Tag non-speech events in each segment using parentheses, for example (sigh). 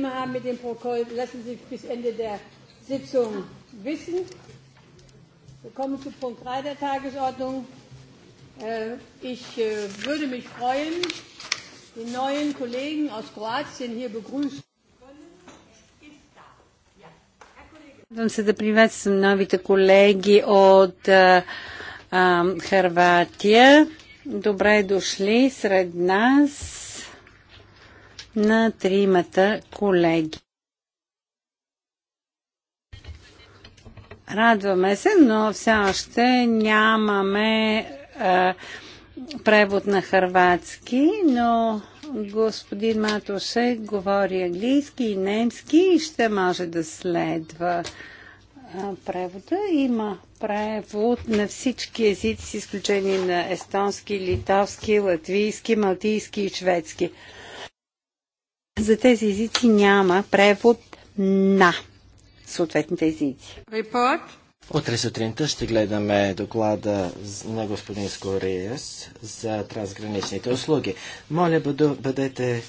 Probleme haben mit dem Protokoll, lassen Sie sich bis Ende der Sitzung wissen. Wir kommen zu Punkt 3 der Tagesordnung. Ich würde mich freuen, die neuen Kollegen aus Kroatien hier begrüßen. Радвам се да приветствам новите колеги от а, Харватия. Добре дошли сред нас на тримата колеги. Радваме се, но все още нямаме а, превод на харватски, но господин Матоше говори английски и немски и ще може да следва превода. Има превод на всички езици, с изключение на естонски, литовски, латвийски, малтийски и шведски. За тези езици няма превод на съответните езици. Репорт. Утре сутринта ще гледаме доклада на господин Скориес за трансграничните услуги. Моля, бъдете е,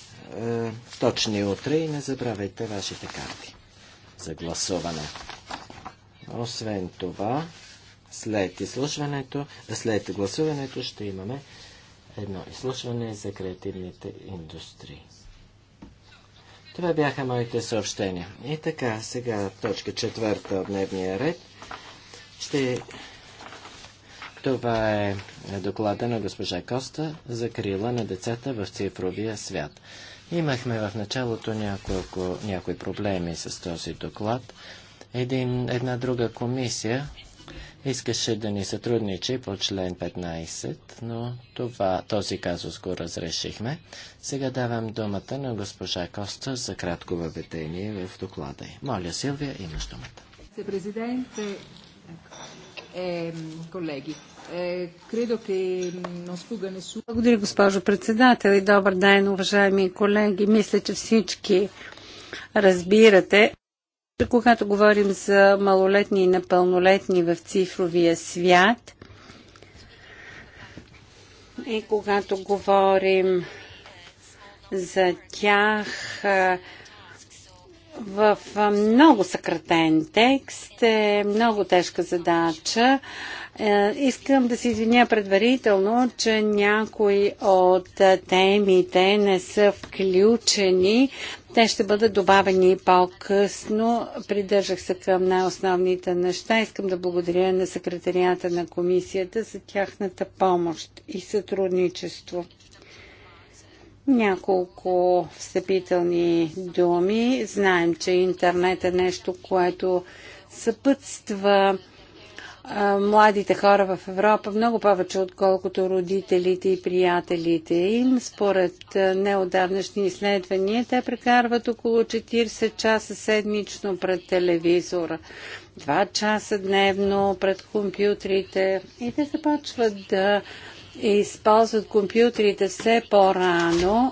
точни утре и не забравяйте вашите карти за гласуване. Освен това, след изслушването, след гласуването ще имаме едно изслушване за креативните индустрии. Това бяха моите съобщения. И така, сега точка четвърта от дневния ред. Ще... Това е доклада на госпожа Коста за крила на децата в цифровия свят. Имахме в началото няколко, някои проблеми с този доклад. Един, една друга комисия искаше да ни сътрудничи по член 15, но това, този казус го разрешихме. Сега давам думата на госпожа Коста за кратко въведение в доклада Моля, Силвия, имаш думата. Е, е, Благодаря, госпожо председател и добър ден, уважаеми колеги. Мисля, че всички разбирате, когато говорим за малолетни и непълнолетни в цифровия свят и когато говорим за тях в много съкратен текст е много тежка задача. Е, искам да се извиня предварително, че някои от темите не са включени те ще бъдат добавени по-късно. Придържах се към най-основните неща. Искам да благодаря на секретарията на комисията за тяхната помощ и сътрудничество. Няколко встъпителни думи. Знаем, че интернет е нещо, което съпътства младите хора в Европа много повече, отколкото родителите и приятелите им. Според неодавнашни изследвания, те прекарват около 40 часа седмично пред телевизора, 2 часа дневно пред компютрите и те започват да използват компютрите все по-рано,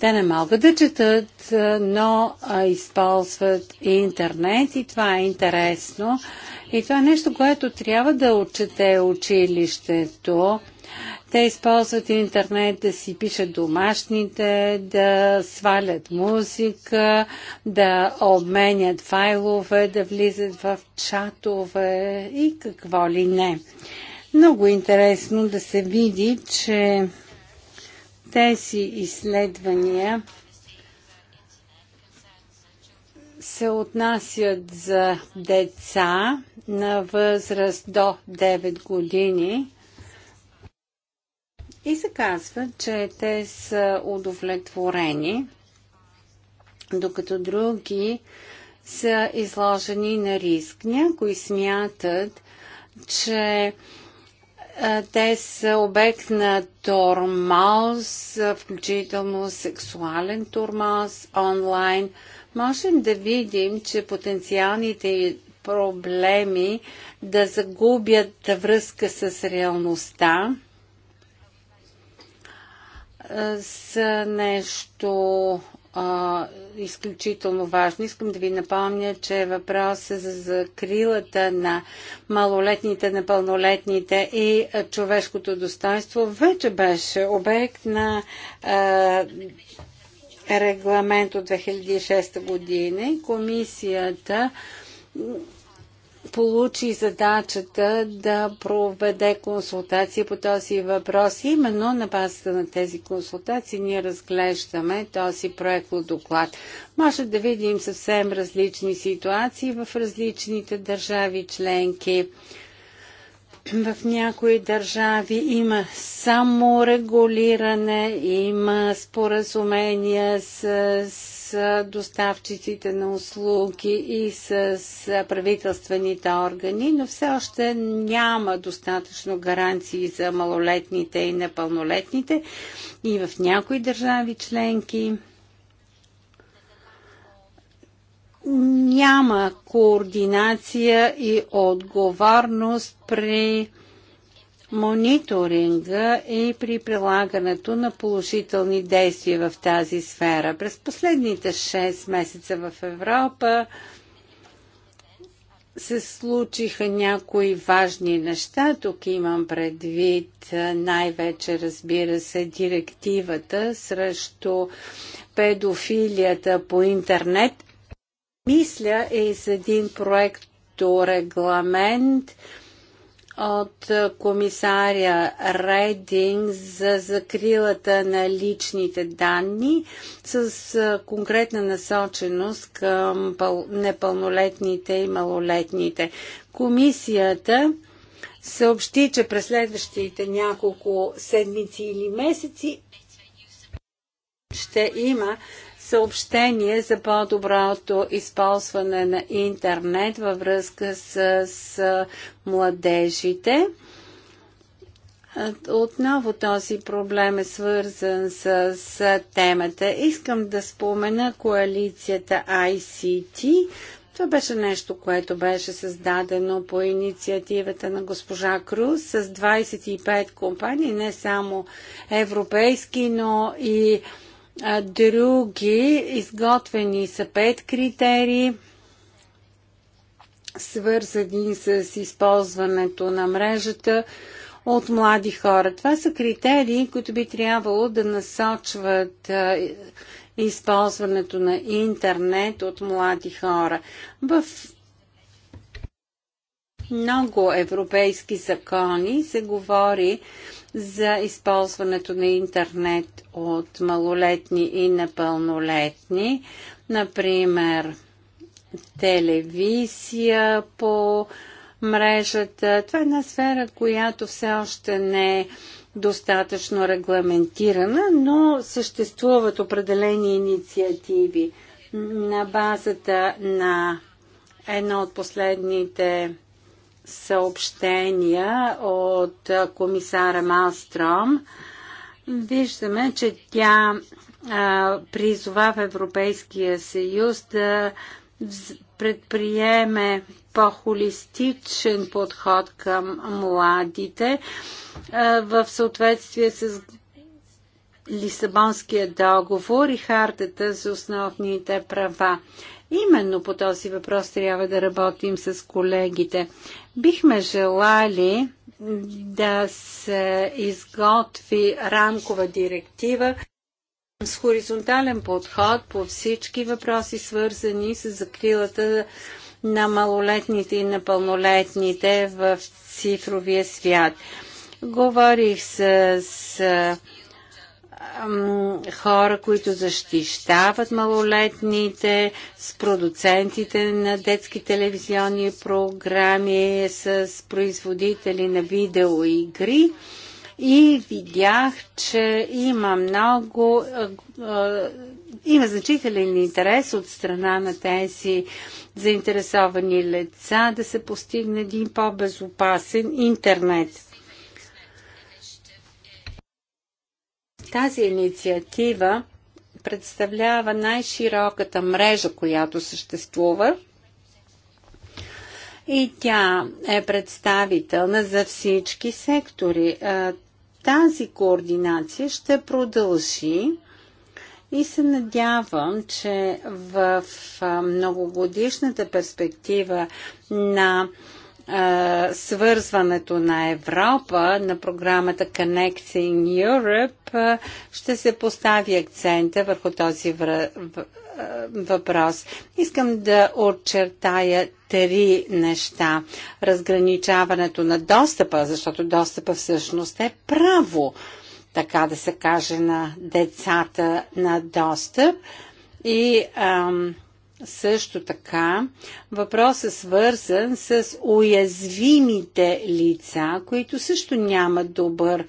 те не могат да четат, но използват интернет и това е интересно. И това е нещо, което трябва да отчете училището. Те използват интернет да си пишат домашните, да свалят музика, да обменят файлове, да влизат в чатове и какво ли не. Много интересно да се види, че тези изследвания се отнасят за деца, на възраст до 9 години. И се казва, че те са удовлетворени, докато други са изложени на риск. Някои смятат, че те са обект на тормоз, включително сексуален тормоз онлайн. Можем да видим, че потенциалните проблеми да загубят връзка с реалността с нещо а, изключително важно. Искам да ви напомня, че въпросът за закрилата на малолетните, на пълнолетните и човешкото достоинство вече беше обект на а, регламент от 2006 година. Комисията получи задачата да проведе консултации по този въпрос. Именно на базата на тези консултации ние разглеждаме този от доклад. Може да видим съвсем различни ситуации в различните държави членки. В някои държави има само регулиране, има споразумения с с доставчиците на услуги и с правителствените органи, но все още няма достатъчно гаранции за малолетните и непълнолетните. И в някои държави членки няма координация и отговорност при мониторинга и при прилагането на положителни действия в тази сфера. През последните 6 месеца в Европа се случиха някои важни неща. Тук имам предвид най-вече, разбира се, директивата срещу педофилията по интернет. Мисля е и с един проект регламент, регламент от комисаря Рейдинг за закрилата на личните данни с конкретна насоченост към непълнолетните и малолетните. Комисията съобщи, че през следващите няколко седмици или месеци ще има съобщение за по-доброто използване на интернет във връзка с, с младежите. Отново този проблем е свързан с, с темата. Искам да спомена коалицията ICT. Това беше нещо, което беше създадено по инициативата на госпожа Круз с 25 компании, не само европейски, но и а, Други изготвени са пет критерии, свързани с използването на мрежата от млади хора. Това са критерии, които би трябвало да насочват използването на интернет от млади хора. В много европейски закони се говори за използването на интернет от малолетни и напълнолетни, например телевизия по мрежата. Това е една сфера, която все още не е достатъчно регламентирана, но съществуват определени инициативи на базата на едно от последните съобщения от комисара Малстром, виждаме, че тя призова в Европейския съюз да предприеме по-холистичен подход към младите в съответствие с Лисабонския договор и хартата за основните права. Именно по този въпрос трябва да работим с колегите. Бихме желали да се изготви рамкова директива с хоризонтален подход по всички въпроси, свързани с закрилата на малолетните и напълнолетните в цифровия свят. Говорих с, с хора, които защищават малолетните с продуцентите на детски телевизионни програми, с производители на видеоигри и видях, че има много, има значителен интерес от страна на тези заинтересовани лица да се постигне един по-безопасен интернет. Тази инициатива представлява най-широката мрежа, която съществува и тя е представителна за всички сектори. Тази координация ще продължи и се надявам, че в многогодишната перспектива на свързването на Европа, на програмата Connecting Europe, ще се постави акцента върху този въпрос. Искам да отчертая три неща. Разграничаването на достъпа, защото достъпа всъщност е право, така да се каже, на децата на достъп и ам, също така, въпрос е свързан с уязвимите лица, които също нямат добър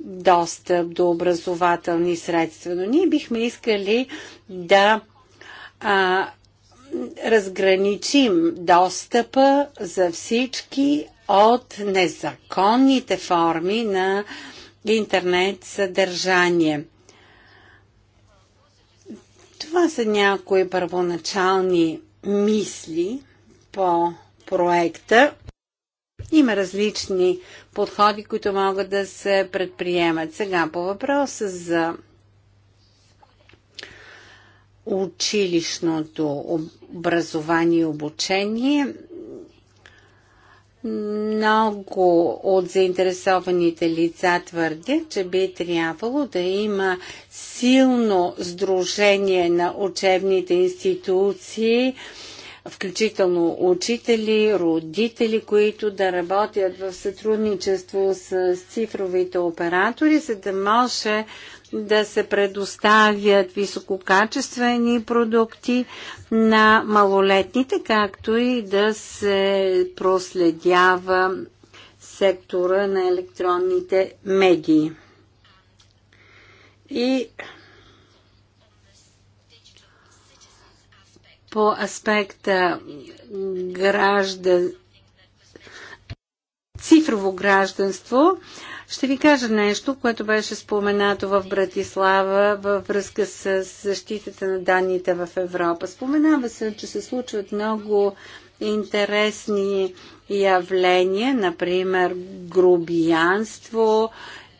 достъп до образователни средства. Но ние бихме искали да а, разграничим достъпа за всички от незаконните форми на интернет съдържание. Това са някои първоначални мисли по проекта. Има различни подходи, които могат да се предприемат. Сега по въпроса за училищното образование и обучение. Много от заинтересованите лица твърдят, че би трябвало да има силно сдружение на учебните институции, включително учители, родители, които да работят в сътрудничество с цифровите оператори, за да може да се предоставят висококачествени продукти на малолетните, както и да се проследява сектора на електронните медии. И по аспекта граждан, цифрово гражданство, ще ви кажа нещо, което беше споменато в Братислава във връзка с защитата на данните в Европа. Споменава се, че се случват много интересни явления, например грубиянство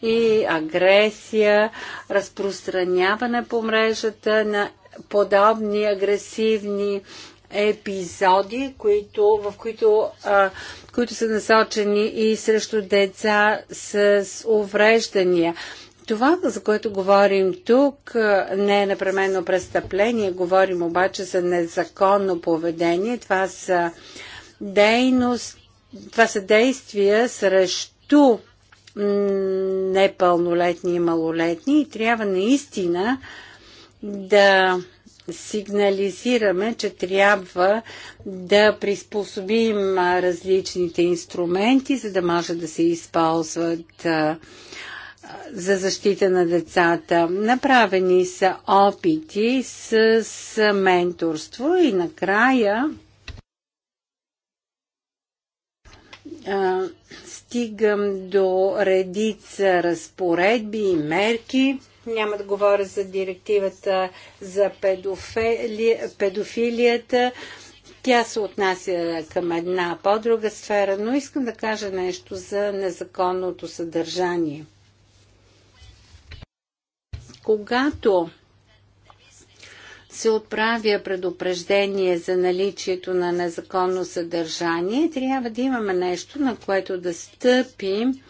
и агресия, разпространяване по мрежата на подобни агресивни епизоди, които, в които, а, които са насочени и срещу деца с увреждания. Това, за което говорим тук, не е непременно престъпление, говорим обаче за незаконно поведение. Това са дейност, това са действия срещу непълнолетни и малолетни и трябва наистина да сигнализираме, че трябва да приспособим различните инструменти, за да може да се използват за защита на децата. Направени са опити с менторство и накрая стигам до редица разпоредби и мерки – няма да говоря за директивата за педофили... педофилията. Тя се отнася към една по-друга сфера, но искам да кажа нещо за незаконното съдържание. Когато се отправя предупреждение за наличието на незаконно съдържание, трябва да имаме нещо, на което да стъпим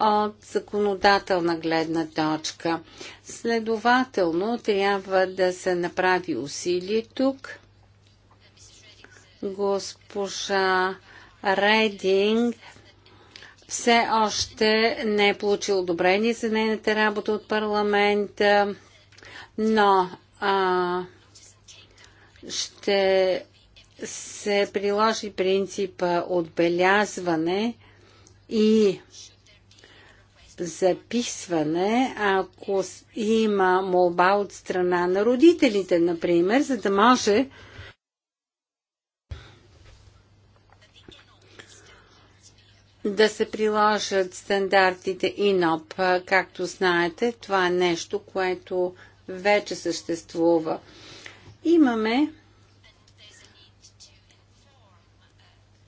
от законодателна гледна точка. Следователно, трябва да се направи усилие тук. Госпожа Рейдинг все още не е получил одобрение за нейната работа от парламента, но а, ще се приложи принципа отбелязване и записване, ако има молба от страна на родителите, например, за да може да се приложат стандартите ИНОП. Както знаете, това е нещо, което вече съществува. Имаме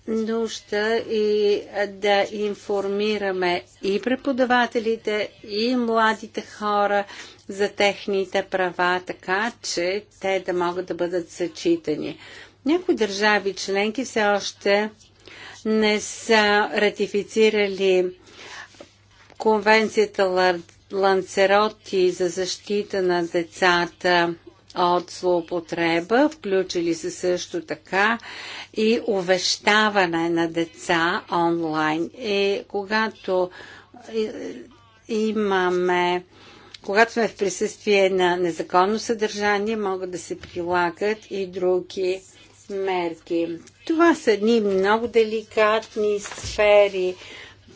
нужда и да информираме и преподавателите, и младите хора за техните права, така че те да могат да бъдат съчитани. Някои държави членки все още не са ратифицирали конвенцията Ланцероти за защита на децата от злоупотреба, включили се също така и увещаване на деца онлайн. И когато имаме когато сме в присъствие на незаконно съдържание, могат да се прилагат и други мерки. Това са едни много деликатни сфери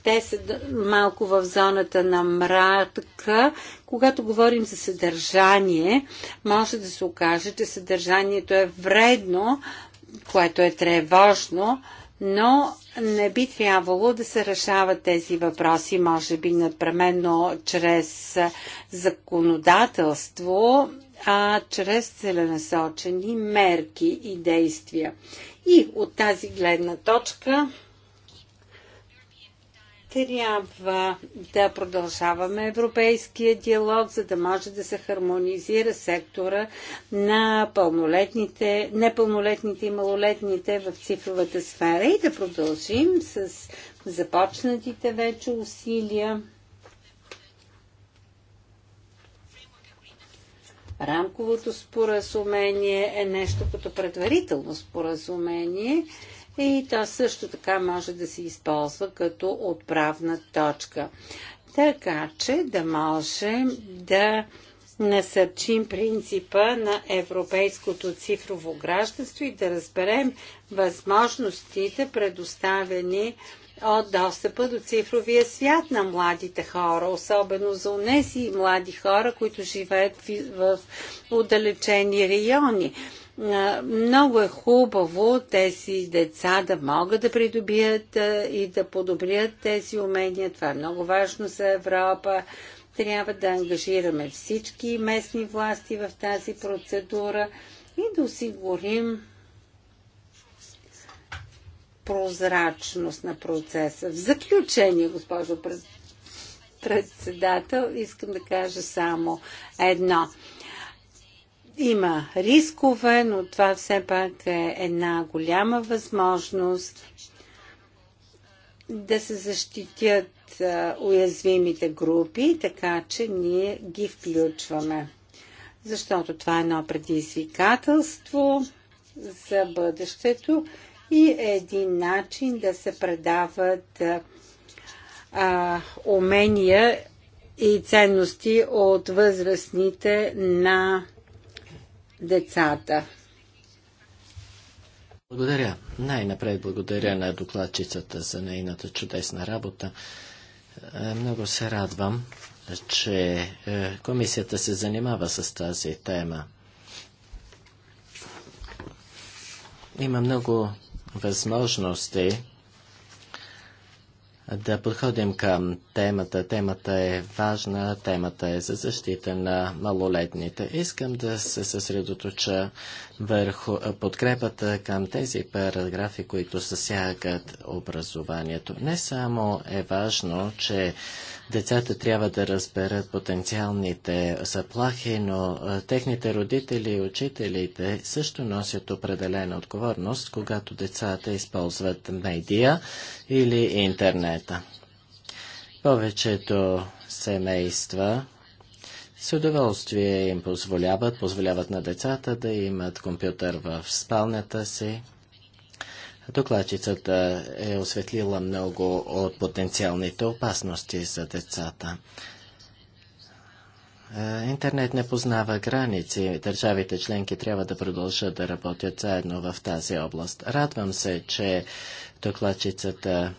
те са малко в зоната на мратка. Когато говорим за съдържание, може да се окаже, че съдържанието е вредно, което е тревожно, но не би трябвало да се решават тези въпроси, може би напременно чрез законодателство, а чрез целенасочени мерки и действия. И от тази гледна точка трябва да продължаваме европейския диалог, за да може да се хармонизира сектора на пълнолетните, непълнолетните и малолетните в цифровата сфера и да продължим с започнатите вече усилия. Рамковото споразумение е нещо като предварително споразумение – и то също така може да се използва като отправна точка. Така че да можем да насърчим принципа на европейското цифрово гражданство и да разберем възможностите, предоставени от достъпа до цифровия свят на младите хора, особено за унеси млади хора, които живеят в, в отдалечени райони. Много е хубаво тези деца да могат да придобият и да подобрят тези умения. Това е много важно за Европа. Трябва да ангажираме всички местни власти в тази процедура и да осигурим прозрачност на процеса. В заключение, госпожо председател, искам да кажа само едно. Има рискове, но това все пак е една голяма възможност да се защитят уязвимите групи, така че ние ги включваме. Защото това е едно предизвикателство за бъдещето и е един начин да се предават а, умения и ценности от възрастните на децата. Благодаря. Най-напред благодаря на докладчицата за нейната чудесна работа. Е, много се радвам, че е, комисията се занимава с тази тема. Има много възможности да подходим към темата. Темата е важна, темата е за защита на малолетните. Искам да се съсредоточа върху подкрепата към тези параграфи, които засягат образованието. Не само е важно, че децата трябва да разберат потенциалните заплахи, но техните родители и учителите също носят определена отговорност, когато децата използват медия или интернета. Повечето семейства с удоволствие им позволяват, позволяват на децата да имат компютър в спалнята си. Докладчицата е осветлила много от потенциалните опасности за децата. Е, интернет не познава граници. Държавите членки трябва да продължат да работят заедно в тази област. Радвам се, че докладчицата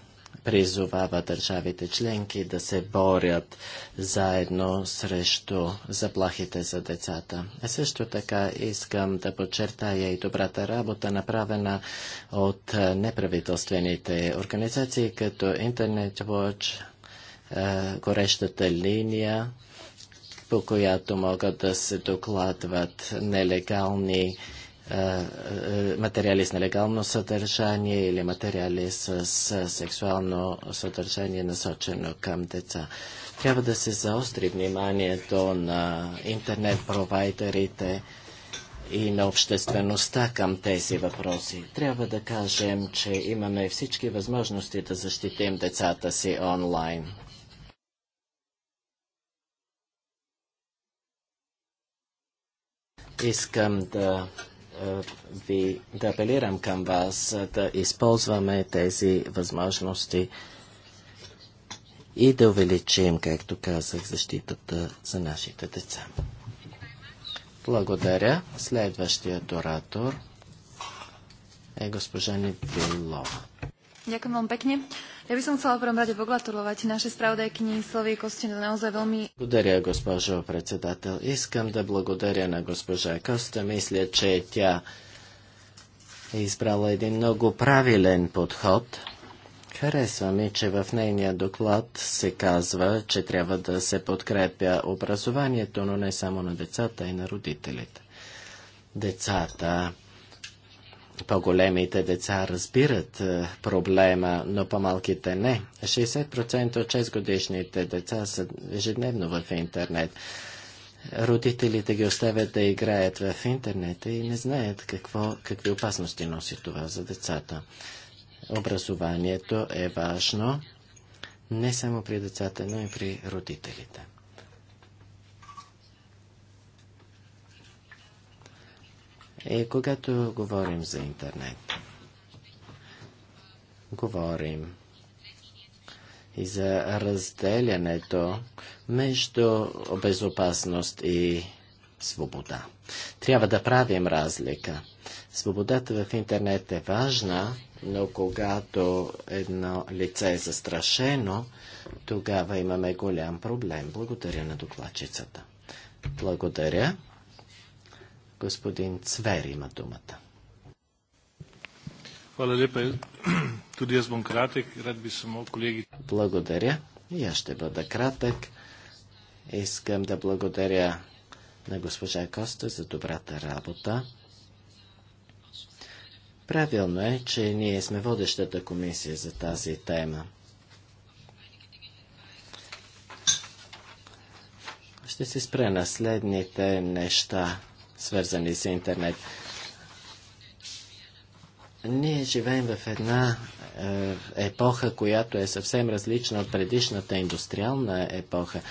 призовава държавите членки да се борят заедно срещу заплахите за децата. А също така искам да подчертая и добрата работа, направена от неправителствените организации, като Internet Watch, е, горещата линия, по която могат да се докладват нелегални е, е, материали с нелегално съдържание или материали с, с сексуално съдържание насочено към деца. Трябва да се заостри вниманието на интернет-провайдерите и на обществеността към тези въпроси. Трябва да кажем, че имаме всички възможности да защитим децата си онлайн. Искам да е, ви, да апелирам към вас е, да използваме тези възможности и да увеличим, както казах, защитата за нашите деца. Благодаря. Следващият оратор е госпожа Небилова. Дякам вам пекни. Ja by som chcela v prvom rade pogratulovať našej spravodajkyni Slovie Kostine, Kostinu naozaj veľmi... Благодаря, госпожо председател. Искам да благодаря на госпожа Коста. Мисля, че тя е избрала един много правилен подход. Харесва ми, че в нейния доклад се казва, че трябва да се подкрепя образованието, но не само на децата, и на родителите. Децата по-големите деца разбират е, проблема, но по-малките не. 60% от 6 годишните деца са ежедневно в интернет. Родителите ги оставят да играят в интернет и не знаят какво, какви опасности носи това за децата. Образованието е важно не само при децата, но и при родителите. е когато говорим за интернет. Говорим и за разделянето между безопасност и свобода. Трябва да правим разлика. Свободата в интернет е важна, но когато едно лице е застрашено, тогава имаме голям проблем. Благодаря на докладчицата. Благодаря. Господин Цвер има думата. Hvala lepa. Tudi jaz bom kratek. Rad bi samo колеги. Благодаря. И аз ще бъда кратък. Искам да благодаря на госпожа Коста за добрата работа. Правилно е, че ние сме водещата комисия за тази тема. Ще се спре на следните неща свързани с интернет. Ние живеем в една е, епоха, която е съвсем различна от предишната индустриална епоха.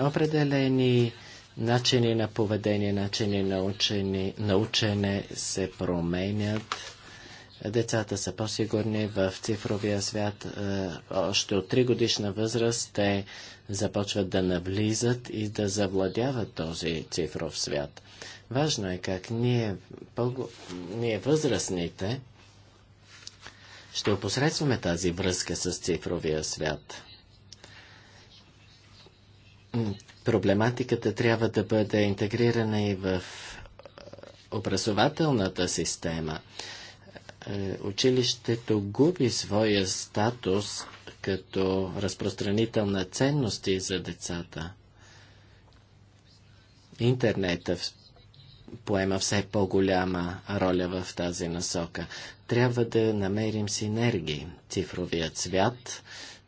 Определени начини на поведение, начини на, учени, на учене се променят. Децата са по-сигурни в цифровия свят. Е, още от 3 годишна възраст те започват да навлизат и да завладяват този цифров свят. Важно е как ние, пълго, ние възрастните ще опосредстваме тази връзка с цифровия свят. Проблематиката трябва да бъде интегрирана и в образователната система. Е, училището губи своя статус като разпространител на ценности за децата. Интернетът поема все по-голяма роля в тази насока. Трябва да намерим синергии. Цифровият свят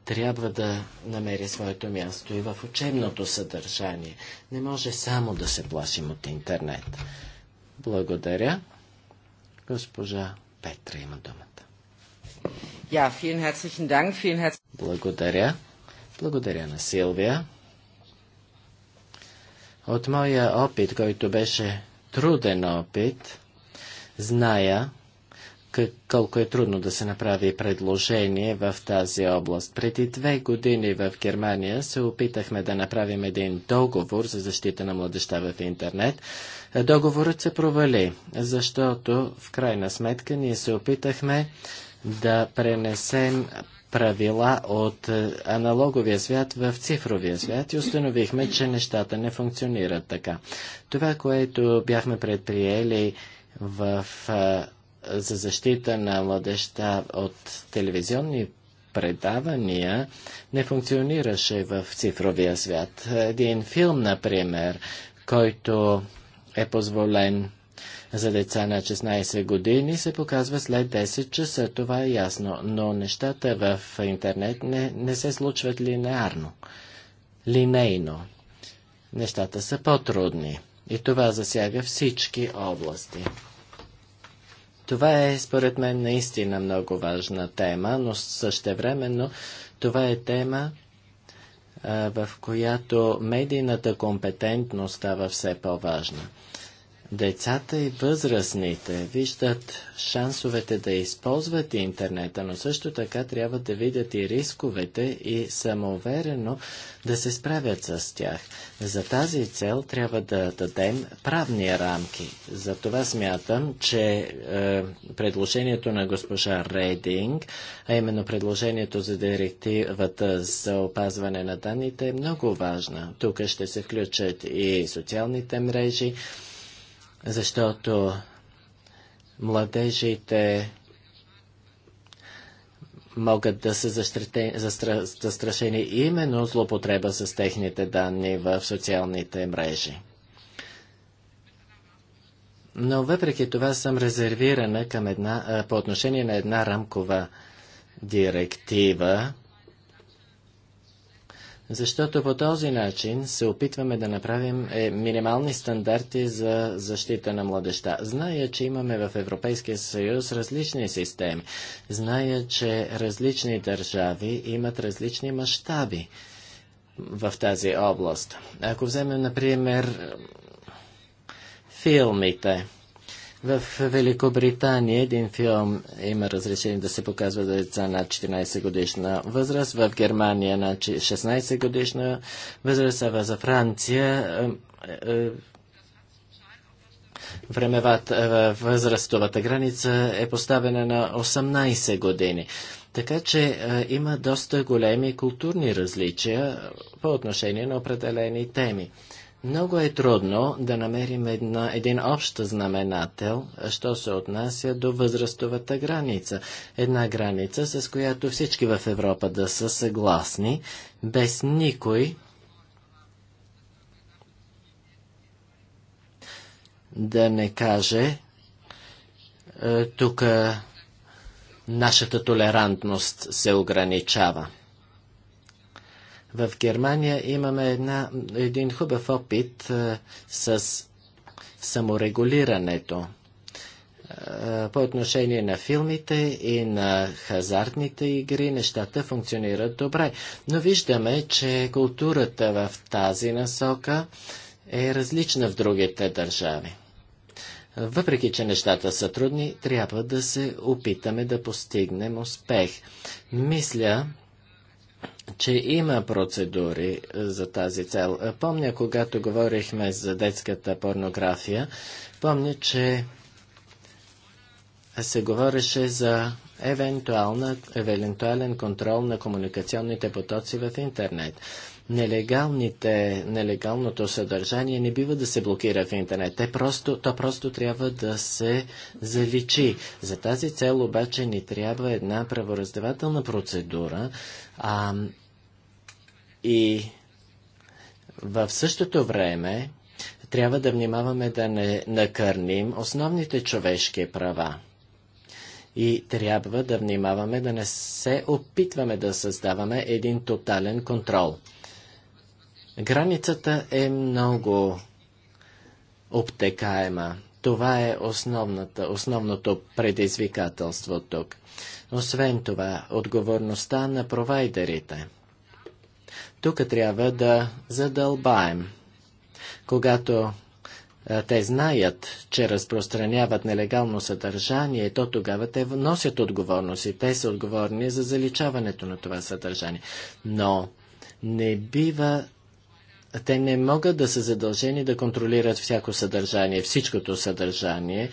трябва да намери своето място и в учебното съдържание. Не може само да се плашим от интернет. Благодаря. Госпожа Петра има думата. Ja, vielen herzlichen Dank, vielen herz... Благодаря. Благодаря на Силвия. От моя опит, който беше труден опит. Зная как, колко е трудно да се направи предложение в тази област. Преди две години в Германия се опитахме да направим един договор за защита на младеща в интернет. Договорът се провали, защото в крайна сметка ние се опитахме да пренесем правила от е, аналоговия свят в цифровия свят и установихме, че нещата не функционират така. Това, което бяхме предприели в, е, за защита на младеща от телевизионни предавания не функционираше в цифровия свят. Един филм, например, който е позволен за деца на 16 години се показва след 10 часа. Това е ясно, но нещата в интернет не, не се случват линеарно, линейно. Нещата са по-трудни и това засяга всички области. Това е, според мен, наистина много важна тема, но същевременно това е тема, в която медийната компетентност става все по-важна. Децата и възрастните виждат шансовете да използват интернета, но също така трябва да видят и рисковете и самоуверено да се справят с тях. За тази цел трябва да дадем правни рамки. За това смятам, че е, предложението на госпожа Рейдинг, а именно предложението за директивата за опазване на данните е много важна. Тук ще се включат и социалните мрежи, защото младежите могат да са застрашени именно злопотреба с техните данни в социалните мрежи. Но въпреки това съм резервирана към една, по отношение на една рамкова директива, защото по този начин се опитваме да направим е, минимални стандарти за защита на младеща. Зная, че имаме в Европейския съюз различни системи. Зная, че различни държави имат различни мащаби в тази област. Ако вземем, например, филмите – в Великобритания един филм има разрешение да се показва за деца на 14 годишна възраст, в Германия на 16 годишна възраст, а за Франция е, е, времевата е, възрастовата граница е поставена на 18 години. Така че има доста големи културни различия по отношение на определени теми. Много е трудно да намерим една, един общ знаменател, що се отнася до възрастовата граница. Една граница, с която всички в Европа да са съгласни, без никой да не каже е, тук нашата толерантност се ограничава. В Германия имаме една, един хубав опит а, с саморегулирането а, по отношение на филмите и на хазартните игри нещата функционират добре. Но виждаме, че културата в тази насока е различна в другите държави. Въпреки, че нещата са трудни, трябва да се опитаме да постигнем успех. Мисля, че има процедури е, за тази цел. Е, помня, когато говорихме за детската порнография, помня, че се говореше за евентуален контрол на комуникационните потоци в интернет. Нелегалните, нелегалното съдържание не бива да се блокира в интернет. Те просто, то просто трябва да се заличи. За тази цел обаче ни трябва една правораздавателна процедура а, и в същото време трябва да внимаваме да не накърним основните човешки права. И трябва да внимаваме да не се опитваме да създаваме един тотален контрол. Границата е много обтекаема. Това е основната, основното предизвикателство тук. Освен това, отговорността на провайдерите. Тук трябва да задълбаем. Когато а, те знаят, че разпространяват нелегално съдържание, то тогава те носят отговорност и те са отговорни за заличаването на това съдържание. Но не бива те не могат да са задължени да контролират всяко съдържание, всичкото съдържание,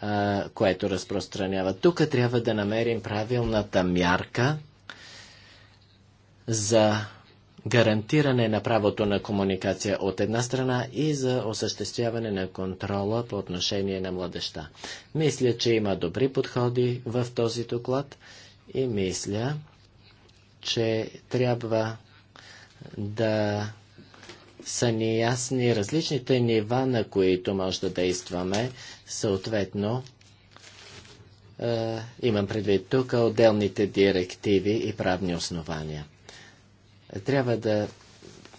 а, което разпространяват. Тук трябва да намерим правилната мярка за гарантиране на правото на комуникация от една страна и за осъществяване на контрола по отношение на младеща. Мисля, че има добри подходи в този доклад и мисля, че трябва да са ни ясни различните нива, на които може да действаме. Съответно, е, имам предвид тук отделните директиви и правни основания. Трябва да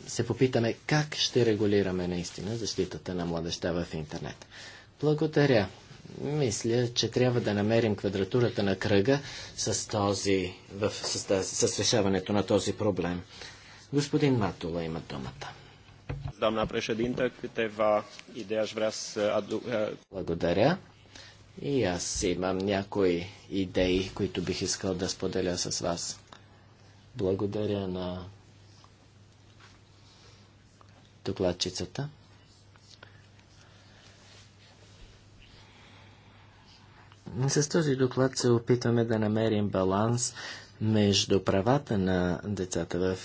се попитаме как ще регулираме наистина защитата на младеща в интернет. Благодаря. Мисля, че трябва да намерим квадратурата на кръга с, този, в, с, с решаването на този проблем. Господин Матула има думата doamna președintă. Câteva idei aș vrea să aduc. Eh, Благодаря. И аз имам някои идеи, които бих искал да споделя с вас. Благодаря на докладчицата. С този доклад се опитваме да намерим баланс между правата на децата в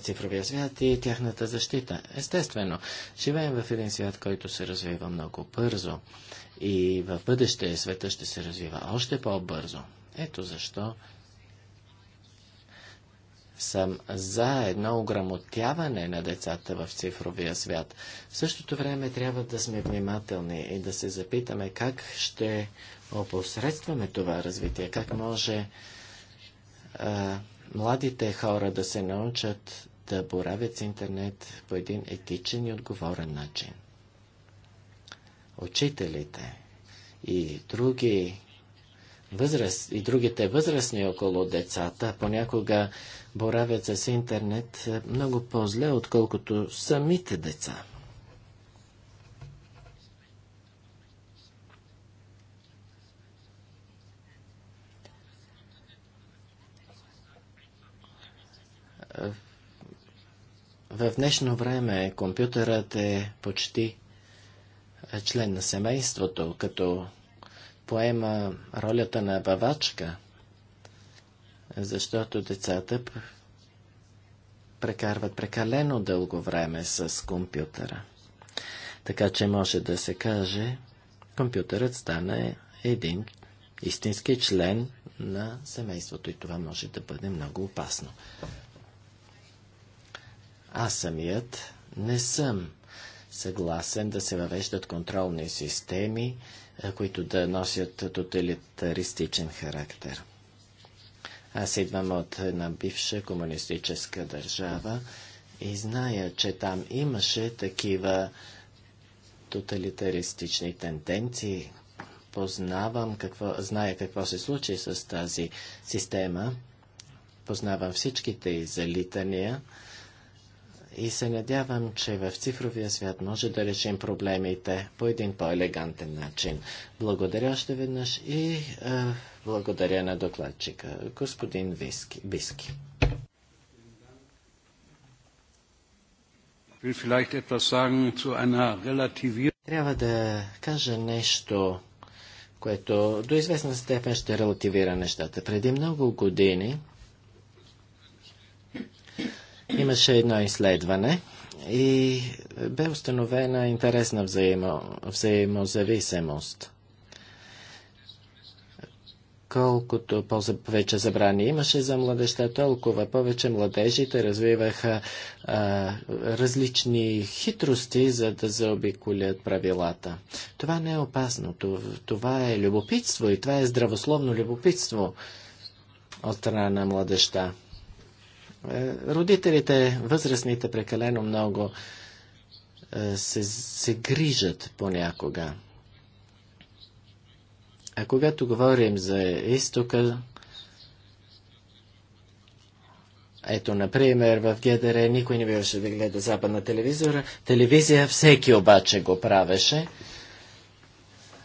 цифровия свят и тяхната защита. Естествено, живеем в един свят, който се развива много бързо и в бъдеще света ще се развива още по-бързо. Ето защо съм за едно ограмотяване на децата в цифровия свят. В същото време трябва да сме внимателни и да се запитаме как ще опосредстваме това развитие, как може а, младите хора да се научат да боравят с интернет по един етичен и отговорен начин. Учителите и други възраст, и другите възрастни около децата понякога боравят с интернет много по-зле, отколкото самите деца. В днешно време компютърът е почти член на семейството, като поема ролята на бавачка, защото децата прекарват прекалено дълго време с компютъра. Така че може да се каже, компютърът стана един истински член на семейството и това може да бъде много опасно. Аз самият не съм съгласен да се въвеждат контролни системи, които да носят тоталитаристичен характер. Аз идвам от една бивша комунистическа държава и зная, че там имаше такива тоталитаристични тенденции. Познавам какво, зная какво се случи с тази система. Познавам всичките и залитания и се надявам, че в цифровия свят може да решим проблемите по един по-елегантен начин. Благодаря още веднъж и е, благодаря на докладчика, господин Виски. Биски. Трябва да кажа нещо, което до известна степен ще релативира нещата. Преди много години Имаше едно изследване и бе установена интересна взаимо, взаимозависимост. Колкото повече забрани имаше за младеща, толкова повече младежите развиваха а, различни хитрости, за да заобиколят правилата. Това не е опасно, това е любопитство и това е здравословно любопитство от страна на младеща. Е, родителите, възрастните прекалено много е, се, се грижат понякога. А когато говорим за изтока, ето, например, в ГДР никой не биваше да гледа западна телевизора. Телевизия всеки обаче го правеше.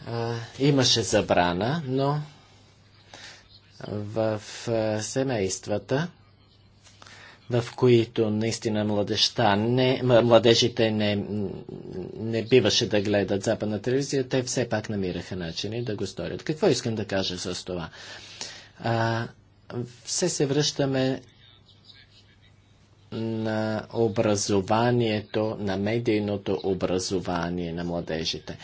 А, е, имаше забрана, но в а, семействата в които наистина младеща не, младежите не, не биваше да гледат западна телевизия, те все пак намираха начини да го сторят. Какво искам да кажа с това? А, все се връщаме на образованието, на медийното образование на младежите.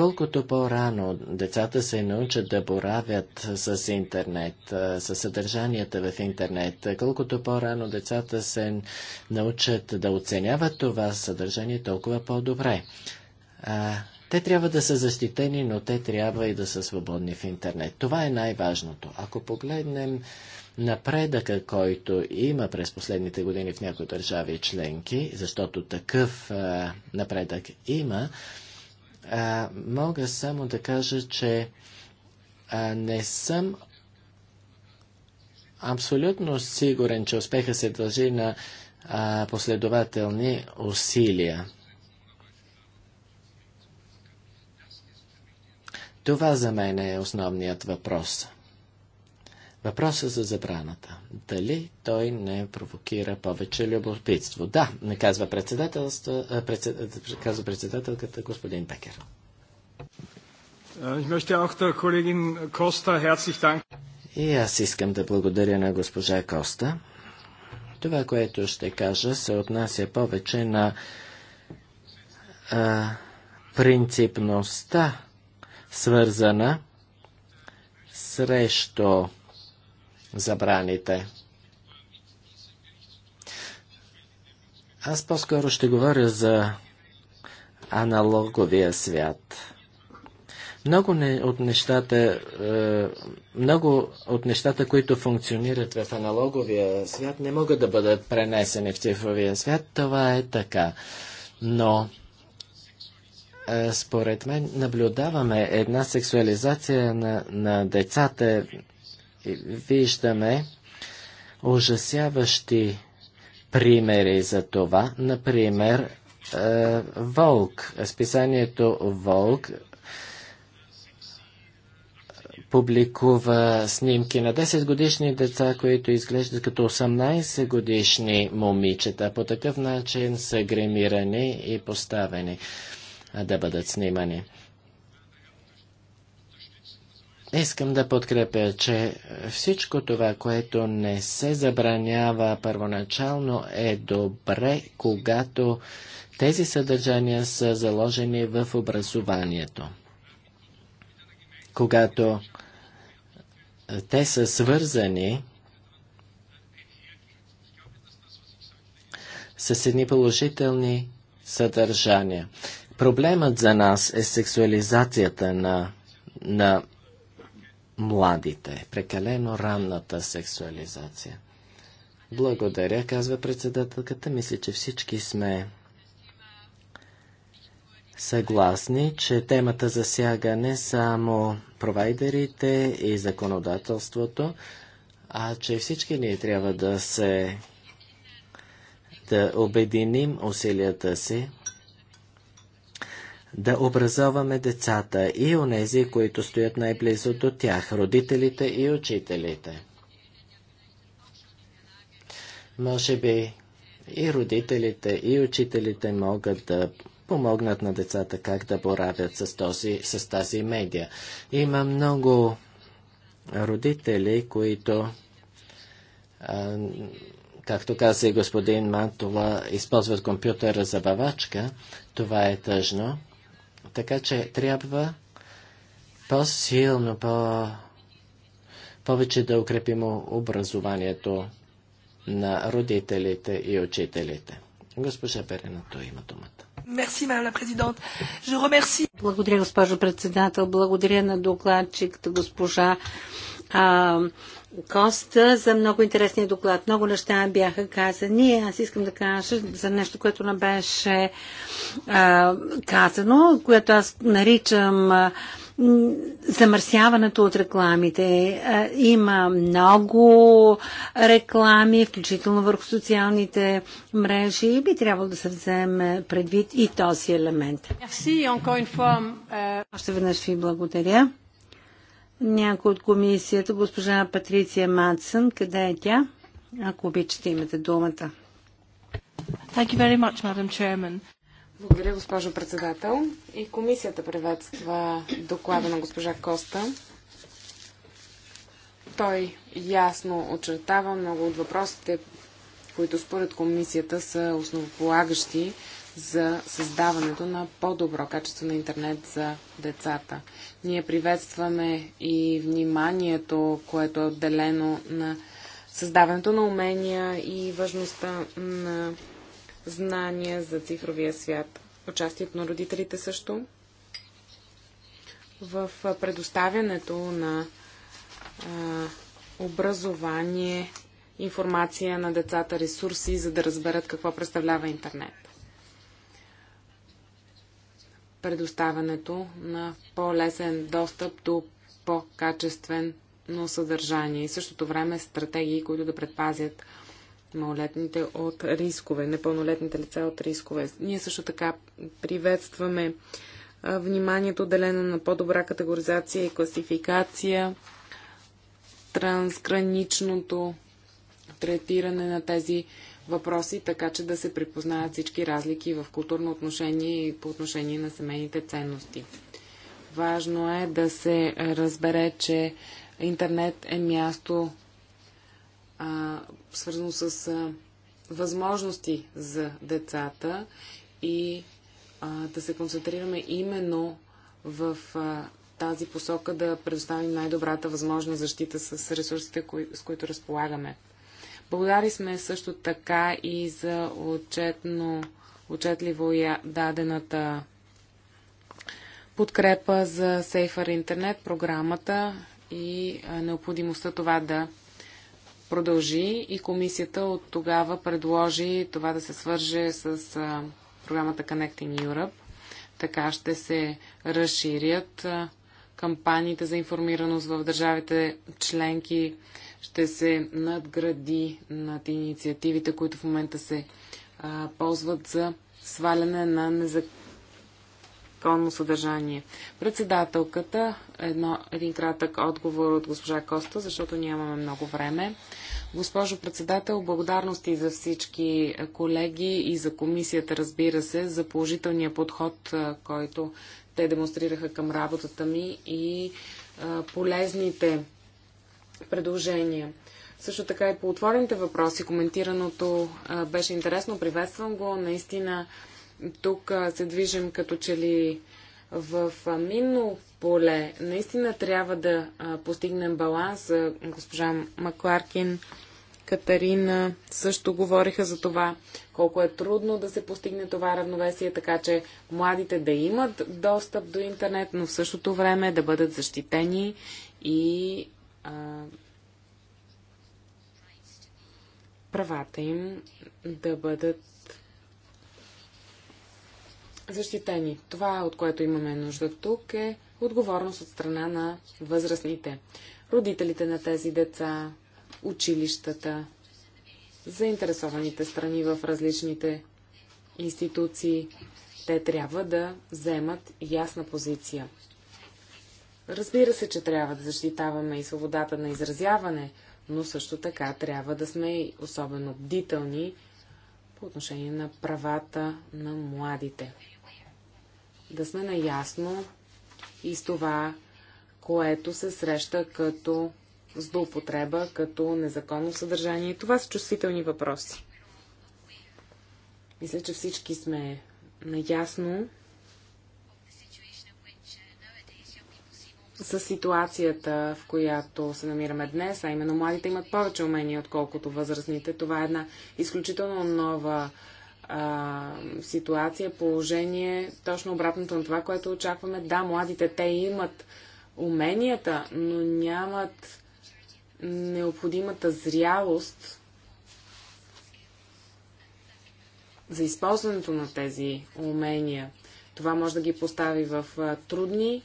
Колкото по-рано децата се научат да боравят с интернет, с съдържанията в интернет, колкото по-рано децата се научат да оценяват това съдържание, толкова по-добре. Те трябва да са защитени, но те трябва и да са свободни в интернет. Това е най-важното. Ако погледнем напредъка, който има през последните години в някои държави членки, защото такъв а, напредък има, а, мога само да кажа, че а, не съм абсолютно сигурен, че успеха се дължи на а, последователни усилия. Това за мен е основният въпрос. Въпроса за забраната. Дали той не провокира повече любопитство? Да, не казва, председателство, председ, казва председателката господин Пекер. Е, И аз искам да благодаря на госпожа Коста. Това, което ще кажа, се отнася повече на а, принципността, свързана срещу забраните. Аз по-скоро ще говоря за аналоговия свят. Много не, от нещата, е, много от нещата, които функционират в аналоговия свят, не могат да бъдат пренесени в цифровия свят. Това е така. Но е, според мен наблюдаваме една сексуализация на, на децата виждаме ужасяващи примери за това. Например, е, Волк, списанието Волк публикува снимки на 10 годишни деца, които изглеждат като 18 годишни момичета. По такъв начин са гремирани и поставени да бъдат снимани. Искам да подкрепя, че всичко това, което не се забранява първоначално, е добре, когато тези съдържания са заложени в образованието. Когато те са свързани с едни положителни съдържания. Проблемът за нас е сексуализацията на, на младите, прекалено ранната сексуализация. Благодаря, казва председателката. Мисля, че всички сме съгласни, че темата засяга не само провайдерите и законодателството, а че всички ние трябва да се да обединим усилията си да образоваме децата и онези, които стоят най-близо до тях, родителите и учителите. Може би и родителите, и учителите могат да помогнат на децата как да боравят с, този, с тази медия. Има много родители, които, а, както каза и господин Мантула, използват компютъра за бавачка. Това е тъжно. Така че трябва по-силно, по повече да укрепим образованието на родителите и учителите. Госпожа Беренато има думата. Благодаря, госпожо председател. Благодаря на докладчиката госпожа а, Коста за много интересния доклад. Много неща бяха казани. Аз искам да кажа за нещо, което не беше а, казано, което аз наричам а, замърсяването от рекламите. А, има много реклами, включително върху социалните мрежи и би трябвало да се вземе предвид и този елемент. Още веднъж ви благодаря някой от комисията, госпожа Патриция Мадсън. Къде е тя? Ако обичате, имате думата. Thank you very much, Madam Chairman. Благодаря, госпожо председател. И комисията приветства доклада на госпожа Коста. Той ясно очертава много от въпросите, които според комисията са основополагащи за създаването на по-добро качество на интернет за децата. Ние приветстваме и вниманието, което е отделено на създаването на умения и важността на знания за цифровия свят. Участието на родителите също в предоставянето на а, образование, информация на децата, ресурси, за да разберат какво представлява интернет предоставянето на по-лесен достъп до по-качествено съдържание и същото време стратегии, които да предпазят малолетните от рискове, непълнолетните лица от рискове. Ние също така приветстваме вниманието отделено на по-добра категоризация и класификация, трансграничното третиране на тези въпроси, така че да се припознаят всички разлики в културно отношение и по отношение на семейните ценности. Важно е да се разбере, че интернет е място а, свързано с а, възможности за децата и а, да се концентрираме именно в а, тази посока да предоставим най-добрата възможна защита с ресурсите, кои, с които разполагаме. Благодари сме също така и за отчетно, отчетливо дадената подкрепа за Safer Internet програмата и необходимостта това да продължи и комисията от тогава предложи това да се свърже с програмата Connecting Europe. Така ще се разширят кампаниите за информираност в държавите членки ще се надгради над инициативите, които в момента се а, ползват за сваляне на незаконно съдържание. Председателката, едно, един кратък отговор от госпожа Коста, защото нямаме много време. Госпожо председател, благодарности за всички колеги и за комисията, разбира се, за положителния подход, който те демонстрираха към работата ми и а, полезните предложения. Също така и по отворените въпроси, коментираното а, беше интересно, приветствам го. Наистина тук а, се движим като че ли в минно поле. Наистина трябва да а, постигнем баланс. А, госпожа Макларкин, Катарина също говориха за това, колко е трудно да се постигне това равновесие, така че младите да имат достъп до интернет, но в същото време да бъдат защитени и а, правата им да бъдат защитени. Това, от което имаме нужда тук, е отговорност от страна на възрастните. Родителите на тези деца, училищата, заинтересованите страни в различните институции, те трябва да вземат ясна позиция. Разбира се, че трябва да защитаваме и свободата на изразяване, но също така трябва да сме и особено бдителни по отношение на правата на младите. Да сме наясно и с това, което се среща като злоупотреба, като незаконно съдържание. Това са чувствителни въпроси. Мисля, че всички сме наясно с ситуацията, в която се намираме днес, а именно младите имат повече умения, отколкото възрастните. Това е една изключително нова а, ситуация, положение, точно обратното на това, което очакваме. Да, младите те имат уменията, но нямат необходимата зрялост за използването на тези умения. Това може да ги постави в трудни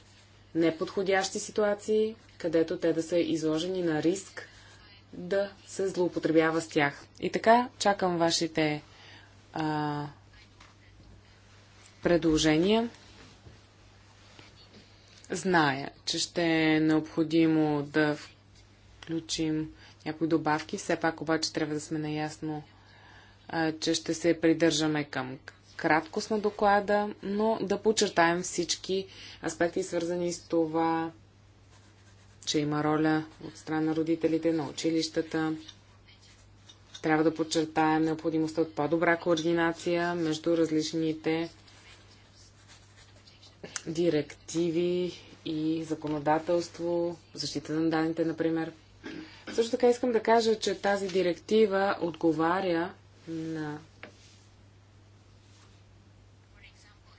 неподходящи ситуации, където те да са изложени на риск да се злоупотребява с тях. И така, чакам вашите а, предложения. Зная, че ще е необходимо да включим някои добавки, все пак обаче трябва да сме наясно, а, че ще се придържаме към краткост на доклада, но да подчертаем всички аспекти, свързани с това, че има роля от страна на родителите, на училищата. Трябва да подчертаем необходимостта от по-добра координация между различните директиви и законодателство, защита на данните, например. Също така искам да кажа, че тази директива отговаря на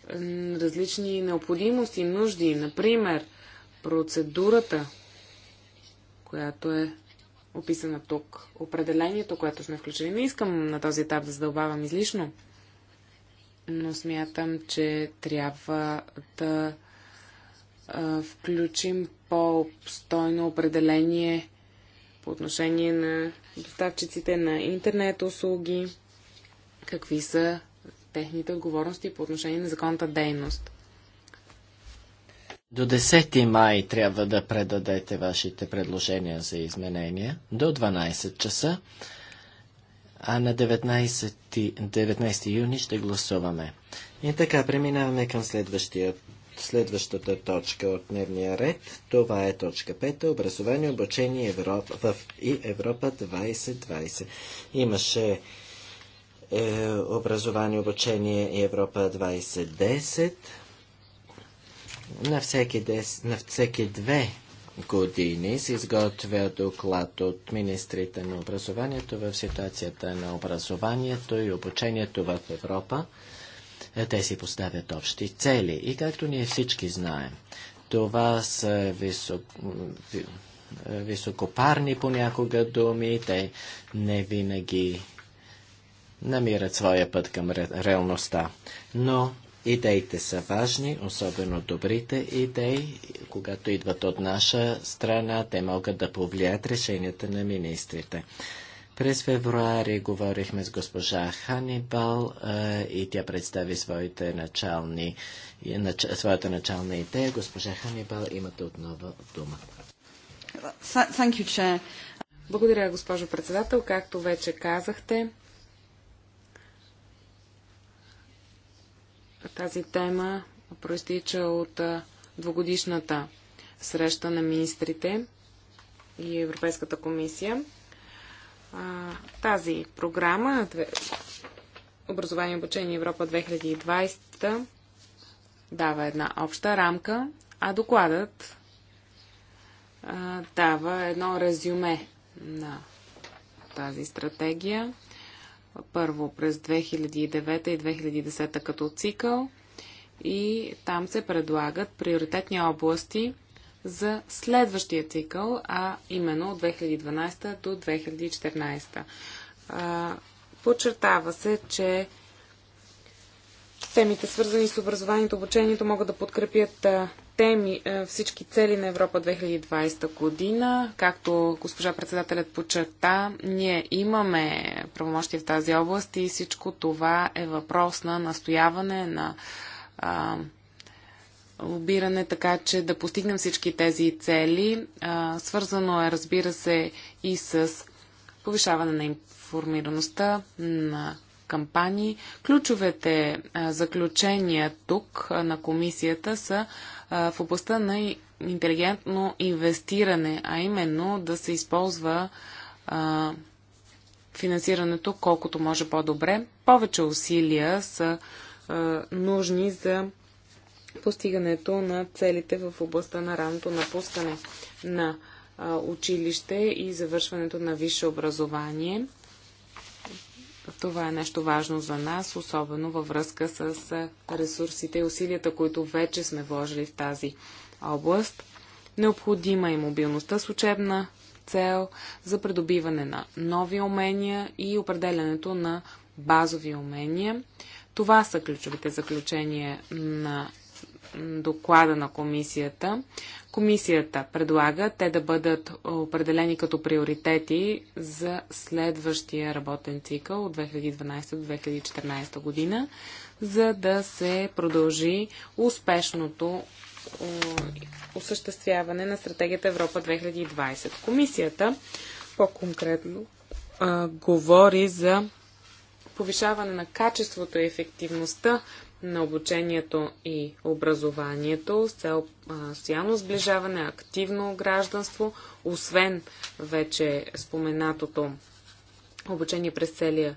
различни необходимости, нужди. Например, процедурата, която е описана тук, определението, което сме включили. Не искам на този етап да задълбавам излишно, но смятам, че трябва да а, включим по-обстойно определение по отношение на доставчиците на интернет услуги, какви са техните отговорности по отношение на законната дейност. До 10 май трябва да предадете вашите предложения за изменения до 12 часа, а на 19, 19 юни ще гласуваме. И така, преминаваме към следващия следващата точка от дневния ред. Това е точка 5. Образование, обучение Европа, в и Европа 2020. Имаше е, образование, обучение Европа 2010. На всеки, дес, на всеки две години се изготвя доклад от министрите на образованието в ситуацията на образованието и обучението в Европа. Е, те си поставят общи цели и както ние всички знаем, това са висок, високопарни понякога думи, те не винаги намират своя път към ре, реалността. Но идеите са важни, особено добрите идеи. Когато идват от наша страна, те могат да повлият решенията на министрите. През февруари говорихме с госпожа Ханибал а, и тя представи своите начални, нач, своята начална идея. Госпожа Ханибал, имате отново дума. Благодаря, госпожо председател. Както вече казахте, Тази тема проистича от двогодишната среща на министрите и Европейската комисия. Тази програма Образование и обучение Европа 2020 дава една обща рамка, а докладът дава едно резюме на тази стратегия първо през 2009 и 2010 като цикъл и там се предлагат приоритетни области за следващия цикъл, а именно от 2012 до 2014. Подчертава се, че Темите, свързани с образованието, обучението, могат да подкрепят теми, всички цели на Европа 2020 година. Както госпожа председателят подчерта, ние имаме правомощи в тази област и всичко това е въпрос на настояване, на а, лобиране, така че да постигнем всички тези цели. А, свързано е, разбира се, и с повишаване на информираността, на кампании. Ключовете заключения тук на комисията са в областта на интелигентно инвестиране, а именно да се използва финансирането колкото може по-добре. Повече усилия са нужни за постигането на целите в областта на ранното напускане на училище и завършването на висше образование. Това е нещо важно за нас, особено във връзка с ресурсите и усилията, които вече сме вложили в тази област. Необходима е мобилността с учебна цел за придобиване на нови умения и определянето на базови умения. Това са ключовите заключения на доклада на комисията. Комисията предлага те да бъдат определени като приоритети за следващия работен цикъл от 2012 до 2014 година, за да се продължи успешното осъществяване на стратегията Европа 2020. Комисията по-конкретно говори за повишаване на качеството и ефективността на обучението и образованието с цел социално сближаване, активно гражданство, освен вече споменатото обучение през целия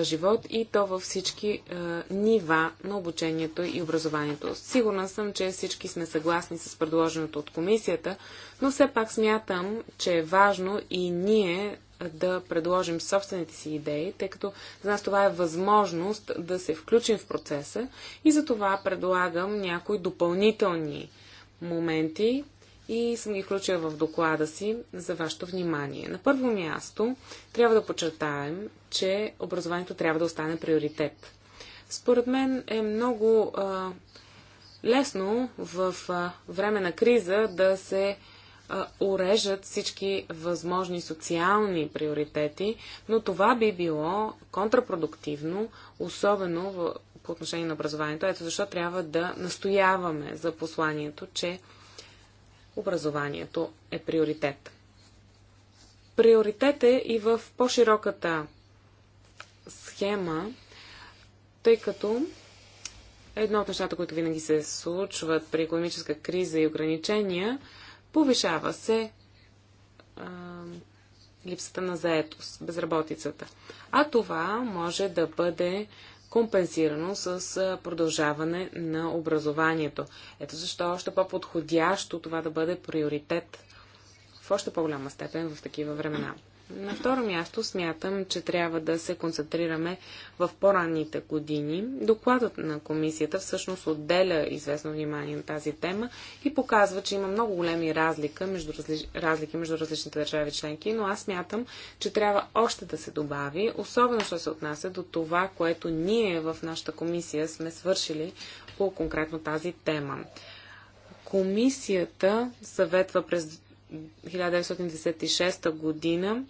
живот и то във всички е, нива на обучението и образованието. Сигурна съм, че всички сме съгласни с предложеното от комисията, но все пак смятам, че е важно и ние да предложим собствените си идеи, тъй като за нас това е възможност да се включим в процеса и за това предлагам някои допълнителни моменти и съм ги включила в доклада си за вашето внимание. На първо място трябва да подчертаем, че образованието трябва да остане приоритет. Според мен е много а, лесно в а, време на криза да се урежат всички възможни социални приоритети, но това би било контрапродуктивно, особено в, по отношение на образованието. Ето защо трябва да настояваме за посланието, че образованието е приоритет. Приоритет е и в по-широката схема, тъй като едно от нещата, които винаги се случват при економическа криза и ограничения – Повишава се а, липсата на заетост, безработицата. А това може да бъде компенсирано с продължаване на образованието. Ето защо е още по-подходящо това да бъде приоритет в още по-голяма степен в такива времена. На второ място смятам, че трябва да се концентрираме в по-ранните години. Докладът на комисията всъщност отделя известно внимание на тази тема и показва, че има много големи разлика между разли... разлики между различните държави членки, но аз смятам, че трябва още да се добави, особено що се отнася до това, което ние в нашата комисия сме свършили по конкретно тази тема. Комисията съветва през 1996 година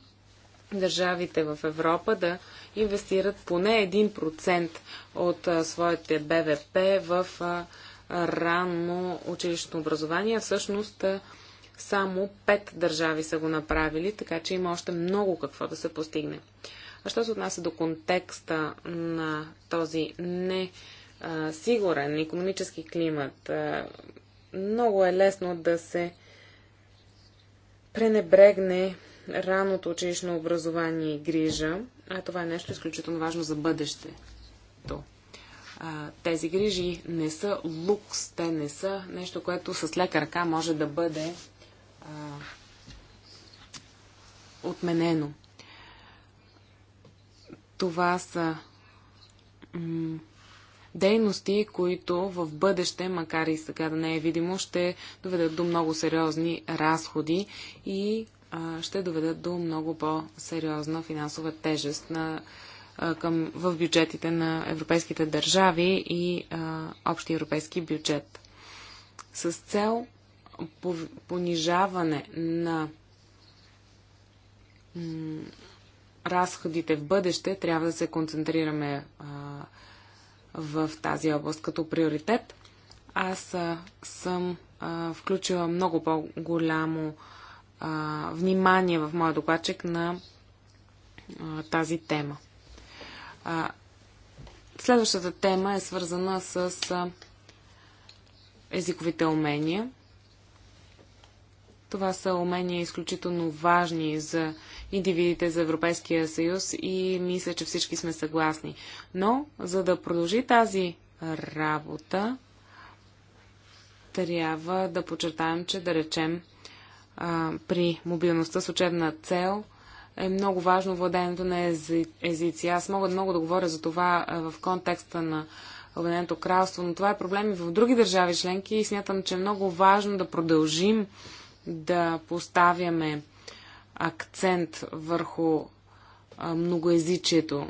държавите в Европа да инвестират поне 1% от а, своите БВП в а, ранно училищно образование. Всъщност а, само 5 държави са го направили, така че има още много какво да се постигне. А що се отнася до контекста на този не сигурен економически климат, много е лесно да се пренебрегне раното училищно образование и грижа, а това е нещо изключително важно за бъдещето. тези грижи не са лукс, те не са нещо, което с лека ръка може да бъде а, отменено. Това са дейности, които в бъдеще, макар и сега да не е видимо, ще доведат до много сериозни разходи и ще доведат до много по-сериозна финансова тежест на, към, в бюджетите на европейските държави и а, общи европейски бюджет. С цел понижаване на разходите в бъдеще, трябва да се концентрираме а, в тази област като приоритет. Аз съм а, включила много по-голямо внимание в моя докладчик на а, тази тема. А, следващата тема е свързана с а, езиковите умения. Това са умения изключително важни за индивидите за Европейския съюз и мисля, че всички сме съгласни. Но, за да продължи тази работа, трябва да подчертаем, че да речем при мобилността с учебна цел е много важно владеенето на езици. Аз мога много да говоря за това в контекста на Обединеното кралство, но това е проблем и в други държави членки и смятам, че е много важно да продължим да поставяме акцент върху многоязичието,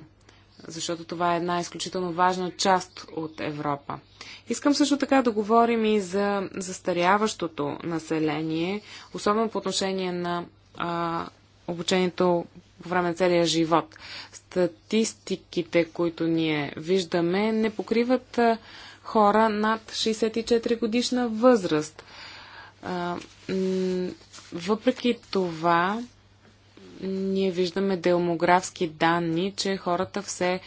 защото това е една изключително важна част от Европа. Искам също така да говорим и за застаряващото население, особено по отношение на а, обучението по време на целия живот. Статистиките, които ние виждаме, не покриват а, хора над 64 годишна възраст. А, въпреки това, ние виждаме демографски данни, че хората все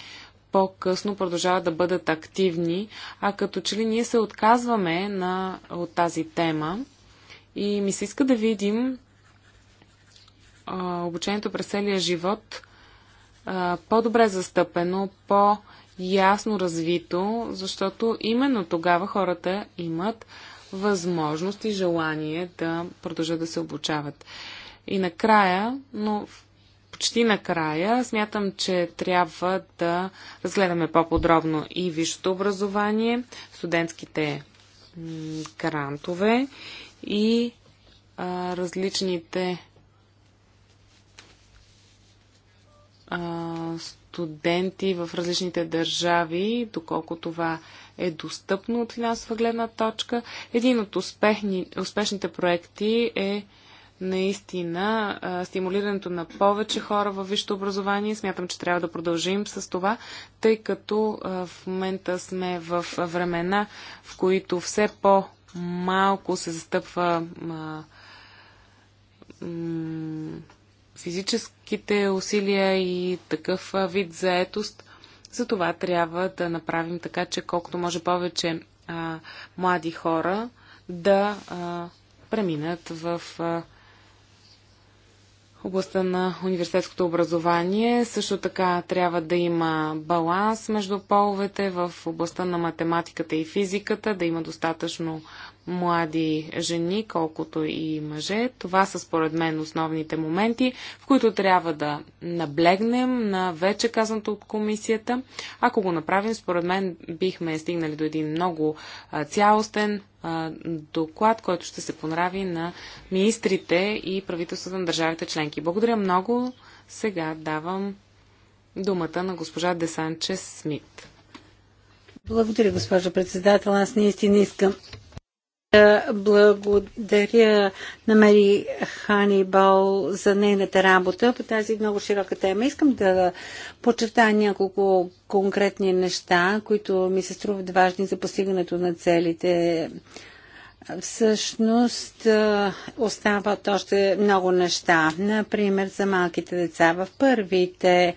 по-късно продължават да бъдат активни, а като че ли ние се отказваме на, от тази тема и ми се иска да видим а, обучението през целия живот по-добре застъпено, по-ясно развито, защото именно тогава хората имат възможност и желание да продължат да се обучават. И накрая, но почти накрая, смятам, че трябва да разгледаме по-подробно и висшето образование, студентските грантове и а, различните а, студенти в различните държави, доколко това е достъпно от финансова гледна точка. Един от успехни, успешните проекти е наистина стимулирането на повече хора във висшето образование. Смятам, че трябва да продължим с това, тъй като в момента сме в времена, в които все по-малко се застъпва физическите усилия и такъв вид заетост. Затова трябва да направим така, че колкото може повече а, млади хора да а, преминат в а, областта на университетското образование. Също така трябва да има баланс между половете в областта на математиката и физиката, да има достатъчно млади жени, колкото и мъже. Това са според мен основните моменти, в които трябва да наблегнем на вече казаното от комисията. Ако го направим, според мен бихме стигнали до един много цялостен доклад, който ще се понрави на министрите и правителството на държавите членки. Благодаря много. Сега давам думата на госпожа Десанче Смит. Благодаря, госпожо председател. Аз наистина искам е, благодаря на Мари Ханибал за нейната работа по тази много широка тема. Искам да подчертая няколко конкретни неща, които ми се струват важни за постигането на целите. Всъщност е, остават още много неща. Например, за малките деца в първите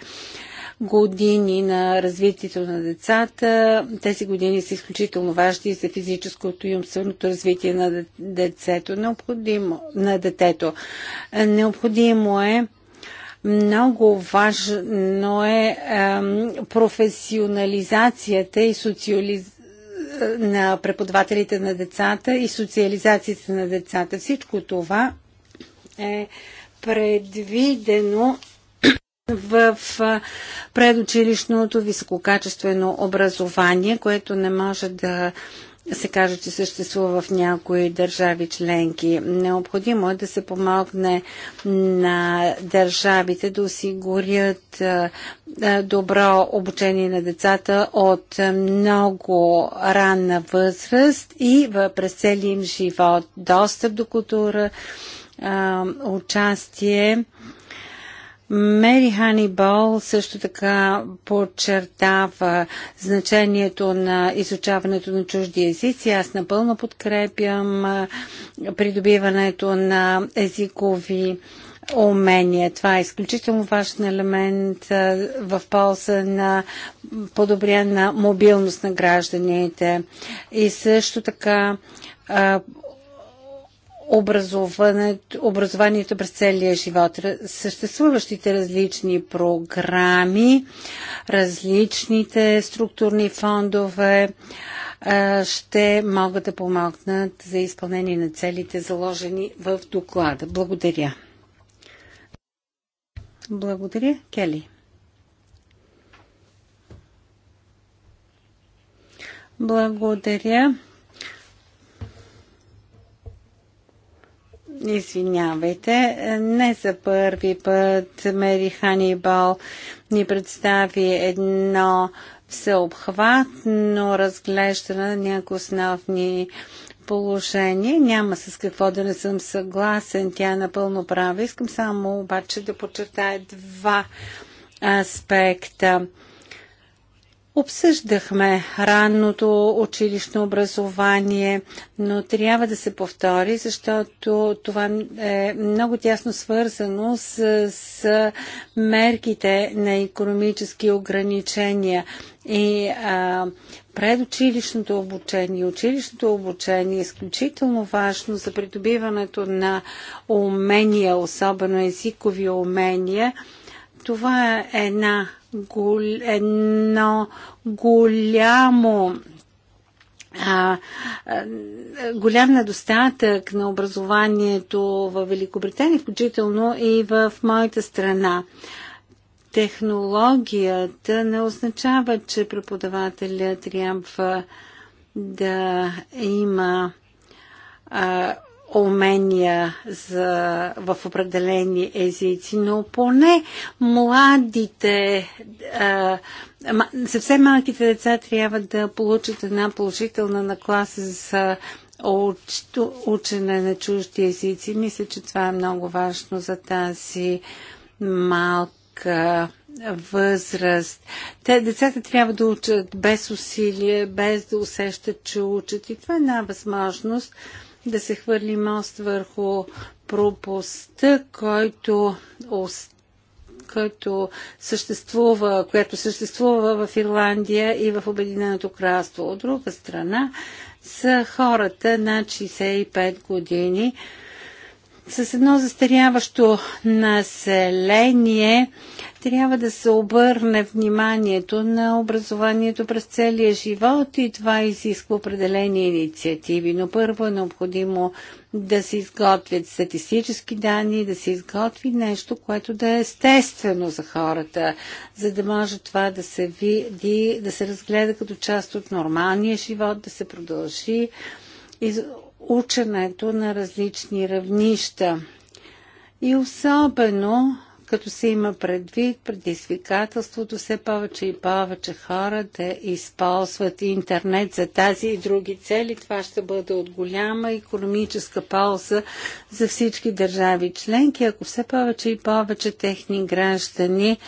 години на развитието на децата. Тези години са изключително важни за физическото и умственото развитие на децето. Необходимо, на детето. Необходимо е много важно е професионализацията и социализацията на преподавателите на децата и социализацията на децата. Всичко това е предвидено в предучилищното висококачествено образование, което не може да се каже, че съществува в някои държави членки. Необходимо е да се помогне на държавите да осигурят добро обучение на децата от много ранна възраст и през целия им живот. Достъп до култура, участие Мери Бол също така подчертава значението на изучаването на чужди езици. Аз напълно подкрепям придобиването на езикови умения. Това е изключително важен елемент в полза на подобряна мобилност на гражданите. И също така образованието, през целия живот. Съществуващите различни програми, различните структурни фондове ще могат да помогнат за изпълнение на целите, заложени в доклада. Благодаря. Благодаря, Кели. Благодаря. Извинявайте, не за първи път Мери Ханибал ни представи едно всеобхватно разглеждане на някои основни положение. Няма с какво да не съм съгласен. Тя е напълно права. Искам само обаче да подчертая два аспекта. Обсъждахме ранното училищно образование, но трябва да се повтори, защото това е много тясно свързано с, с мерките на економически ограничения. И а, предучилищното обучение, училищното обучение е изключително важно за придобиването на умения, особено езикови умения – това е една, гол, едно голямо а, а, голям недостатък на образованието в Великобритания, включително и в моята страна. Технологията не означава, че преподавателя трябва да има а, умения за, в определени езици, но поне младите, а, съвсем малките деца трябва да получат една положителна накласа за учене на чужди езици. Мисля, че това е много важно за тази малка възраст. Те, децата трябва да учат без усилие, без да усещат, че учат. И това е една възможност да се хвърли мост върху пропуста, който остава който съществува, която съществува в Ирландия и в Обединеното кралство. От друга страна са хората на 65 години с едно застаряващо население, трябва да се обърне вниманието на образованието през целия живот и това изисква определени инициативи. Но първо е необходимо да се изготвят статистически данни, да се изготви нещо, което да е естествено за хората, за да може това да се види, да се разгледа като част от нормалния живот, да се продължи ученето на различни равнища. И особено като се има предвид предизвикателството все повече и повече хора да използват интернет за тази и други цели. Това ще бъде от голяма економическа полза за всички държави членки, ако все повече и повече техни граждани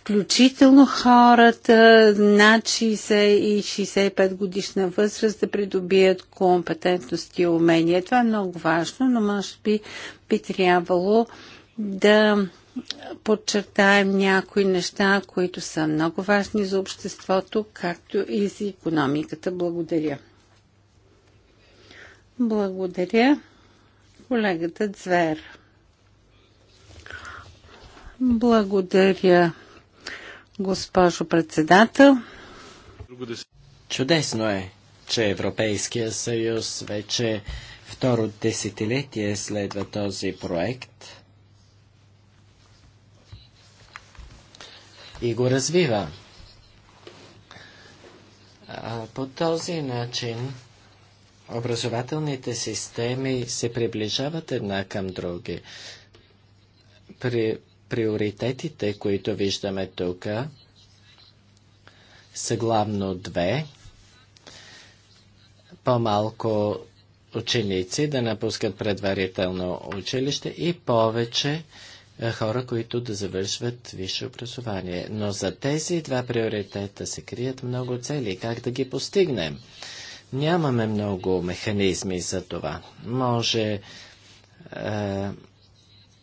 включително хората над 60 и 65 годишна възраст да придобият компетентност и умения. Това е много важно, но може би би трябвало да подчертаем някои неща, които са много важни за обществото, както и за економиката. Благодаря. Благодаря. Колегата Звер. Благодаря, госпожо председател. Чудесно е, че Европейския съюз вече второ десетилетие следва този проект – и го развива. А, по този начин образователните системи се приближават една към други. При приоритетите, които виждаме тук, са главно две. По-малко ученици да напускат предварително училище и повече е, хора, които да завършват висше образование. Но за тези два приоритета се крият много цели. Как да ги постигнем? Нямаме много механизми за това. Може е,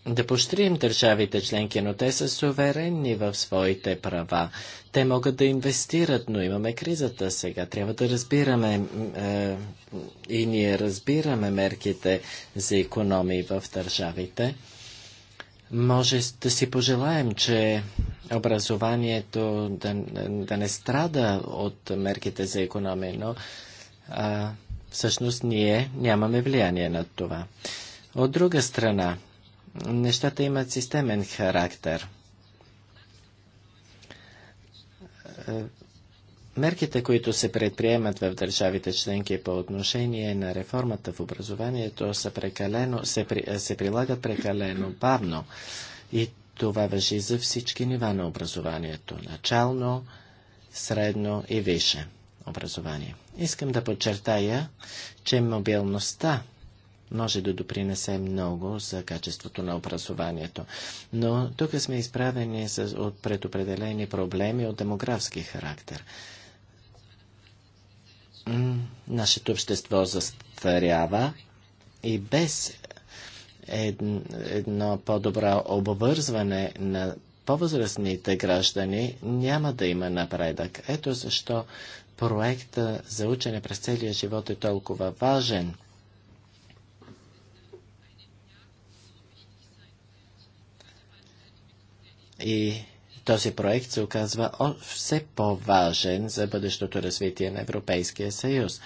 да поощрим държавите членки, но те са суверенни в своите права. Те могат да инвестират, но имаме кризата сега. Трябва да разбираме е, и ние разбираме мерките за економии в държавите. Може да си пожелаем, че образованието да, да не страда от мерките за економия, но а, всъщност ние нямаме влияние над това. От друга страна, нещата имат системен характер. Мерките, които се предприемат в държавите членки по отношение на реформата в образованието, са прекалено, се, при, се прилагат прекалено бавно. И това въжи за всички нива на образованието – начално, средно и висше образование. Искам да подчертая, че мобилността може да допринесе много за качеството на образованието. Но тук сме изправени с, от предопределени проблеми от демографски характер – нашето общество застарява и без едно по-добро обвързване на по-възрастните граждани няма да има напредък. Ето защо проекта за учене през целия живот е толкова важен. И този проект се оказва все по-важен за бъдещото развитие на Европейския съюз.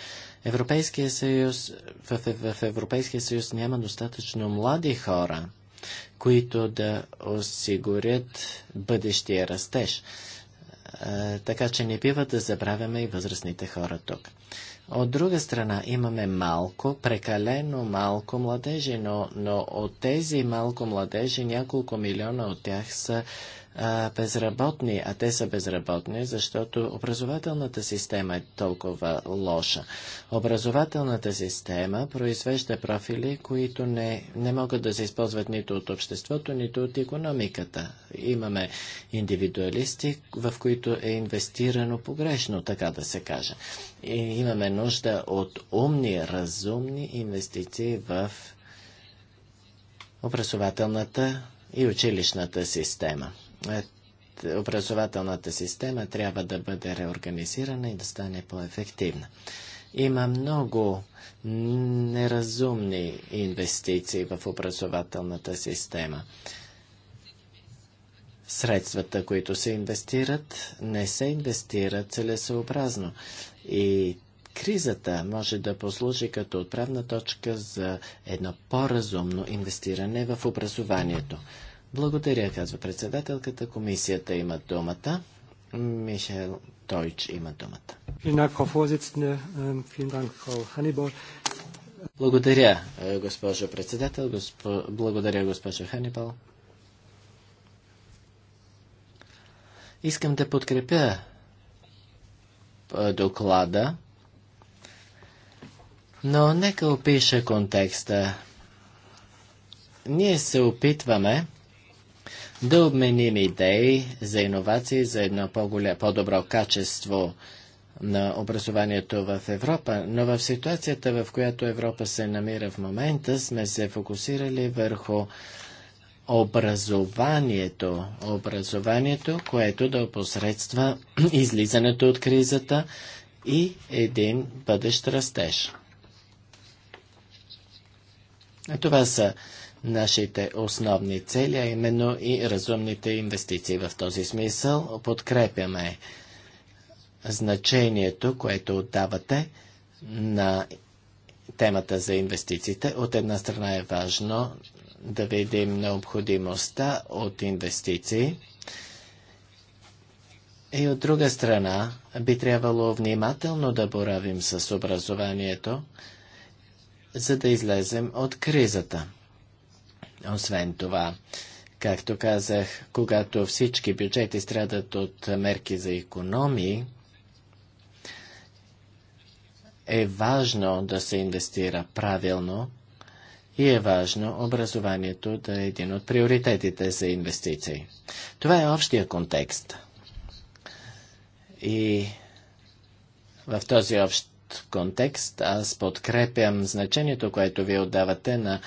Европейския съюз, в, в Европейския съюз няма достатъчно млади хора, които да осигурят бъдещия растеж. така че не бива да забравяме и възрастните хора тук. От друга страна имаме малко, прекалено малко младежи, но, но от тези малко младежи няколко милиона от тях са а, безработни, а те са безработни, защото образователната система е толкова лоша. Образователната система произвежда профили, които не, не могат да се използват нито от обществото, нито от економиката. Имаме индивидуалисти, в които е инвестирано погрешно, така да се каже. И имаме нужда от умни, разумни инвестиции в образователната и училищната система. Е, образователната система трябва да бъде реорганизирана и да стане по-ефективна. Има много неразумни инвестиции в образователната система. Средствата, които се инвестират, не се инвестират целесообразно. И кризата може да послужи като отправна точка за едно по-разумно инвестиране в образованието. Благодаря, казва председателката. Комисията има думата. Мишел Тойч има думата. Äh, благодаря, э, госпожо председател. Госпо... Благодаря, госпожо Ханибал. Искам да подкрепя э, доклада, но нека опиша контекста. Ние се опитваме да обменим идеи за иновации, за едно по-добро по качество на образованието в Европа, но в ситуацията, в която Европа се намира в момента, сме се фокусирали върху образованието. Образованието, което да опосредства (clears throat) излизането от кризата и един бъдещ растеж. Това са нашите основни цели, а именно и разумните инвестиции. В този смисъл подкрепяме значението, което отдавате на темата за инвестициите. От една страна е важно да видим необходимостта от инвестиции. И от друга страна, би трябвало внимателно да боравим с образованието, за да излезем от кризата. Освен това, както казах, когато всички бюджети страдат от мерки за економии, е важно да се инвестира правилно и е важно образованието да е един от приоритетите за инвестиции. Това е общия контекст. И в този общ контекст аз подкрепям значението, което вие отдавате на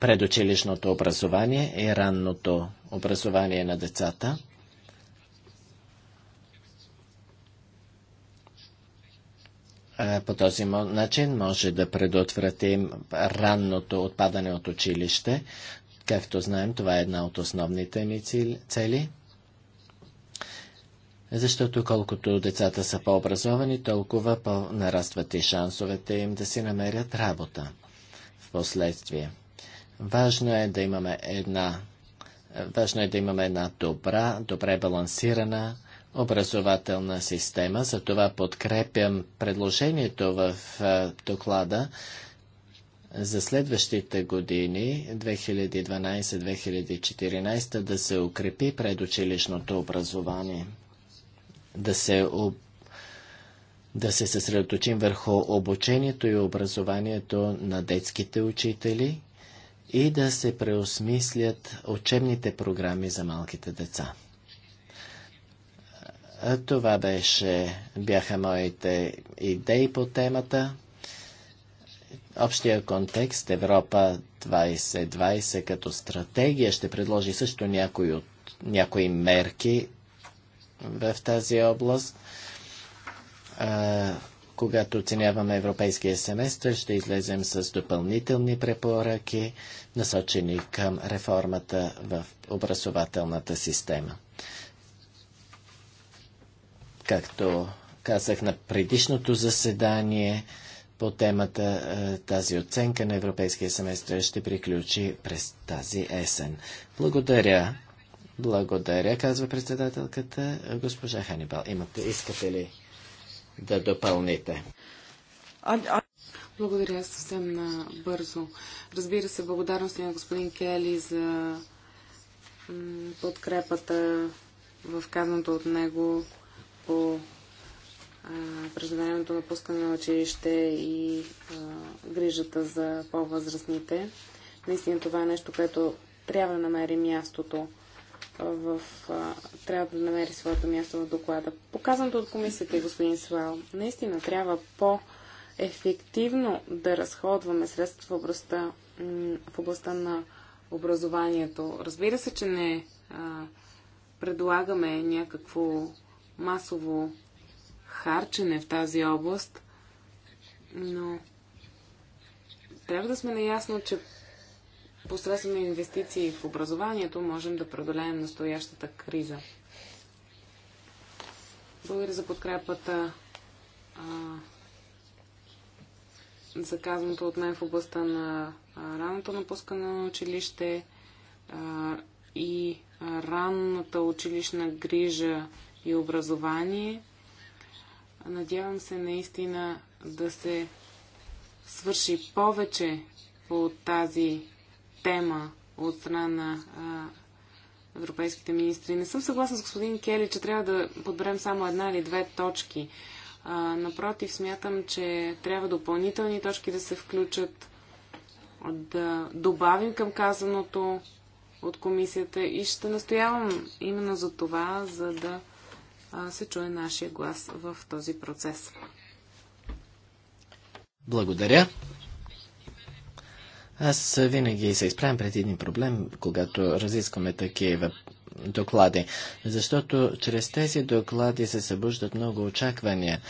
предучилищното образование и ранното образование на децата. По този начин може да предотвратим ранното отпадане от училище. Както знаем, това е една от основните ни цели. Защото колкото децата са по-образовани, толкова по-нарастват и шансовете им да си намерят работа в последствие. Важно е да имаме една, важно е да имаме една добра, добре балансирана образователна система. Затова подкрепям предложението в доклада за следващите години, 2012-2014, да се укрепи предучилищното образование, да се, да се съсредоточим върху обучението и образованието на детските учители и да се преосмислят учебните програми за малките деца. Това беше, бяха моите идеи по темата. Общия контекст Европа 2020 като стратегия ще предложи също някои, от, някои мерки в тази област когато оценяваме европейския семестър, ще излезем с допълнителни препоръки, насочени към реформата в образователната система. Както казах на предишното заседание по темата, е, тази оценка на европейския семестър ще приключи през тази есен. Благодаря. Благодаря, казва председателката. Госпожа Ханибал, имате, искате ли? да допълните. Благодаря съвсем бързо. Разбира се, благодарности на господин Кели за подкрепата в казаното от него по преждевременното напускане на училище и а, грижата за по-възрастните. Наистина това е нещо, което трябва да намери мястото в, а, трябва да намери своето място в доклада. Показаното от комисията, господин Свал, наистина трябва по-ефективно да разходваме средства в областта, в областта на образованието. Разбира се, че не а, предлагаме някакво масово харчене в тази област, но трябва да сме наясно, че посредством инвестиции в образованието можем да преодолеем настоящата криза. Благодаря за подкрепата а, за казаното от мен в областта на а, раното напускане на училище а, и ранната училищна грижа и образование. Надявам се наистина да се свърши повече по тази тема от страна на европейските министри. Не съм съгласна с господин Кели, че трябва да подберем само една или две точки. А, напротив, смятам, че трябва допълнителни точки да се включат, да добавим към казаното от комисията и ще настоявам именно за това, за да а, се чуе нашия глас в този процес. Благодаря. Аз винаги се изправям пред един проблем, когато разискваме такива доклади, защото чрез тези доклади се събуждат много очаквания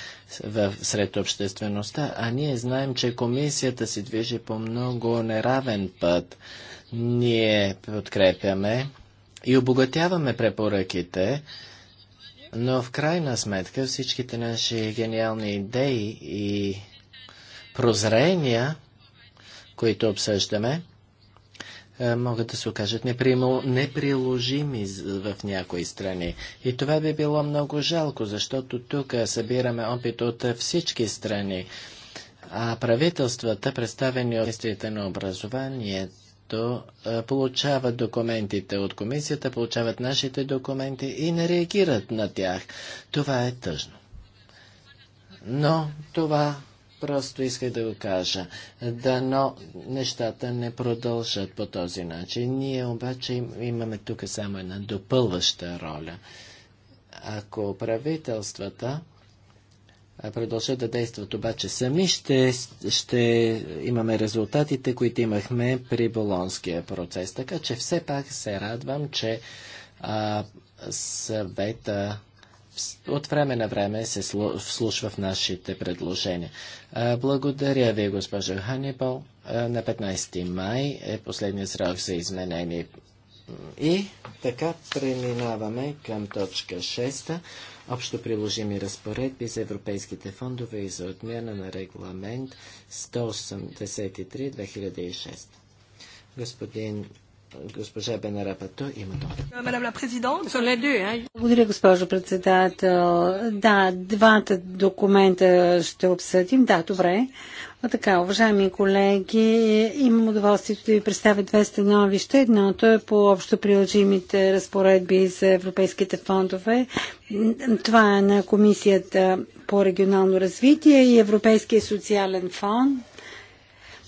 в, сред обществеността, а ние знаем, че комисията се движи по много неравен път. Ние подкрепяме и обогатяваме препоръките, но в крайна сметка всичките наши гениални идеи и прозрения – които обсъждаме, е, могат да се окажат неприложими в някои страни. И това би било много жалко, защото тук събираме опит от всички страни. А правителствата, представени от Министрите на образованието, е, получават документите от комисията, получават нашите документи и не реагират на тях. Това е тъжно. Но това Просто исках да го кажа. Да, но нещата не продължат по този начин. Ние обаче имаме тук само една допълваща роля. Ако правителствата продължат да действат обаче сами, ще, ще имаме резултатите, които имахме при Болонския процес. Така че все пак се радвам, че а, съвета от време на време се вслушва в нашите предложения. Благодаря ви, госпожо Ханибал. На 15 май е последния срок за изменение. И така преминаваме към точка 6. Общо приложими разпоредби за европейските фондове и за отмяна на регламент 183-2006. Господин Госпожа Пато има думата. Благодаря, госпожо председател. Да, двата документа ще обсъдим. Да, добре. А така, уважаеми колеги, имам удоволствието да ви представя две становища. Едното е по общо приложимите разпоредби за европейските фондове. Това е на Комисията по регионално развитие и Европейския социален фонд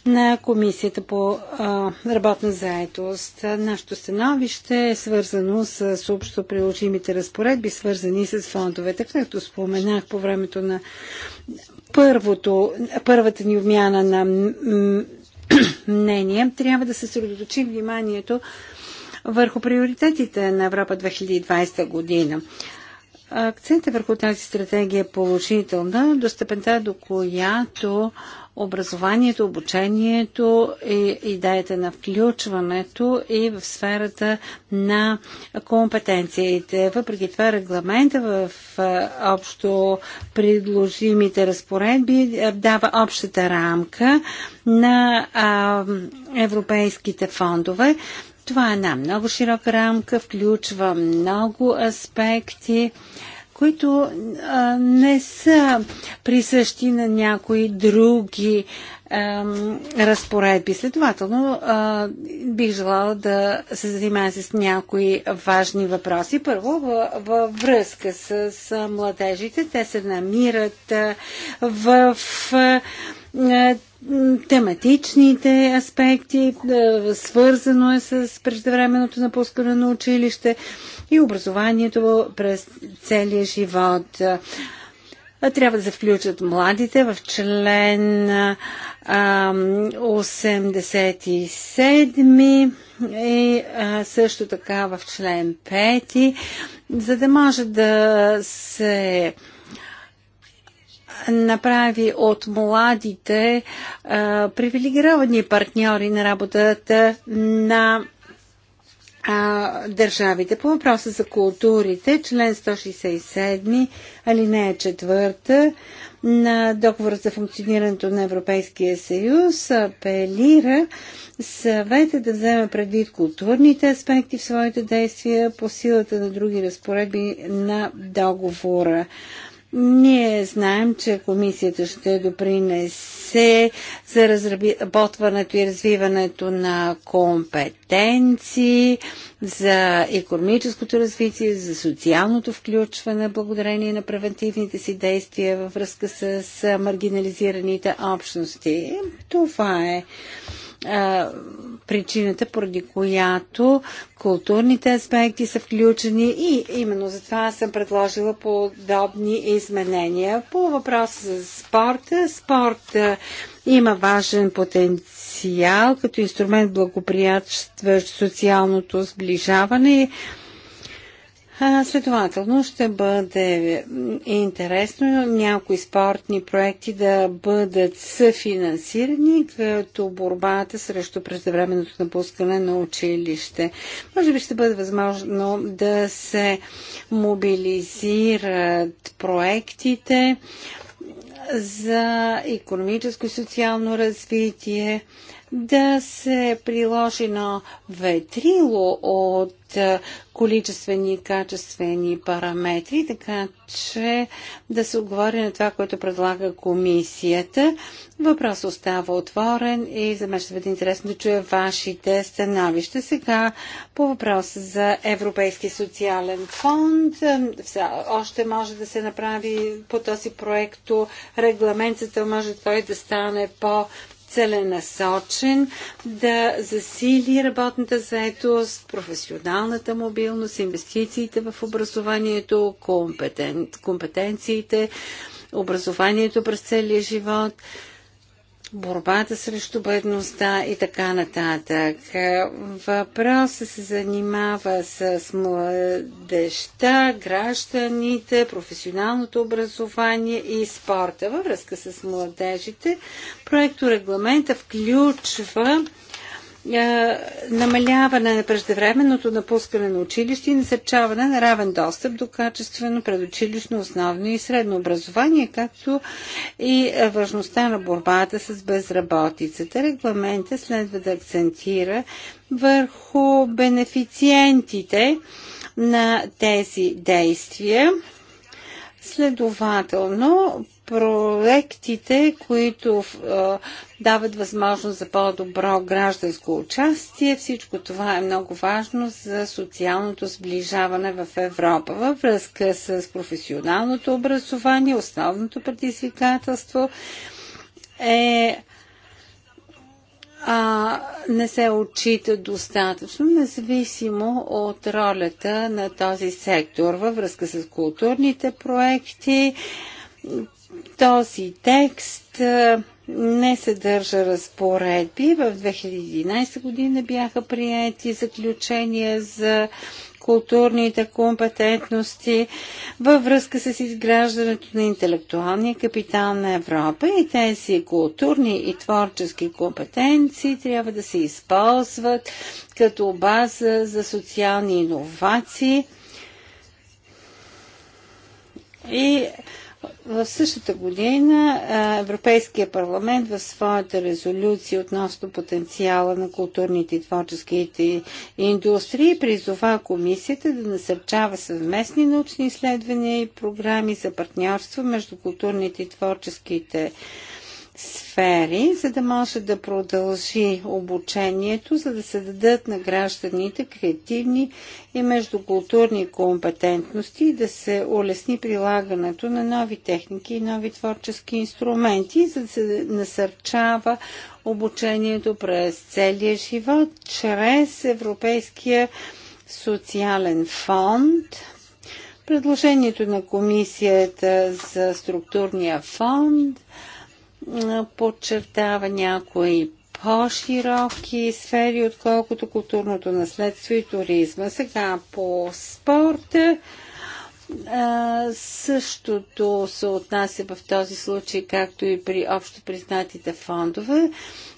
на Комисията по а, работна заетост. Нашето становище е свързано с, с общо приложимите разпоредби, свързани с фондовете. Както споменах по времето на първото, първата ни обмяна на мнение, трябва да се съсредоточим вниманието върху приоритетите на Европа 2020 година. Акцента върху тази стратегия е положителна до степента, до която образованието, обучението и идеята на включването и в сферата на компетенциите. Въпреки това регламента в общо предложимите разпоредби дава общата рамка на европейските фондове. Това е една много широка рамка, включва много аспекти, които а, не са присъщи на някои други а, разпоредби. Следователно, а, бих желала да се занимая с някои важни въпроси. Първо, във връзка с, с младежите, те се намират а, в. А, тематичните аспекти, е, свързано е с преждевременното напускане на училище и образованието през целия живот. Трябва да се включат младите в член 87 и също така в член 5, за да може да се направи от младите а, привилегировани партньори на работата на а, държавите. По въпроса за културите, член 167, алинея 4 на договора за функционирането на Европейския съюз апелира съвета да вземе предвид културните аспекти в своите действия по силата на други разпоредби на договора. Ние знаем, че комисията ще допринесе за разработването и развиването на компетенции, за економическото развитие, за социалното включване, благодарение на превентивните си действия във връзка с маргинализираните общности. Това е причината, поради която културните аспекти са включени и именно за това съм предложила подобни изменения. По въпроса за спорта, спорт има важен потенциал като инструмент благоприятстващ социалното сближаване и Следователно ще бъде интересно някои спортни проекти да бъдат съфинансирани, като борбата срещу преждевременното напускане на училище. Може би ще бъде възможно да се мобилизират проектите за економическо и социално развитие да се приложи на ветрило от е, количествени и качествени параметри, така че да се отговори на това, което предлага комисията. Въпрос остава отворен и за мен ще бъде интересно да чуя вашите становища. Сега по въпроса за Европейски социален фонд. Е, още може да се направи по този проекто регламент, за да може той да стане по- целенасочен да засили работната заетост, професионалната мобилност, инвестициите в образованието, компетен... компетенциите, образованието през целия живот – борбата срещу бедността и така нататък. Въпросът се занимава с младеща, гражданите, професионалното образование и спорта. Във връзка с младежите, Проекто регламента включва намаляване на преждевременното напускане на училище и насърчаване на равен достъп до качествено предучилищно основно и средно образование, както и важността на борбата с безработицата. Регламента следва да акцентира върху бенефициентите на тези действия. Следователно, проектите, които а, дават възможност за по-добро гражданско участие. Всичко това е много важно за социалното сближаване в Европа. Във връзка с професионалното образование, основното предизвикателство е а, не се отчита достатъчно, независимо от ролята на този сектор във връзка с културните проекти. Този текст не съдържа разпоредби. В 2011 година бяха приети заключения за културните компетентности във връзка с изграждането на интелектуалния капитал на Европа и тези културни и творчески компетенции трябва да се използват като база за социални иновации и в същата година Европейския парламент в своята резолюция относно потенциала на културните и творческите индустрии призова комисията да насърчава съвместни научни изследвания и програми за партньорство между културните и творческите индустрии сфери, за да може да продължи обучението, за да се дадат на гражданите креативни и междукултурни компетентности и да се улесни прилагането на нови техники и нови творчески инструменти, за да се насърчава обучението през целия живот чрез Европейския социален фонд, предложението на комисията за структурния фонд – подчертава някои по-широки сфери, отколкото културното наследство и туризма. Сега по спорта същото се отнася в този случай, както и при общо признатите фондове,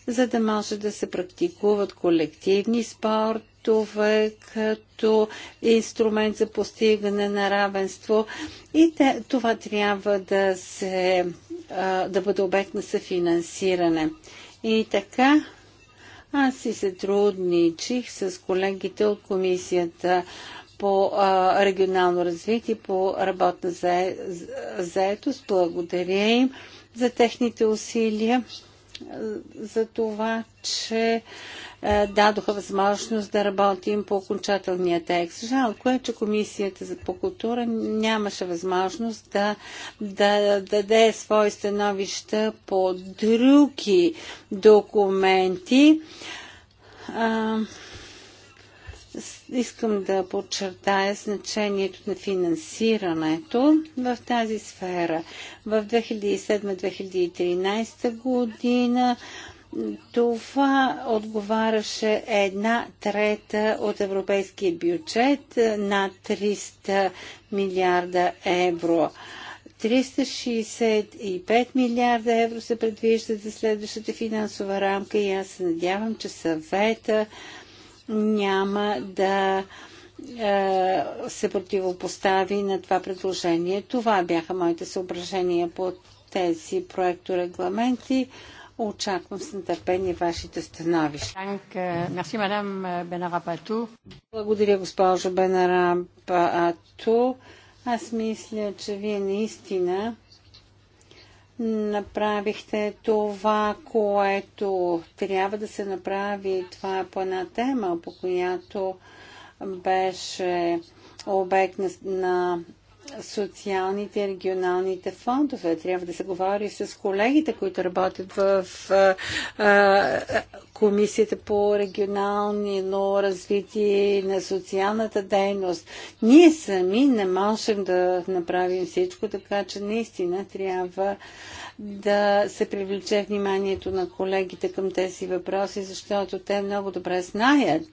за да може да се практикуват колективни спортове като инструмент за постигане на равенство и те, това трябва да се да бъде обект на съфинансиране. И така, аз си се трудничих с колегите от комисията по а, регионално развитие, по работна заетост. Благодаря им за техните усилия за това, че е, дадоха възможност да работим по окончателния текст. Жалко е, че Комисията за по култура нямаше възможност да, да, да даде свои становища по други документи. Искам да подчертая значението на финансирането в тази сфера. В 2007-2013 година това отговаряше една трета от европейския бюджет на 300 милиарда евро. 365 милиарда евро се предвижда за следващата финансова рамка и аз се надявам, че съвета няма да е, се противопостави на това предложение. Това бяха моите съображения по тези проекторегламенти. Очаквам с нетърпение вашите становища. Euh, Благодаря, госпожо Бенарапату. Аз мисля, че вие наистина направихте това, което трябва да се направи. Това е по една тема, по която беше обект на, на социалните и регионалните фондове. Трябва да се говори с колегите, които работят в а, Комисията по регионално развитие на социалната дейност. Ние сами не можем да направим всичко, така че наистина трябва да се привлече вниманието на колегите към тези въпроси, защото те много добре знаят,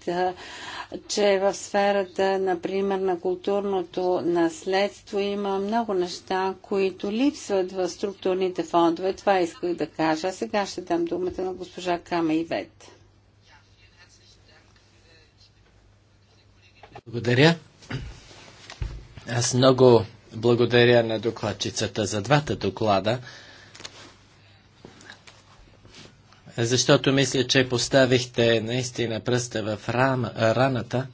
че в сферата, например, на културното наследство има много неща, които липсват в структурните фондове. Това исках да кажа. Сега ще дам думата на госпожа Кама Ивет. Благодаря. Аз много благодаря на докладчицата за двата доклада защото мисля, че поставихте наистина пръста в рам, раната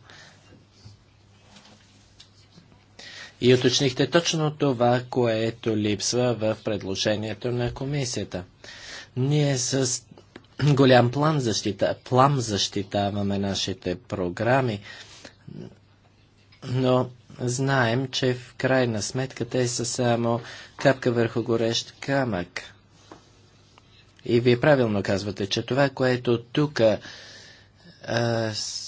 и уточнихте точно това, което липсва в предложението на комисията. Ние с голям план защита, план защитаваме нашите програми, но знаем, че в крайна сметка те са само капка върху горещ камък – и вие правилно казвате, че това, което тук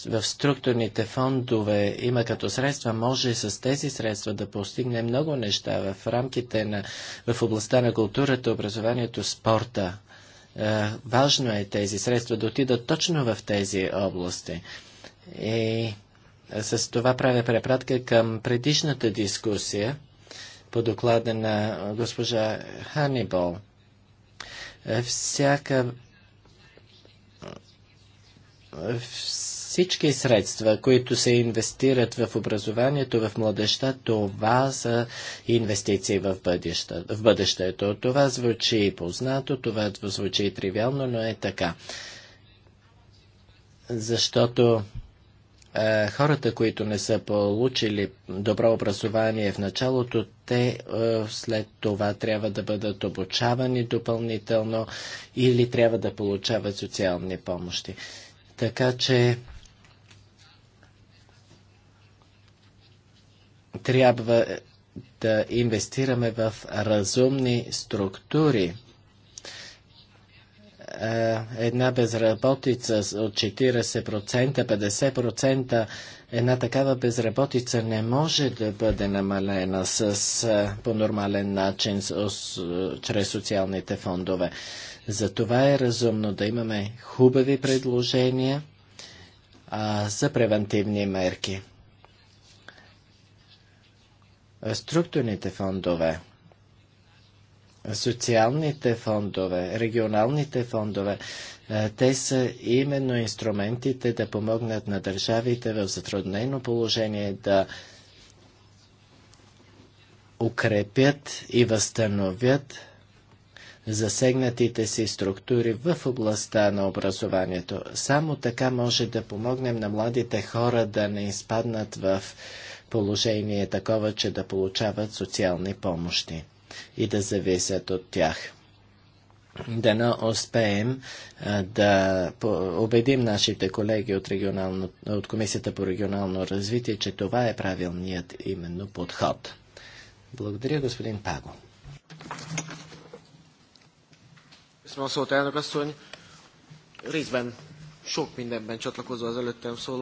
в структурните фондове има като средства, може с тези средства да постигне много неща в рамките на, в областта на културата, образованието, спорта. важно е тези средства да отидат точно в тези области. И с това правя препратка към предишната дискусия по доклада на госпожа Ханибол – всяка всички средства, които се инвестират в образованието, в младеща, това са инвестиции в, бъдеща, в бъдещето. Това звучи познато, това звучи тривиално, но е така. Защото е, хората, които не са получили добро образование в началото, те е, след това трябва да бъдат обучавани допълнително или трябва да получават социални помощи. Така че трябва да инвестираме в разумни структури е, една безработица от 40%, 50%, една такава безработица не може да бъде намалена с, е, по нормален начин с, чрез социалните фондове. Затова е разумно да имаме хубави предложения а, за превентивни мерки. Структурните фондове – социалните фондове, регионалните фондове, е, те са именно инструментите да помогнат на държавите в затруднено положение да укрепят и възстановят засегнатите си структури в областта на образованието. Само така може да помогнем на младите хора да не изпаднат в положение такова, че да получават социални помощи и да зависят от тях. Да не успеем а, да убедим нашите колеги от, регионално, от Комисията по регионално развитие, че това е правилният именно подход. Благодаря, господин Паго.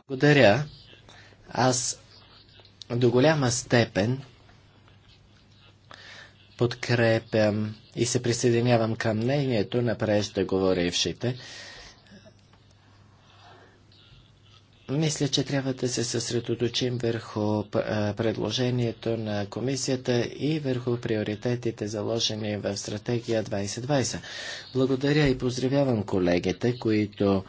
Благодаря. Аз до голяма степен подкрепям и се присъединявам към мнението на преждеговорившите. Мисля, че трябва да се съсредоточим върху предложението на комисията и върху приоритетите заложени в стратегия 2020. Благодаря и поздравявам колегите, които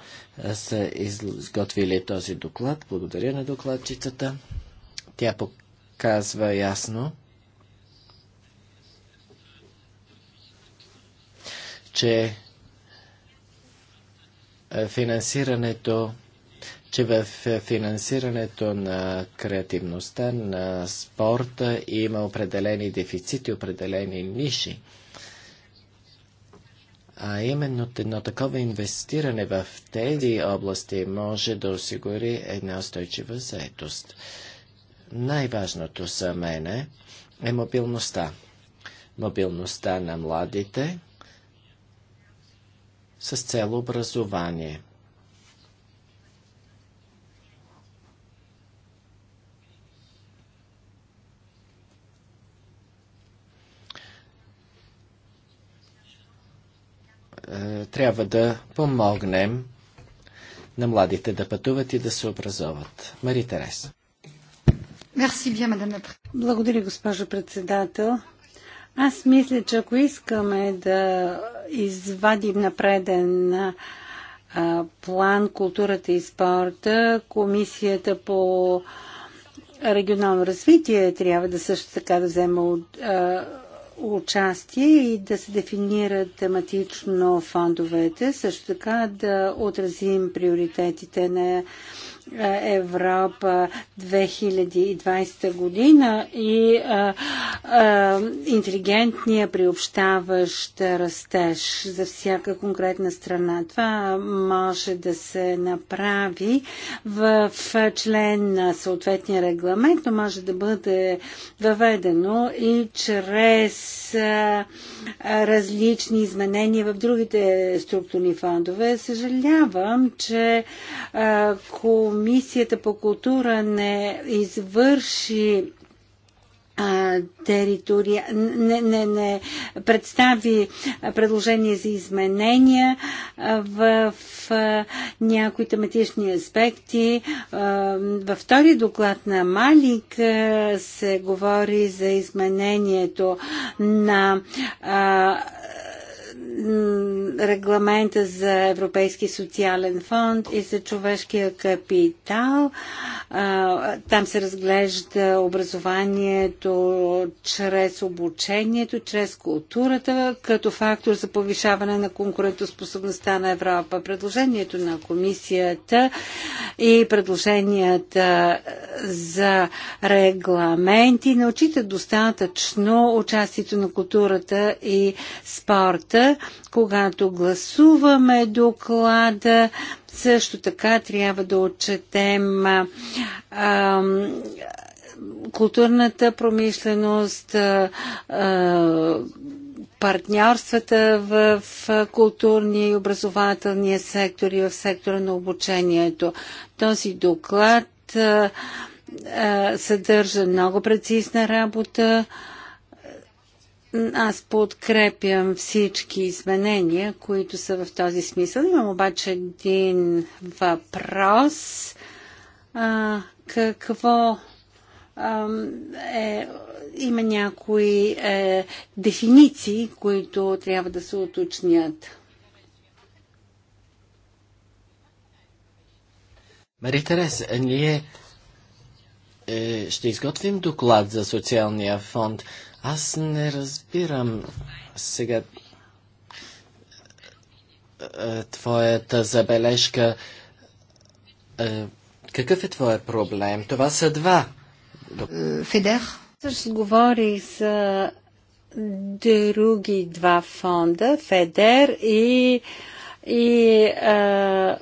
са изготвили този доклад. Благодаря на докладчицата. Тя показва ясно, че е, финансирането че в е, финансирането на креативността, на спорта има определени дефицити, определени ниши. А именно едно такова инвестиране в тези области може да осигури една устойчива заетост. Най-важното за мен е мобилността. Мобилността на младите с цел образование. Е, трябва да помогнем на младите да пътуват и да се образоват. Мари Тереса. Благодаря, госпожо председател. Аз мисля, че ако искаме да извадим напреден а, план културата и спорта, комисията по регионално развитие трябва да също така да взема от, а, участие и да се дефинират тематично фондовете, също така да отразим приоритетите на е, Европа 2020 година и интелигентния приобщаващ растеж за всяка конкретна страна. Това може да се направи в член на съответния регламент, но може да бъде въведено и чрез различни изменения в другите структурни фондове. Съжалявам, че ком Комисията по култура не извърши територия, не, не, не представи предложение за изменения в, в някои тематични аспекти. Във втори доклад на Малик се говори за изменението на регламента за Европейски социален фонд и за човешкия капитал. Там се разглежда образованието чрез обучението, чрез културата, като фактор за повишаване на конкурентоспособността на Европа. Предложението на комисията и предложенията за регламенти не отчитат достатъчно участието на културата и спорта когато гласуваме доклада, също така трябва да отчетем а, а, културната промишленост, а, а, партньорствата в културния и образователния сектор и в сектора на обучението. Този доклад а, а, съдържа много прецизна работа. А, аз подкрепям всички изменения, които са в този смисъл. Имам обаче един въпрос. А, какво а, е, има някои е, дефиниции, които трябва да се уточнят. Мари Терес, ние е, ще изготвим доклад за социалния фонд. Аз не разбирам сега е, твоята забележка. Е, какъв е твоя проблем? Това са два. Е, Федер? Също говори за други два фонда, Федер и, и а,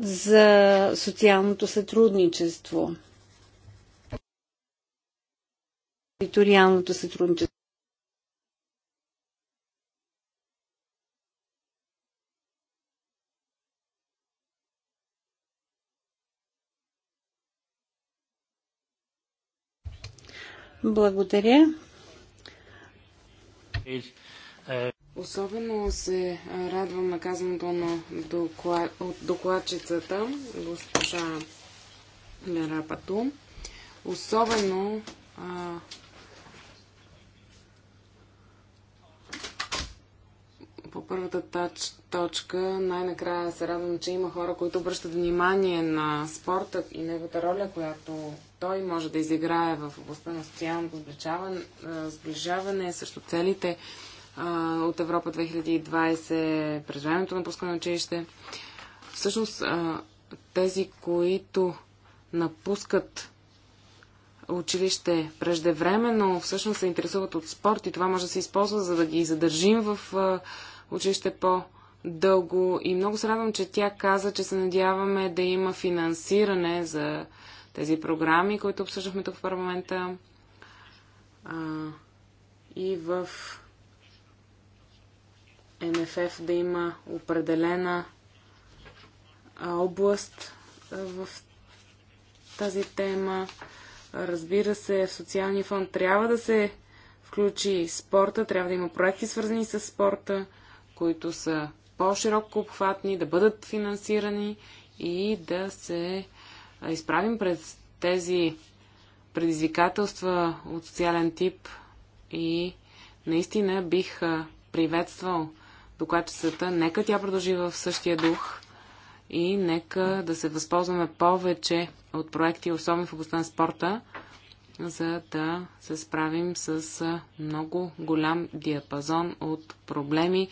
за социалното сътрудничество. териториалното сътрудничество. Благодаря. Особено се радвам на казаното на доклад, от докладчицата, госпожа Лерапато. Особено а, по първата тач, точка, най-накрая се радвам, че има хора, които обръщат внимание на спорта и неговата роля, която той може да изиграе в областта на социалното сближаване, също целите а, от Европа 2020, през времето на пускане на училище. Всъщност, а, тези, които напускат училище преждевременно, всъщност се интересуват от спорт и това може да се използва, за да ги задържим в а, училище по-дълго и много се радвам, че тя каза, че се надяваме да има финансиране за тези програми, които обсъждахме тук в парламента а, и в МФФ да има определена област в тази тема. Разбира се, в социалния фонд трябва да се включи спорта, трябва да има проекти свързани с спорта които са по-широко обхватни, да бъдат финансирани и да се изправим пред тези предизвикателства от социален тип и наистина бих приветствал докладчицата. Нека тя продължи в същия дух и нека да се възползваме повече от проекти, особено в областта на спорта, за да се справим с много голям диапазон от проблеми,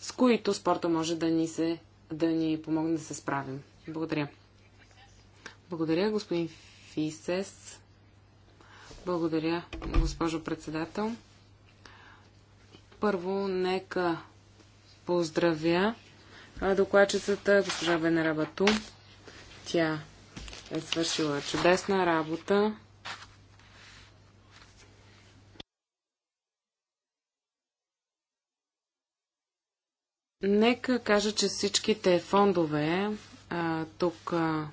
с които спорта може да ни, се, да ни помогне да се справим. Благодаря. Благодаря, господин Фисес. Благодаря, госпожо председател. Първо, нека поздравя докладчицата госпожа Венера Бату. Тя е свършила чудесна работа Нека кажа, че всичките фондове а, тук а,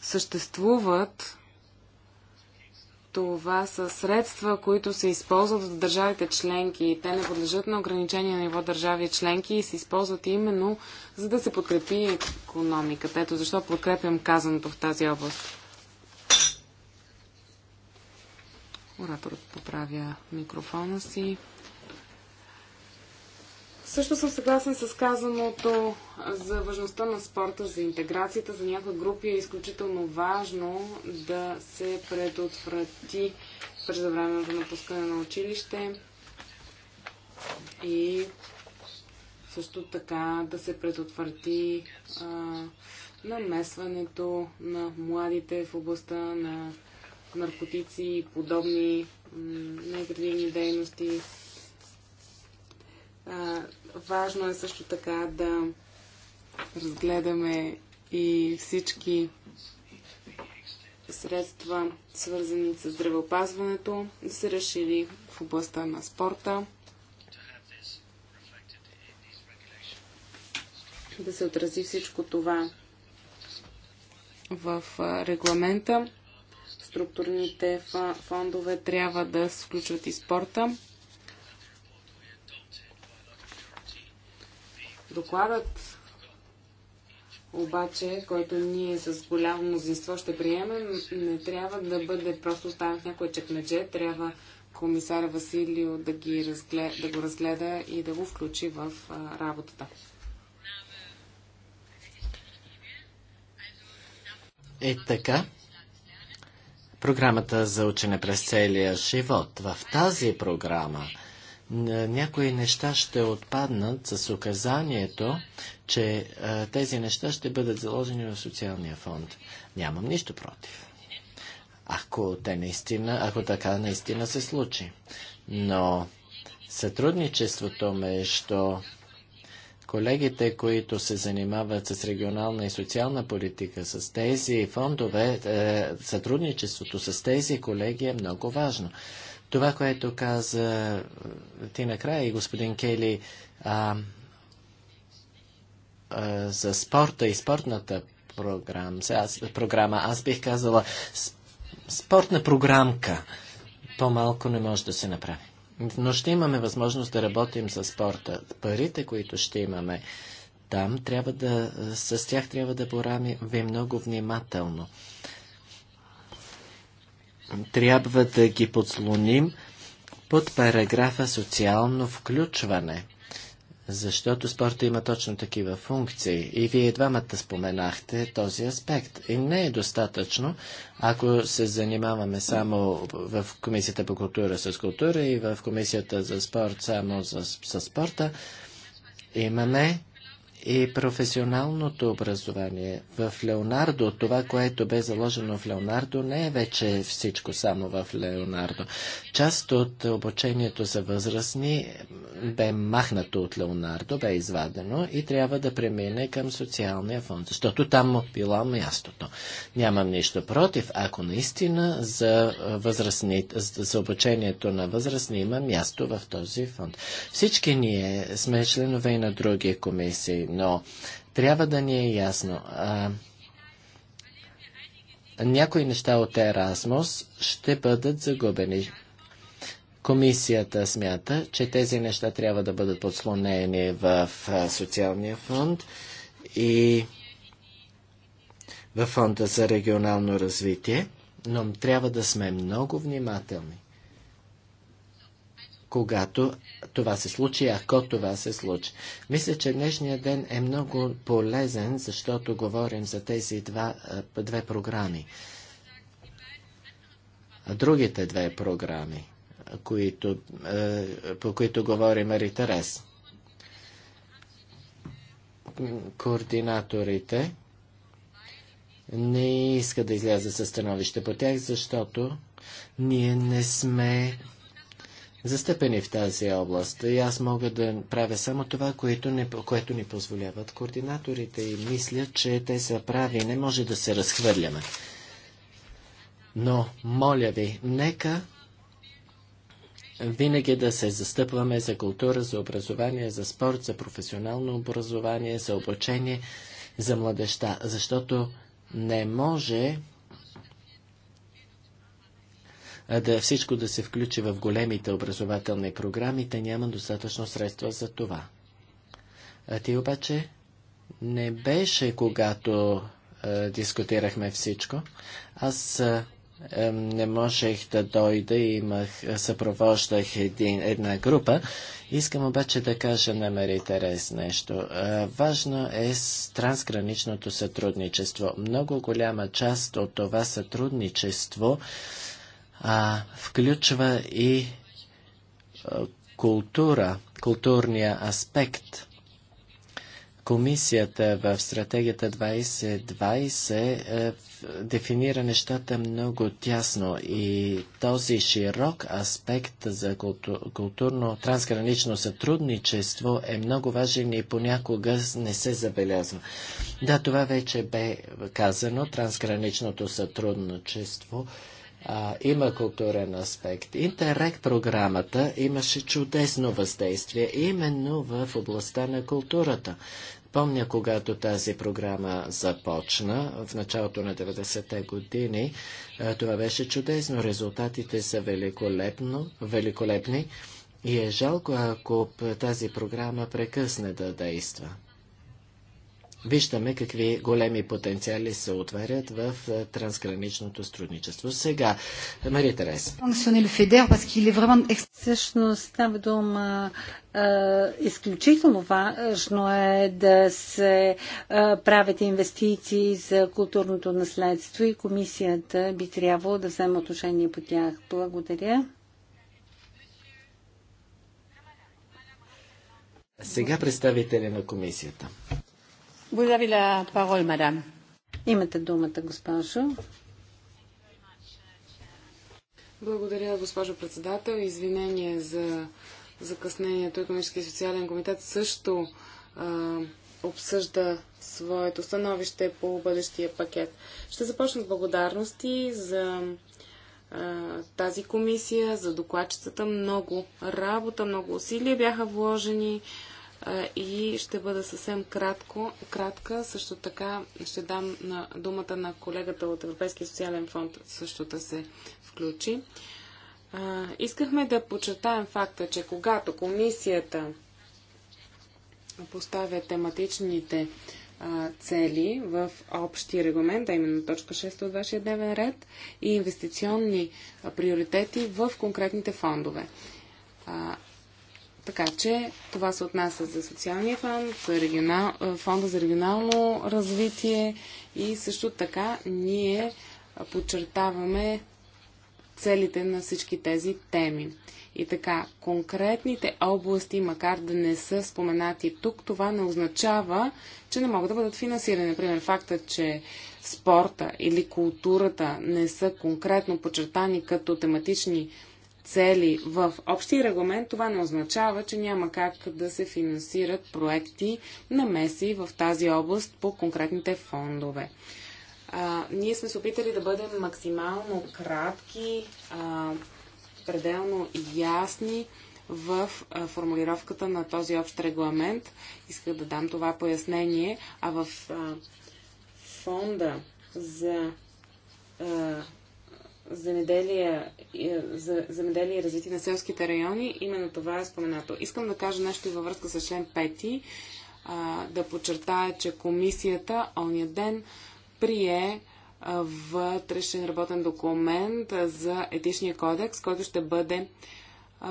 съществуват това са средства, които се използват от държавите членки. Те не подлежат на ограничения на ниво държави членки и се използват именно за да се подкрепи економиката. Ето защо подкрепям казаното в тази област. Ораторът поправя микрофона си. Също съм съгласен с казаното за важността на спорта, за интеграцията. За някои групи е изключително важно да се предотврати през за напускане на училище и също така да се предотврати а, намесването на младите в областта на наркотици и подобни негативни дейности. А, Важно е също така да разгледаме и всички средства, свързани с здравеопазването, да се разшири в областта на спорта, да се отрази всичко това в регламента. Структурните фондове трябва да включват и спорта. Докладът обаче, който ние с голямо мнозинство ще приемем, не трябва да бъде просто оставен в някое чекмедже. Трябва комисар Василио да, ги разгледа, да го разгледа и да го включи в работата. Е така. Програмата за учене през целия живот. В тази програма някои неща ще отпаднат с указанието, че тези неща ще бъдат заложени в социалния фонд. Нямам нищо против. Ако, те наистина, ако така наистина се случи. Но сътрудничеството между колегите, които се занимават с регионална и социална политика, с тези фондове, е, сътрудничеството с тези колеги е много важно. Това, което каза е, ти накрая и господин Кели а, а, за спорта и спортната програм, аз, програма, аз бих казала спортна програмка. По-малко не може да се направи. Но ще имаме възможност да работим за спорта. Парите, които ще имаме там, трябва да, с тях трябва да боравим много внимателно трябва да ги подслоним под параграфа социално включване. Защото спорта има точно такива функции. И вие двамата споменахте този аспект. И не е достатъчно, ако се занимаваме само в Комисията по култура с култура и в Комисията за спорт само с, с спорта, имаме и професионалното образование. В Леонардо, това, което бе заложено в Леонардо, не е вече всичко само в Леонардо. Част от обучението за възрастни бе махнато от Леонардо, бе извадено и трябва да премине към социалния фонд, защото там му било мястото. Нямам нищо против, ако наистина за, възрастни, за обучението на възрастни има място в този фонд. Всички ние сме членове и на други комисии но трябва да ни е ясно. А, някои неща от Еразмус ще бъдат загубени. Комисията смята, че тези неща трябва да бъдат подслонени в социалния фонд и в фонда за регионално развитие, но трябва да сме много внимателни когато това се случи, ако това се случи. Мисля, че днешния ден е много полезен, защото говорим за тези два, две програми. Другите две програми, които, по които говори Мари Терес. Координаторите не иска да изляза със становище по тях, защото ние не сме застъпени в тази област. И аз мога да правя само това, което, не, което ни позволяват координаторите и мисля, че те са прави. Не може да се разхвърляме. Но, моля ви, нека винаги да се застъпваме за култура, за образование, за спорт, за професионално образование, за обучение, за младеща, защото не може да всичко да се включи в големите образователни програми, те няма достатъчно средства за това. А ти обаче не беше, когато а, дискутирахме всичко. Аз а, не можех да дойда, имах, съпровождах един, една група. Искам обаче да кажа на Мари Терес нещо. А, важно е с трансграничното сътрудничество. Много голяма част от това сътрудничество а, а включва и култура, културния аспект. Комисията в стратегията 2020 е, дефинира нещата много тясно и този широк аспект за култу, културно трансгранично сътрудничество е много важен и понякога не се забелязва. Да, това вече бе казано, трансграничното сътрудничество а, има културен аспект. Интерект програмата имаше чудесно въздействие именно в областта на културата. Помня, когато тази програма започна в началото на 90-те години, това беше чудесно. Резултатите са великолепно, великолепни и е жалко, ако тази програма прекъсне да действа виждаме какви големи потенциали се отварят в е, трансграничното сътрудничество. Сега, Мари Терес. Всъщност става дума е, изключително важно е да се е, правят инвестиции за културното наследство и комисията би трябвало да вземе отношение по тях. Благодаря. Сега представители на комисията. Vous avez la parole, madame. Имате думата, госпожо. Благодаря, госпожо председател. Извинение за закъснението. Економически и социален комитет също а, обсъжда своето становище по бъдещия пакет. Ще започна с благодарности за а, тази комисия, за докладчицата. Много работа, много усилия бяха вложени и ще бъда съвсем кратко, кратка. Също така ще дам на думата на колегата от Европейския социален фонд също да се включи. искахме да почетаем факта, че когато комисията поставя тематичните цели в общи регламент, а именно точка 6 от вашия дневен ред и инвестиционни приоритети в конкретните фондове. Така че това се отнася за социалния фонд, за регионал, е, фонда за регионално развитие и също така ние подчертаваме целите на всички тези теми. И така, конкретните области, макар да не са споменати тук, това не означава, че не могат да бъдат финансирани. Например, факта, че спорта или културата не са конкретно подчертани като тематични цели в общи регламент, това не означава, че няма как да се финансират проекти на меси в тази област по конкретните фондове. А, ние сме се опитали да бъдем максимално кратки, а, пределно ясни в а, формулировката на този общ регламент. Исках да дам това пояснение, а в а, фонда за а, земеделие, е, за земеделие и развитие на селските райони, именно това е споменато. Искам да кажа нещо и във връзка с член 5, да подчертая, че комисията ония ден прие вътрешен работен документ за етичния кодекс, който ще бъде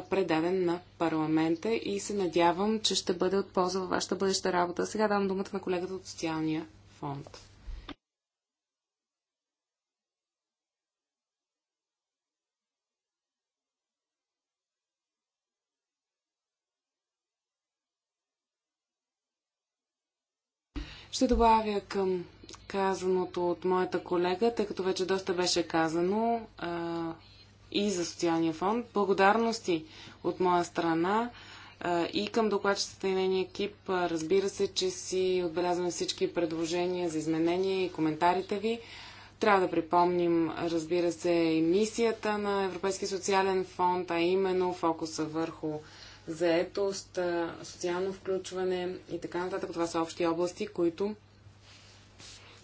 предаден на парламента и се надявам, че ще бъде от полза във вашата бъдеща работа. Сега давам думата на колегата от социалния фонд. Ще добавя към казаното от моята колега, тъй като вече доста беше казано а, и за социалния фонд. Благодарности от моя страна а, и към докладчетата и нейния екип. А, разбира се, че си отбелязваме всички предложения за изменения и коментарите ви. Трябва да припомним, разбира се, и мисията на Европейския социален фонд, а именно фокуса върху заетост, социално включване и така нататък. Това са общи области, които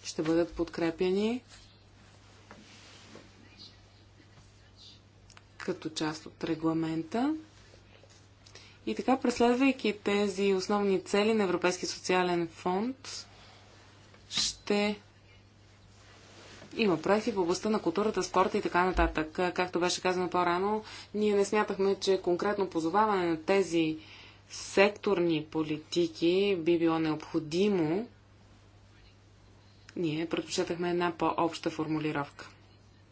ще бъдат подкрепени като част от регламента. И така, преследвайки тези основни цели на Европейски социален фонд, ще има проекти в областта на културата, спорта и така нататък. Както беше казано по-рано, ние не смятахме, че конкретно позоваване на тези секторни политики би било необходимо. Ние предпочитахме една по-обща формулировка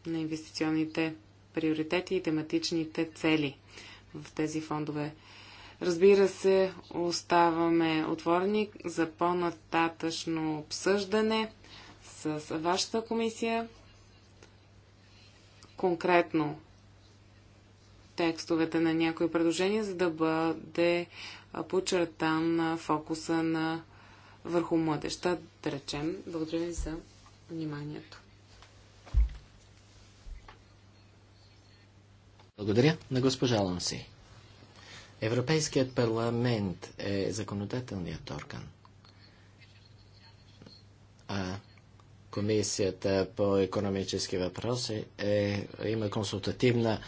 на инвестиционните приоритети и тематичните цели в тези фондове. Разбира се, оставаме отворени за по-нататъчно обсъждане с вашата комисия. Конкретно текстовете на някои предложения, за да бъде подчертан фокуса на върху младеща, да речем. Благодаря ви за вниманието. Благодаря на госпожа Лонси. Европейският парламент е законодателният орган. А Комисията по економически въпроси е, има консултативна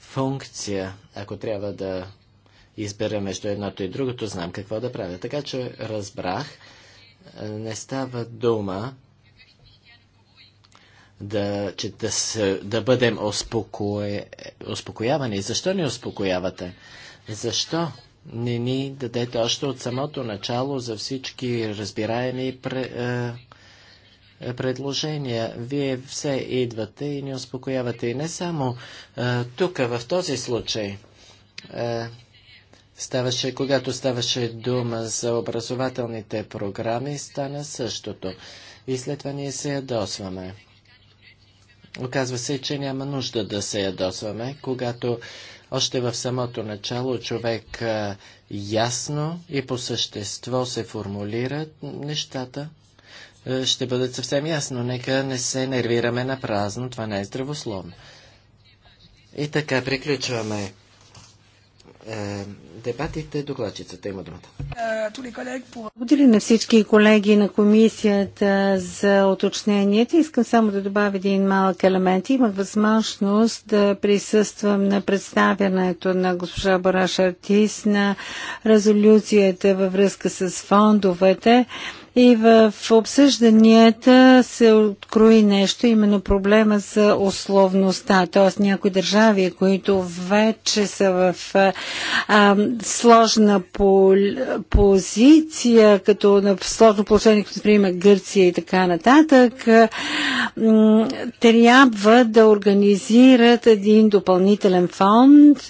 функция, ако трябва да избера между едното и другото, знам какво да правя. Така че разбрах, не става дума да, че да, се, да бъдем успокоя, успокоявани. Защо ни успокоявате? Защо не ни дадете още от самото начало за всички разбираеми е, предложения. Вие все идвате и ни успокоявате. И не само е, тук, в този случай. Е, ставаше, когато ставаше дума за образователните програми, стана същото. И след това ние се ядосваме. Оказва се, че няма нужда да се ядосваме, когато още в самото начало човек ясно и по същество се формулират нещата, е, ще бъдат съвсем ясно. Нека не се нервираме на празно, това не е здравословно. И така, приключваме е, дебатите. Докладчицата има думата. Благодаря на всички колеги на комисията за уточненията. Искам само да добавя един малък елемент. Имах възможност да присъствам на представянето на госпожа Бараш Артис на резолюцията във връзка с фондовете. И в обсъжданията се открои нещо, именно проблема за условността, т.е. някои държави, които вече са в а, сложна пол, позиция, като на сложно положение, като например Гърция и така нататък, а, трябва да организират един допълнителен фонд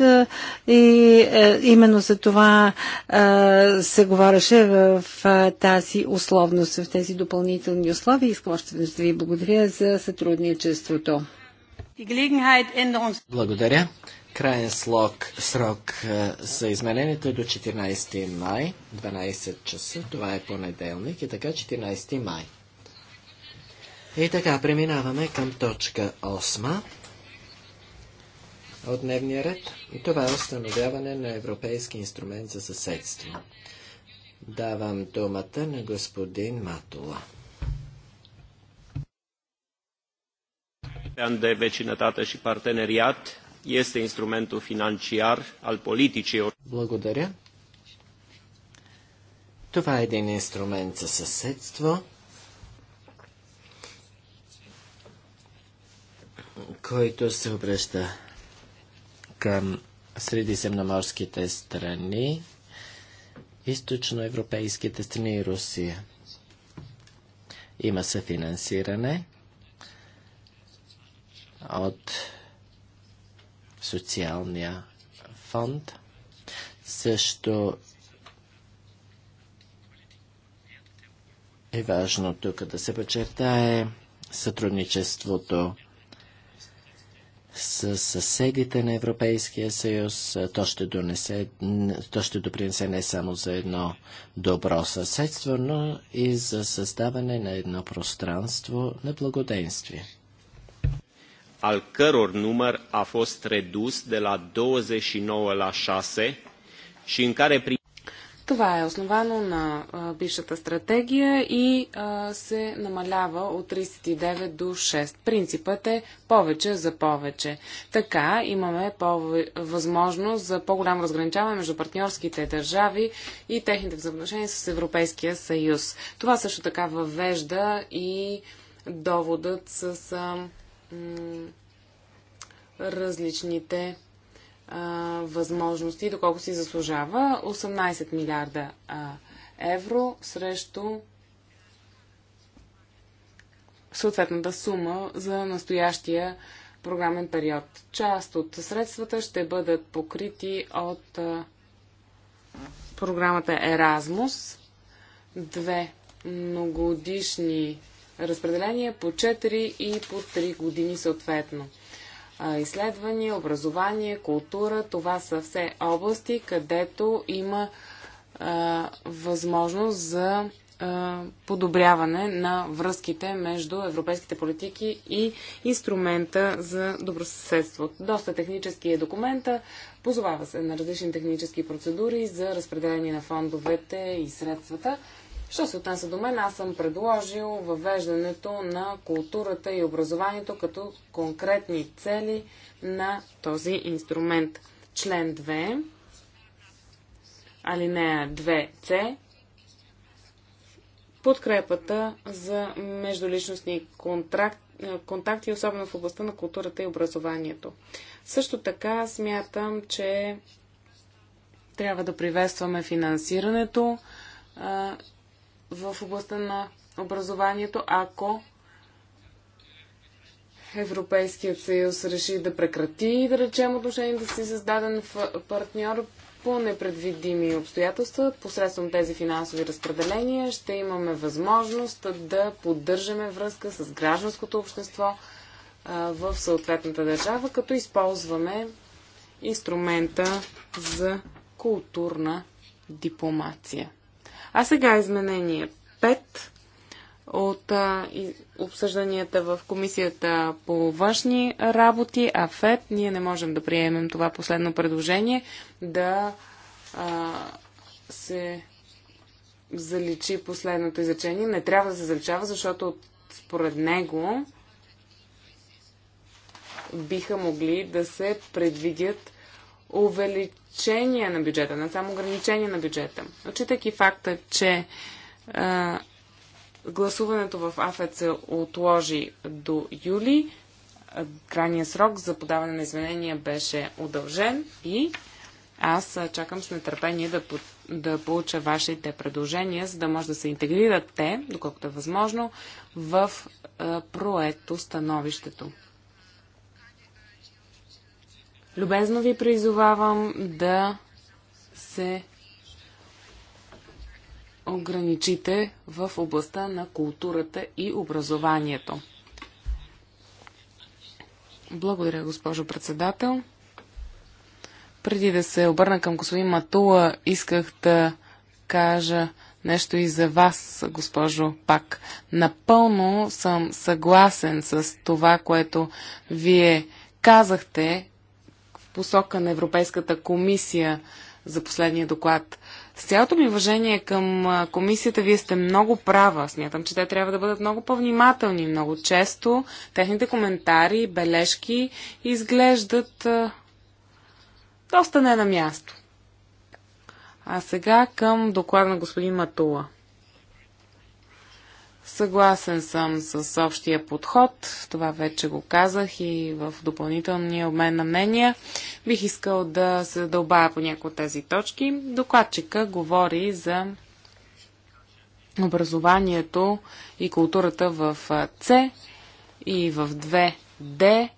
и а, именно за това а, се говореше в а, тази условност условност в тези допълнителни условия. Искам още веднъж да ви благодаря за сътрудничеството. Благодаря. Крайен слог, срок е, за изменението е до 14 май, 12 часа. Това е понеделник и така 14 май. И така, преминаваме към точка 8 от дневния ред. И това е установяване на Европейски инструмент за съседство. Давам думата на господин Матула. de vecinătate și parteneriat este instrumentul financiar al politicii. Благодаря. Това е един инструмент за съседство, който се обръща към средиземноморските страни източноевропейските страни и Русия. Има се финансиране от социалния фонд. Също е важно тук да се подчертае сътрудничеството с съседите на Европейския съюз. Е, то ще, донесе, то ще допринесе не само за едно добро съседство, но и за създаване на едно пространство на благоденствие. Al căror număr a fost redus de la 29 la 6 și în care това е основано на а, бившата стратегия и а, се намалява от 39 до 6. Принципът е повече за повече. Така имаме възможност за по-голямо разграничаване между партньорските държави и техните взаимоотношения с Европейския съюз. Това също така въвежда и доводът с а, различните а, възможности, доколко си заслужава. 18 милиарда а, евро срещу съответната сума за настоящия програмен период. Част от средствата ще бъдат покрити от а, програмата Еразмус. Две многодишни разпределения по 4 и по 3 години съответно изследвания, образование, култура. Това са все области, където има а, възможност за а, подобряване на връзките между европейските политики и инструмента за добросъседство. Доста технически е документа, позовава се на различни технически процедури за разпределение на фондовете и средствата. Що се отнася до мен, аз съм предложил въвеждането на културата и образованието като конкретни цели на този инструмент. Член 2, алинея 2c, подкрепата за междуличностни контракт, контакти, особено в областта на културата и образованието. Също така смятам, че трябва да приветстваме финансирането в областта на образованието, ако Европейският съюз реши да прекрати, да речем, отношението да си с даден партньор по непредвидими обстоятелства, посредством тези финансови разпределения ще имаме възможност да поддържаме връзка с гражданското общество в съответната държава, като използваме инструмента за културна дипломация. А сега изменение 5 от а, обсъжданията в комисията по външни работи, а ФЕД, ние не можем да приемем това последно предложение, да а, се заличи последното изречение. Не трябва да се заличава, защото според него биха могли да се предвидят увеличение на бюджета, не само ограничение на бюджета. Отчитайки факта, че а, гласуването в АФЕЦ се отложи до юли, крайния срок за подаване на изменения беше удължен и аз чакам с нетърпение да, да получа вашите предложения, за да може да се интегрират те, доколкото е възможно, в а, проекто становището. Любезно ви призовавам да се ограничите в областта на културата и образованието. Благодаря, госпожо председател. Преди да се обърна към господин Матула, исках да кажа нещо и за вас, госпожо Пак. Напълно съм съгласен с това, което вие казахте посока на Европейската комисия за последния доклад. С цялото ми уважение към комисията, вие сте много права. Смятам, че те трябва да бъдат много по-внимателни. Много често техните коментари, бележки изглеждат доста не на място. А сега към доклада на господин Матула. Съгласен съм с общия подход, това вече го казах и в допълнителния обмен на мнения. Бих искал да се задълбая по някои от тези точки. Докладчика говори за образованието и културата в С и в 2D.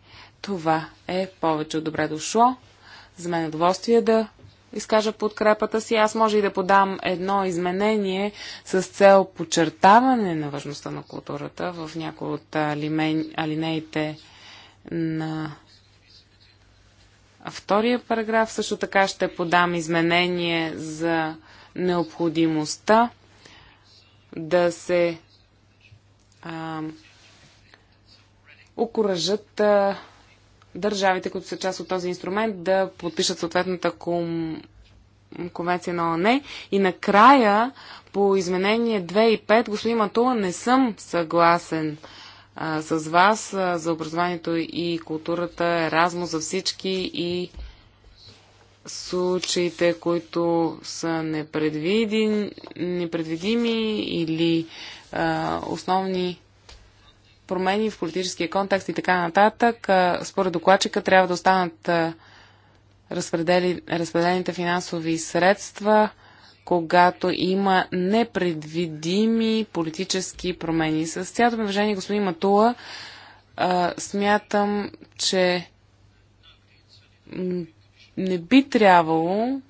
Това е повече от добре дошло. За мен е удоволствие да изкажа подкрепата си. Аз може и да подам едно изменение с цел подчертаване на важността на културата в някои от алинеите на втория параграф. Също така ще подам изменение за необходимостта да се а, окоръжат а, държавите, които са част от този инструмент, да подпишат съответната ком... конвенция на ОНЕ И накрая, по изменение 2 и 5, господин Матула, не съм съгласен а, с вас а, за образованието и културата, еразмо за всички и случаите, които са непредвидими или а, основни промени в политическия контекст и така нататък, според докладчика трябва да останат разпределените финансови средства, когато има непредвидими политически промени. С цялото ми уважение, господин Матула, смятам, че не би трябвало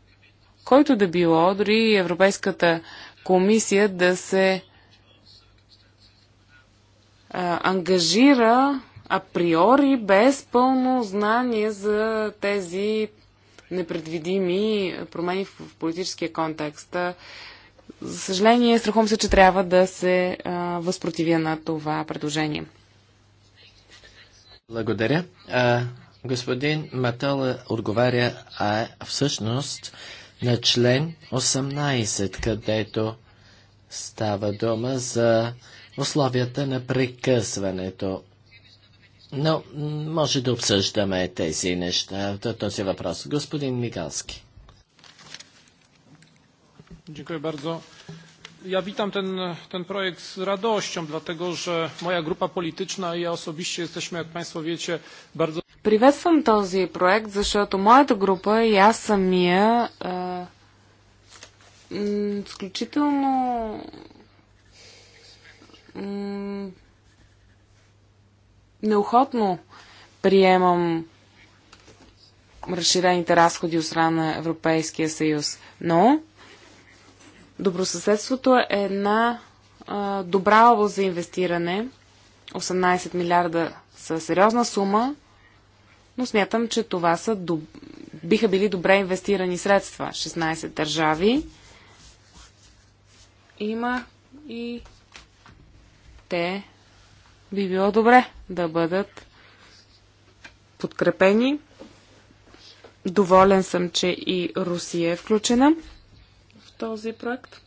който да било, дори Европейската комисия да се ангажира априори без пълно знание за тези непредвидими промени в политическия контекст. За съжаление, страхувам се, че трябва да се а, възпротивя на това предложение. Благодаря. А, господин Матала отговаря а, всъщност на член 18, където става дума за условията на прекъсването. Но може да обсъждаме тези неща, този въпрос. Господин Мигалски. Дякую bardzo. Ja witam ten, ten projekt z radością, dlatego że moja grupa polityczna i ja osobiście jesteśmy, jak Państwo wiecie, bardzo. Приветствам този проект, защото моята група и аз самия е, изключително неохотно приемам разширените разходи от страна на Европейския съюз. Но добросъседството е една а, добра област за инвестиране. 18 милиарда са сериозна сума, но смятам, че това са доб... биха били добре инвестирани средства. 16 държави има и те би било добре да бъдат подкрепени. Доволен съм, че и Русия е включена в този проект.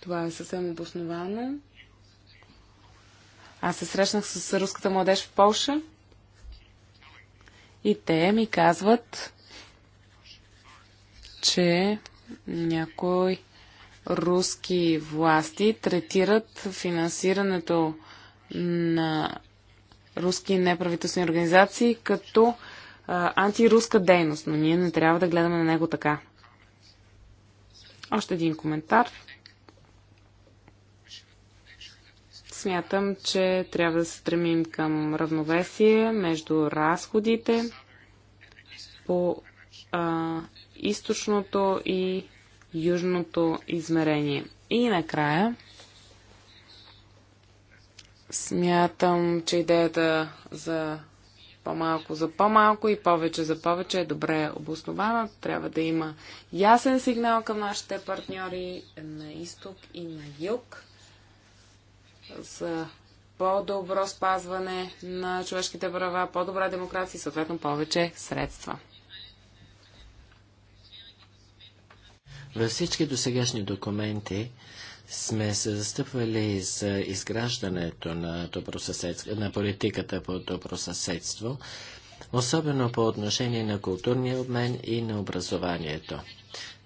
Това е съвсем обосновано. Аз се срещнах с руската младеж в Польша и те ми казват, че някой руски власти третират финансирането на руски неправителствени организации като а, антируска дейност, но ние не трябва да гледаме на него така. Още един коментар. Смятам, че трябва да се стремим към равновесие между разходите по а, източното и южното измерение. И накрая смятам, че идеята за по-малко за по-малко и повече за повече е добре обоснована. Трябва да има ясен сигнал към нашите партньори на изток и на юг за по-добро спазване на човешките права, по-добра демокрация и съответно повече средства. Във всички досегашни документи сме се застъпвали за изграждането на, на политиката по добросъседство, особено по отношение на културния обмен и на образованието.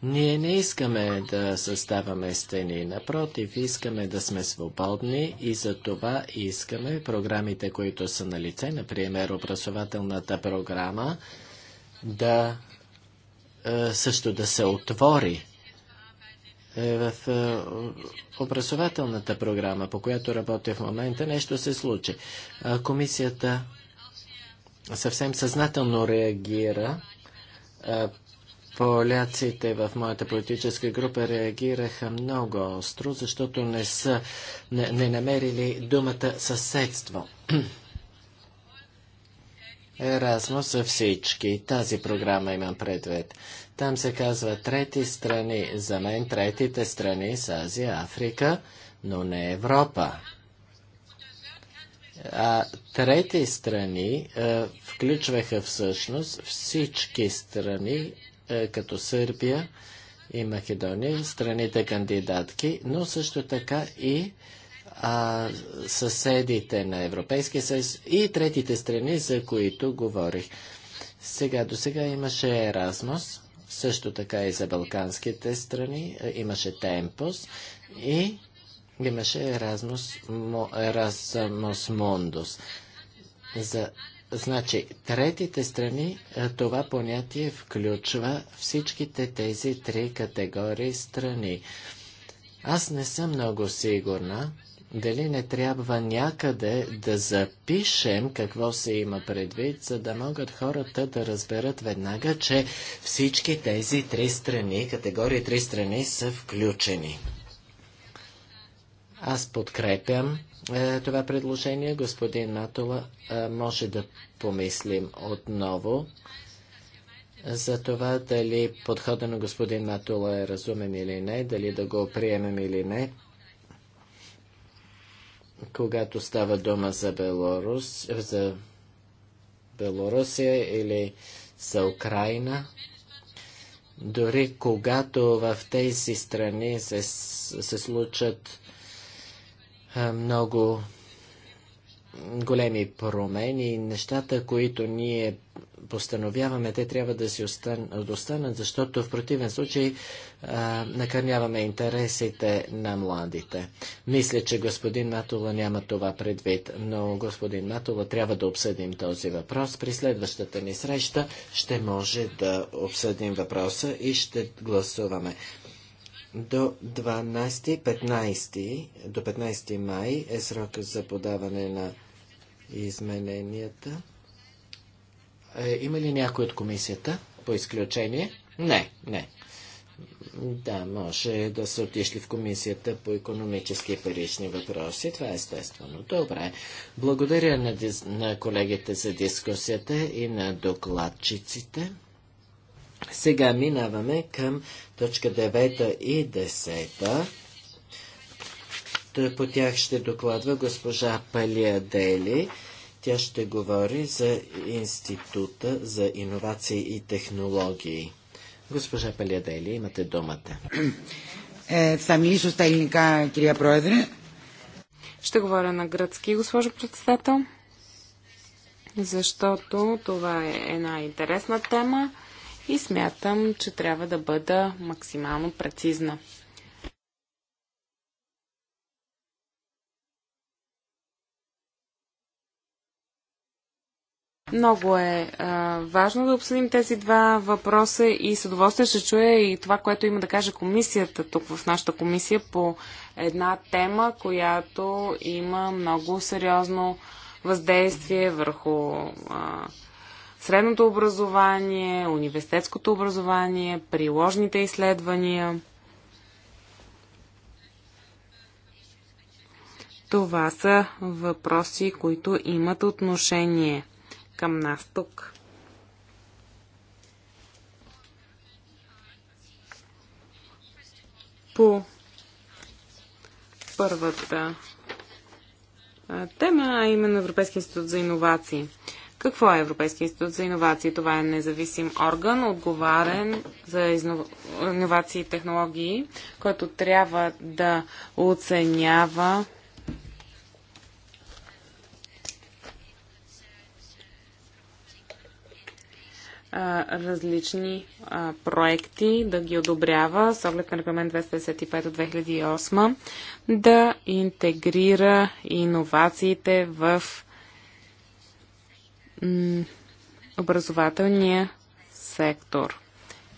Ние не искаме да съставаме стени, напротив, искаме да сме свободни и за това искаме програмите, които са на лице, например образователната програма, да е, също да се отвори е в е, образователната програма, по която работя в момента, нещо се случи. Комисията съвсем съзнателно реагира. Поляците в моята политическа група реагираха много остро, защото не са не, не намерили думата съседство. (clears throat) Еразмо за всички. Тази програма имам предвид. Там се казва трети страни. За мен третите страни са Азия, Африка, но не Европа. А трети страни е, включваха всъщност всички страни, е, като Сърбия и Македония, страните кандидатки, но също така и а, съседите на Европейския съюз и третите страни, за които говорих. Сега, до сега имаше Еразмус също така и за балканските страни. Е, имаше Темпос и имаше Еразмус, Еразмус Мондус. За, значи, третите страни, е, това понятие включва всичките тези три категории страни. Аз не съм много сигурна дали не трябва някъде да запишем какво се има предвид, за да могат хората да разберат веднага, че всички тези три страни, категории три страни са включени. Аз подкрепям е, това предложение. Господин Матола, е, може да помислим отново за това дали подхода на господин Матула е разумен или не, дали да го приемем или не когато става дума за Белорус, за Белорусия или за Украина, дори когато в тези страни се, се случат много големи промени, нещата, които ние постановяваме, те трябва да си останат, останат защото в противен случай а, накърняваме интересите на младите. Мисля, че господин Матула няма това предвид, но господин Матула трябва да обсъдим този въпрос. При следващата ни среща ще може да обсъдим въпроса и ще гласуваме. До 12, 15, до 15 май е срока за подаване на измененията. Е, има ли някой от комисията по изключение? Не, не. Да, може да са отишли в комисията по економически и парични въпроси. Това е естествено. Добре. Благодаря на, дис... на колегите за дискусията и на докладчиците. Сега минаваме към точка 9 и 10. Той по тях ще докладва госпожа Палия Дели. Тя ще говори за Института за иновации и технологии. Госпожа Палиадели, имате думата. Θα μιλήσω στα ελληνικά, κυρία Πρόεδρε. Ще говоря на гръцки, госпожо председател, защото това е една интересна тема и смятам, че трябва да бъда максимално прецизна. Много е а, важно да обсъдим тези два въпроса и с удоволствие ще чуя и това, което има да каже комисията тук в нашата комисия по една тема, която има много сериозно въздействие върху а, средното образование, университетското образование, приложните изследвания. Това са въпроси, които имат отношение – към нас тук. По първата тема, а именно Европейски институт за иновации. Какво е Европейски институт за иновации? Това е независим орган, отговарен за иновации и технологии, който трябва да оценява различни а, проекти, да ги одобрява с оглед на регламент 255 от 2008, да интегрира иновациите в образователния сектор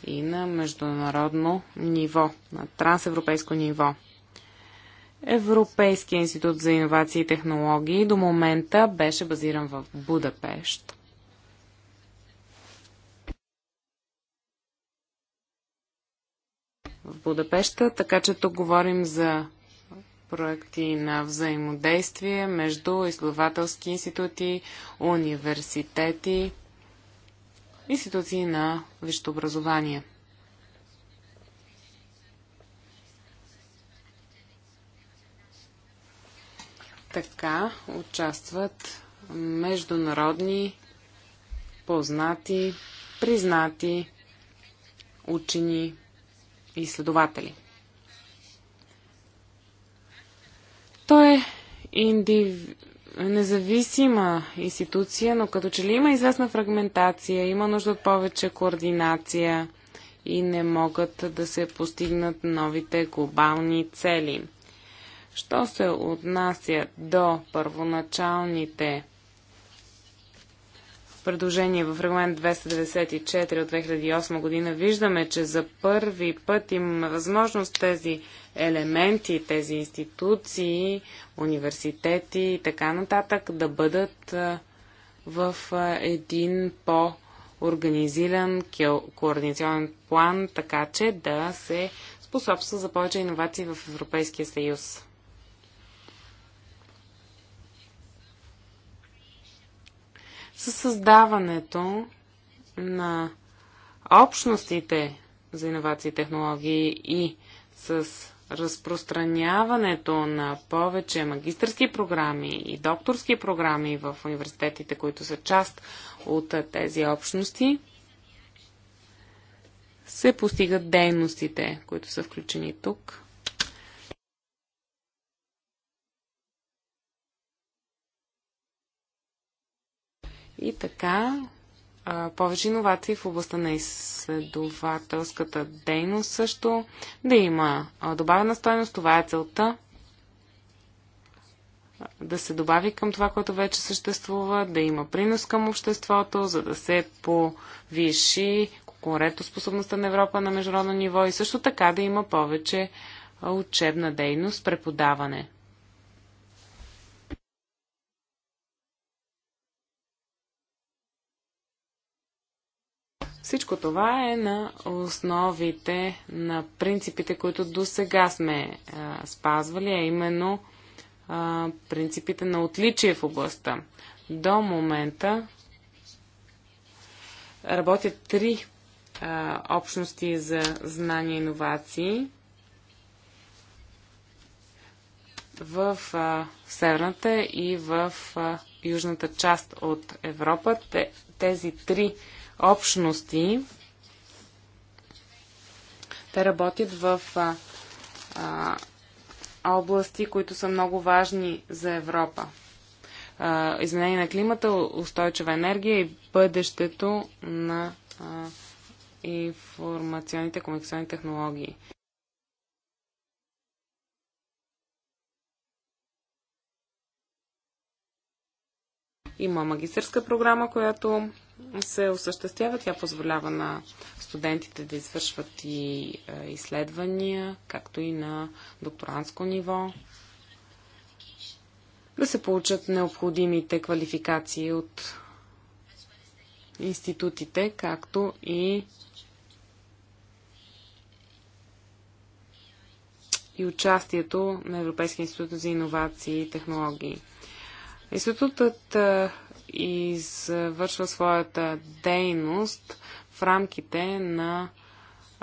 и на международно ниво, на трансевропейско ниво. Европейския институт за иновации и технологии до момента беше базиран в Будапешт в Будапешта, така че тук говорим за проекти на взаимодействие между изследователски институти, университети, институции на висшето образование. Така участват международни, познати, признати учени, изследователи. Той е индив... независима институция, но като че ли има известна фрагментация, има нужда от повече координация и не могат да се постигнат новите глобални цели. Що се отнася до първоначалните предложение в регламент 294 от 2008 година виждаме, че за първи път имаме възможност тези елементи, тези институции, университети и така нататък да бъдат в един по- организиран координационен план, така че да се способства за повече иновации в Европейския съюз. със създаването на общностите за иновации и технологии и с разпространяването на повече магистърски програми и докторски програми в университетите, които са част от тези общности, се постигат дейностите, които са включени тук. И така, повече иновации в областта на изследователската дейност също, да има добавена стойност, това е целта. Да се добави към това, което вече съществува, да има принос към обществото, за да се повиши конкурентоспособността на Европа на международно ниво и също така да има повече учебна дейност, преподаване. Всичко това е на основите на принципите, които до сега сме а, спазвали, а именно а, принципите на отличие в областта. До момента работят три а, общности за знания и иновации в а, северната и в а, южната част от Европа. Те, тези три а, общности. Те работят в а, а, области, които са много важни за Европа. А, изменение на климата, устойчива енергия и бъдещето на а, информационните комуникационни технологии. Има магистърска програма, която се осъществява. Тя позволява на студентите да извършват и е, изследвания, както и на докторантско ниво, да се получат необходимите квалификации от институтите, както и и участието на Европейския институт за иновации и технологии. Институтът е, извършва своята дейност в рамките на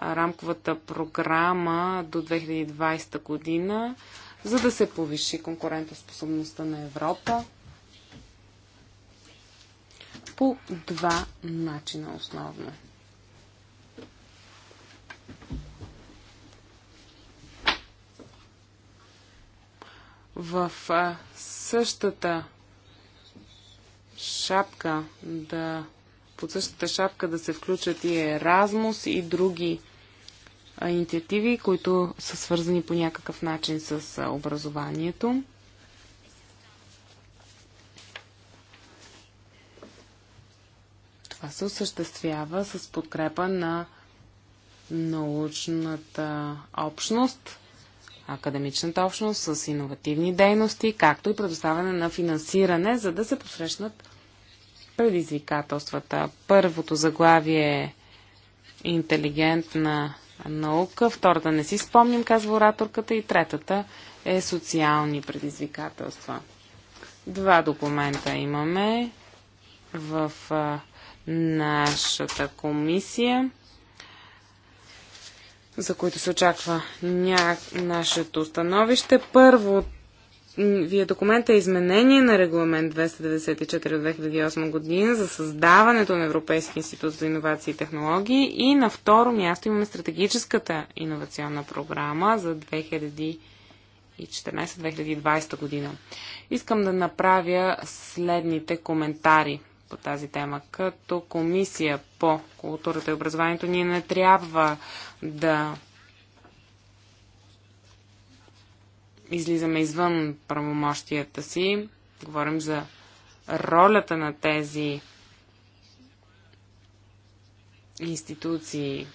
рамковата програма до 2020 година, за да се повиши конкурентоспособността на Европа по два начина основно. В същата шапка, да, под същата шапка да се включат и Еразмус и други а, инициативи, които са свързани по някакъв начин с а, образованието. Това се осъществява с подкрепа на научната общност, академичната общност с иновативни дейности, както и предоставяне на финансиране, за да се посрещнат предизвикателствата. Първото заглавие е интелигентна наука, втората не си спомним, казва ораторката, и третата е социални предизвикателства. Два документа имаме в нашата комисия, за които се очаква ня... нашето становище. Първо ви е документа изменение на регламент 294 от 2008 година за създаването на Европейски институт за иновации и технологии и на второ място имаме стратегическата иновационна програма за 2014-2020 година. Искам да направя следните коментари по тази тема. Като комисия по културата и образованието ние не трябва да излизаме извън правомощията си. Говорим за ролята на тези институции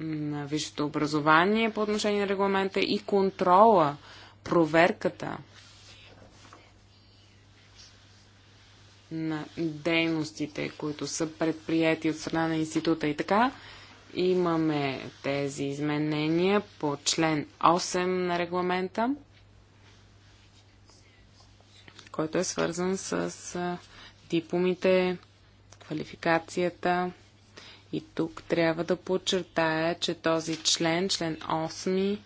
на висшето образование по отношение на регламента и контрола, проверката на дейностите, които са предприяти от страна на института и така, Имаме тези изменения по член 8 на регламента, който е свързан с дипломите, квалификацията. И тук трябва да подчертая, че този член, член 8,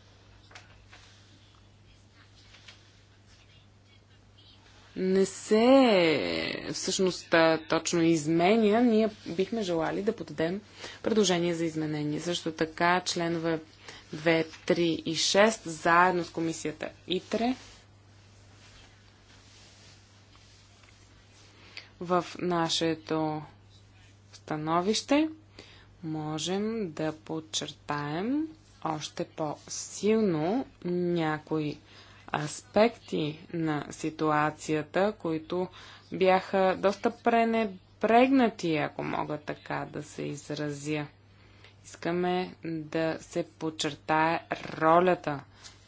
не се всъщност точно изменя, ние бихме желали да подадем предложение за изменение. Също така членове 2, 3 и 6 заедно с комисията ИТРЕ в нашето становище можем да подчертаем още по-силно някои аспекти на ситуацията, които бяха доста пренебрегнати, ако мога така да се изразя. Искаме да се подчертае ролята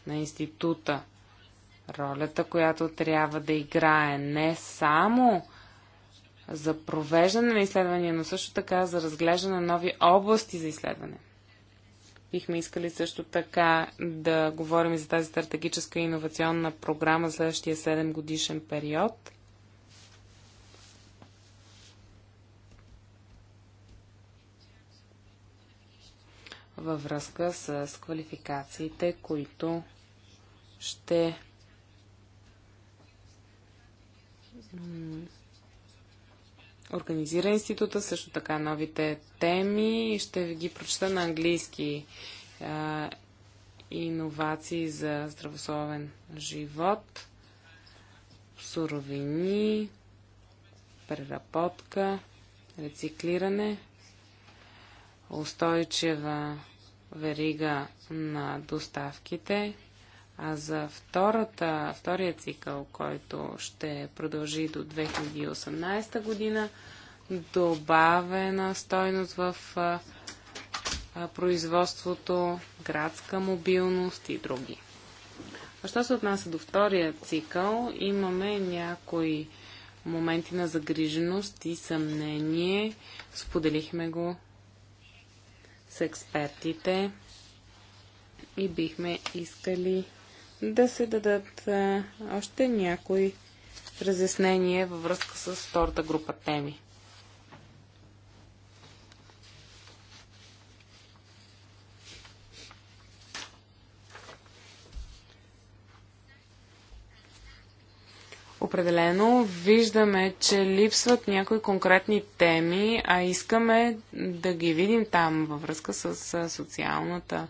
на института, ролята, която трябва да играе не само за провеждане на изследвания, но също така за разглеждане на нови области за изследване. Бихме искали също така да говорим за тази стратегическа иновационна програма за следващия 7 годишен период. Във връзка с квалификациите, които ще организира института, също така новите теми. Ще ви ги прочета на английски. Иновации за здравословен живот, суровини, преработка, рециклиране, устойчива верига на доставките, а за втората, втория цикъл, който ще продължи до 2018 година, добавена стойност в а, производството, градска мобилност и други. А що се отнася до втория цикъл, имаме някои моменти на загриженост и съмнение. Споделихме го с експертите и бихме искали да се дадат а, още някои разяснения във връзка с втората група теми. Определено виждаме, че липсват някои конкретни теми, а искаме да ги видим там във връзка с социалната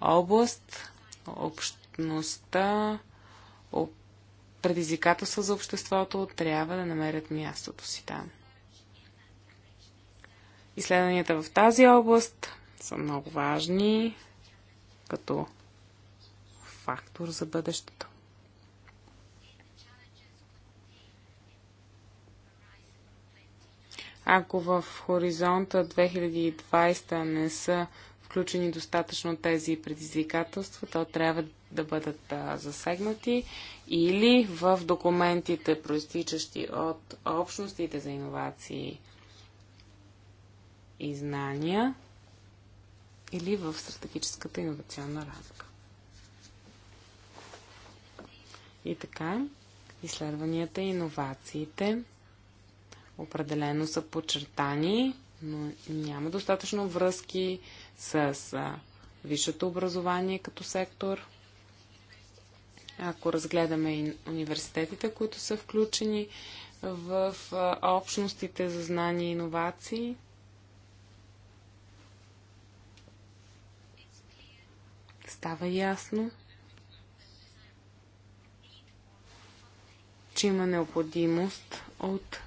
област, общ Толерантността, предизвикателства за обществото трябва да намерят мястото си там. Изследванията в тази област са много важни като фактор за бъдещето. Ако в хоризонта 2020 не са включени достатъчно тези предизвикателства, то трябва да бъдат а, засегнати или в документите, проистичащи от общностите за иновации и знания, или в стратегическата иновационна рамка. И така, изследванията и иновациите определено са подчертани, но няма достатъчно връзки с висшето образование като сектор. Ако разгледаме и университетите, които са включени в общностите за знания и иновации, става ясно, че има необходимост от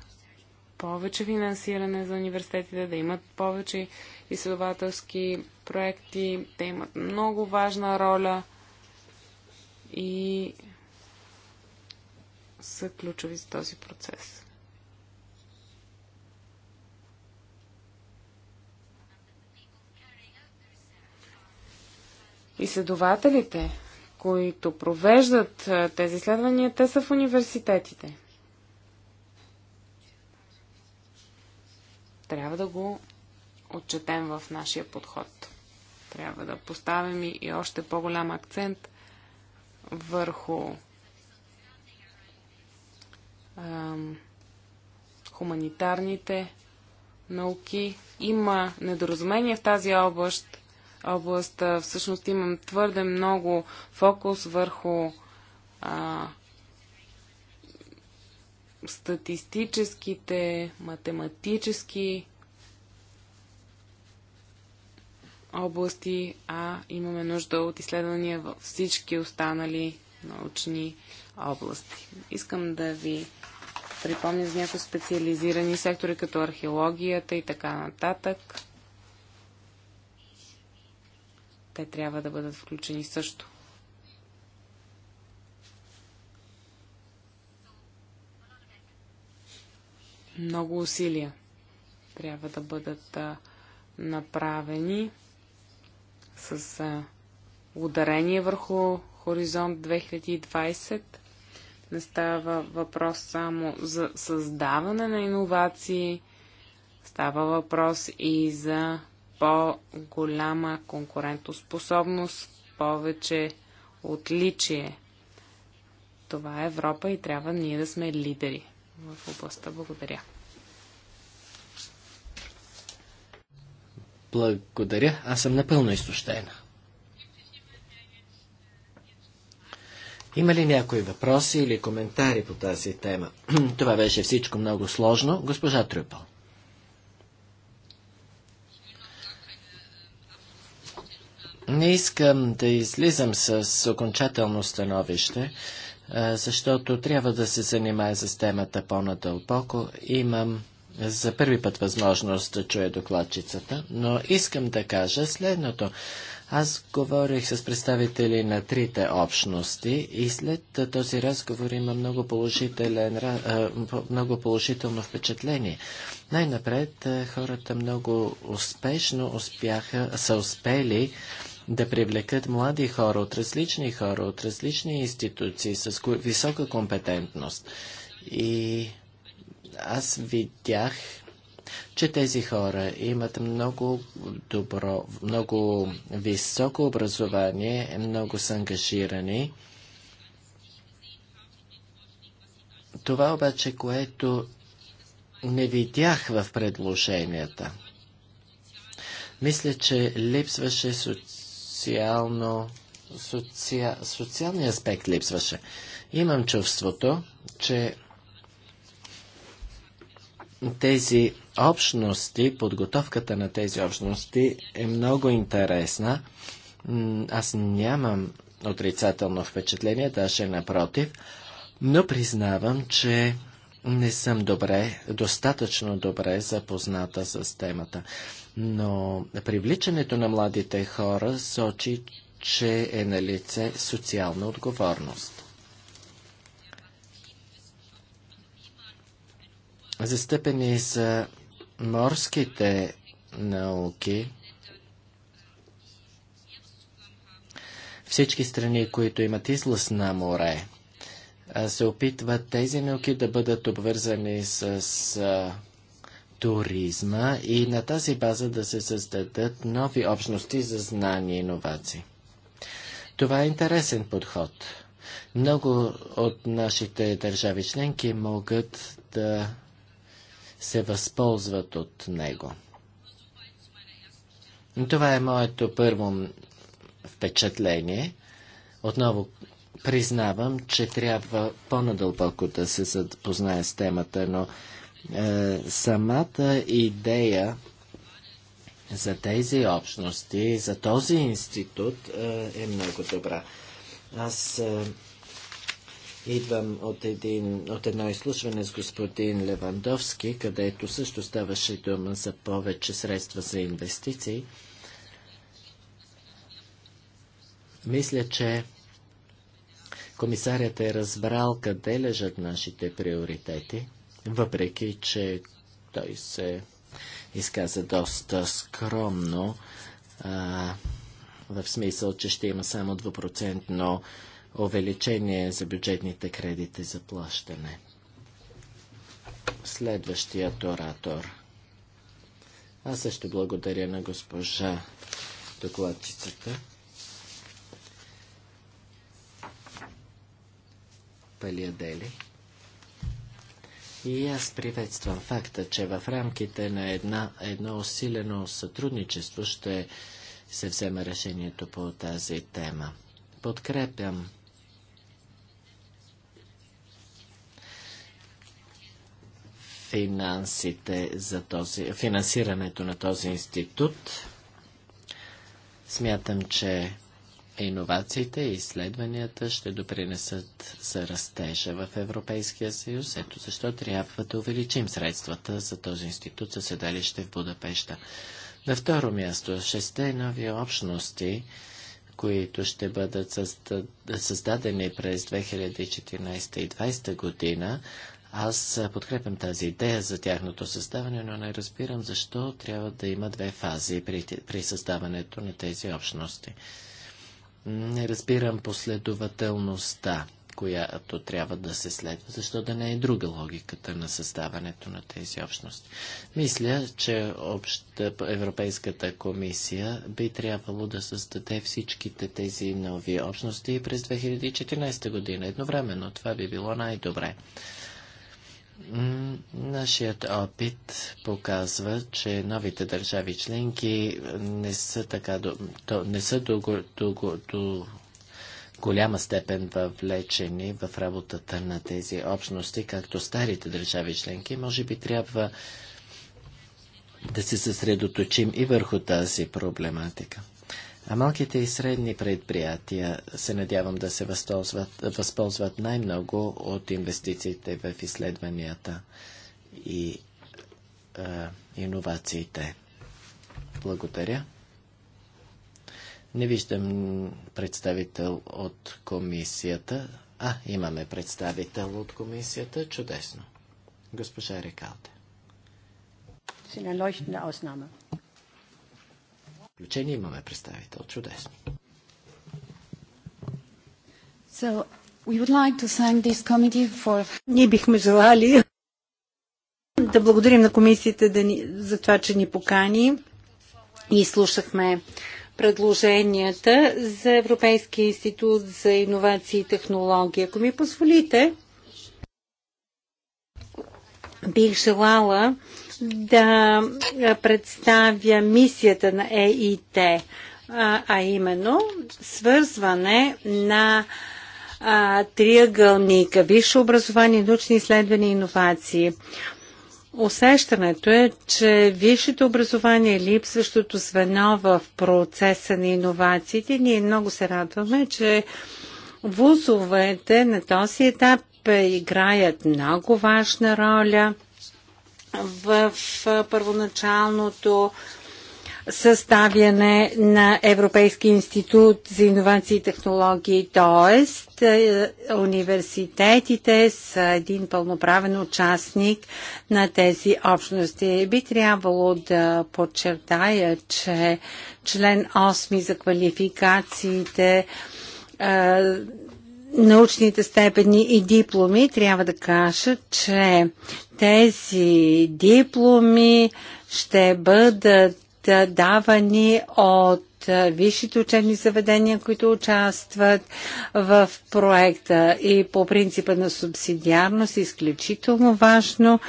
повече финансиране за университетите, да имат повече изследователски проекти, да имат много важна роля и са ключови за този процес. Изследователите, които провеждат тези изследвания, те са в университетите. трябва да го отчетем в нашия подход. Трябва да поставим и още по-голям акцент върху ам, хуманитарните науки. Има недоразумение в тази област. област всъщност имам твърде много фокус върху а, статистическите, математически области, а имаме нужда от изследвания във всички останали научни области. Искам да ви припомня за някои специализирани сектори, като археологията и така нататък. Те трябва да бъдат включени също. Много усилия трябва да бъдат а, направени с а, ударение върху Хоризонт 2020. Не става въпрос само за създаване на иновации, става въпрос и за по-голяма конкурентоспособност, повече отличие. Това е Европа и трябва ние да сме лидери в областта. Благодаря. Благодаря. Аз съм напълно изтощена. Има ли някои въпроси или коментари по тази тема? (clears throat) Това беше всичко много сложно. Госпожа Трюпъл. Не искам да излизам с окончателно становище защото трябва да се занимая с темата по-надълбоко. Имам за първи път възможност да чуя докладчицата, но искам да кажа следното. Аз говорих с представители на трите общности и след този разговор има много, положителен, много положително впечатление. Най-напред хората много успешно успяха, са успели да привлекат млади хора от различни хора, от различни институции с висока компетентност. И аз видях, че тези хора имат много добро, много високо образование, много са ангажирани. Това обаче, което не видях в предложенията. Мисля, че липсваше социално, соци... социалния аспект липсваше. Имам чувството, че тези общности, подготовката на тези общности е много интересна. Аз нямам отрицателно впечатление, даже напротив, но признавам, че не съм добре, достатъчно добре запозната с темата. Но привличането на младите хора сочи, че е на лице социална отговорност. Застъпени са морските науки. Всички страни, които имат излъз на море – се опитват тези науки да бъдат обвързани с туризма и на тази база да се създадат нови общности за знания и иновации. Това е интересен подход. Много от нашите държави членки могат да се възползват от него. Това е моето първо впечатление. Отново признавам, че трябва по-надълбоко да се запознае с темата, но е, самата идея за тези общности, за този институт е, е много добра. Аз е, идвам от, един, от едно изслушване с господин Левандовски, където също ставаше дума за повече средства за инвестиции. Мисля, че Комисарят е разбрал къде лежат нашите приоритети, въпреки че той се изказа доста скромно, а, в смисъл, че ще има само 2% увеличение за бюджетните кредити за плащане. Следващият оратор. Аз също благодаря на госпожа докладчицата. Палиадели. И аз приветствам факта, че в рамките на една, едно усилено сътрудничество ще се вземе решението по тази тема. Подкрепям финансите за този, финансирането на този институт. Смятам, че иновациите и изследванията ще допринесат за растежа в Европейския съюз. Ето защо трябва да увеличим средствата за този институт със седалище в Будапешта. На второ място, шесте нови общности, които ще бъдат създадени през 2014 и 2020 година. Аз подкрепям тази идея за тяхното създаване, но не разбирам защо трябва да има две фази при, при създаването на тези общности не разбирам последователността, която трябва да се следва, защо да не е друга логиката на създаването на тези общности. Мисля, че обща Европейската комисия би трябвало да създаде всичките тези нови общности през 2014 година. Едновременно това би било най-добре. Нашият опит показва, че новите държави членки не са, така до, то, не са до, до, до, до голяма степен въвлечени в работата на тези общности, както старите държави членки. Може би трябва да се съсредоточим и върху тази проблематика. А малките и средни предприятия се надявам да се възползват, възползват най-много от инвестициите в изследванията и а, иновациите. Благодаря. Не виждам представител от комисията. А, имаме представител от комисията. Чудесно. Госпожа Рекалте. Sind eine leuchtende Включение имаме представител. Чудесно. So, we would like to thank this committee for... Ние бихме желали да благодарим на комисията да ни, за това, че ни покани и слушахме предложенията за Европейския институт за иновации и технологии. Ако ми позволите, бих желала да представя мисията на ЕИТ, а именно свързване на триъгълника висше образование, научни изследвания и иновации. Усещането е, че висшето образование е липсващото звено в процеса на иновациите. Ние много се радваме, че вузовете на този етап играят много важна роля – в първоначалното съставяне на Европейски институт за иновации и технологии, т.е. университетите са един пълноправен участник на тези общности. Би трябвало да подчертая, че член 8 за квалификациите е, научните степени и дипломи, трябва да кажа, че тези дипломи ще бъдат давани от висшите учебни заведения, които участват в проекта и по принципа на субсидиарност е изключително важно,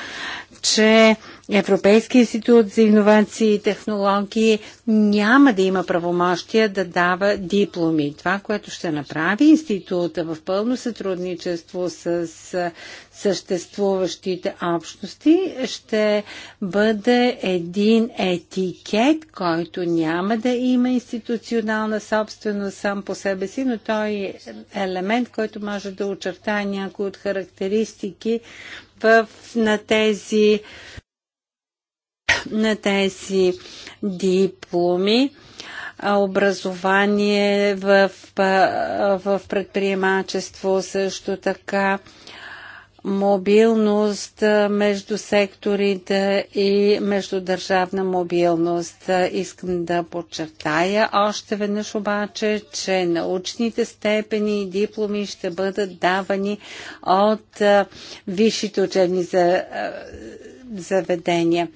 че Европейския институт за иновации и технологии няма да има правомощия да дава дипломи. Това, което ще направи института в пълно сътрудничество с съществуващите общности, ще бъде един етикет, който няма да има институционална собственост сам по себе си, но той е елемент, който може да очертае някои от характеристики в, на тези на тези дипломи образование в, в предприемачество, също така мобилност между секторите и междудържавна мобилност. Искам да подчертая още веднъж обаче, че научните степени и дипломи ще бъдат давани от висшите учебни заведения.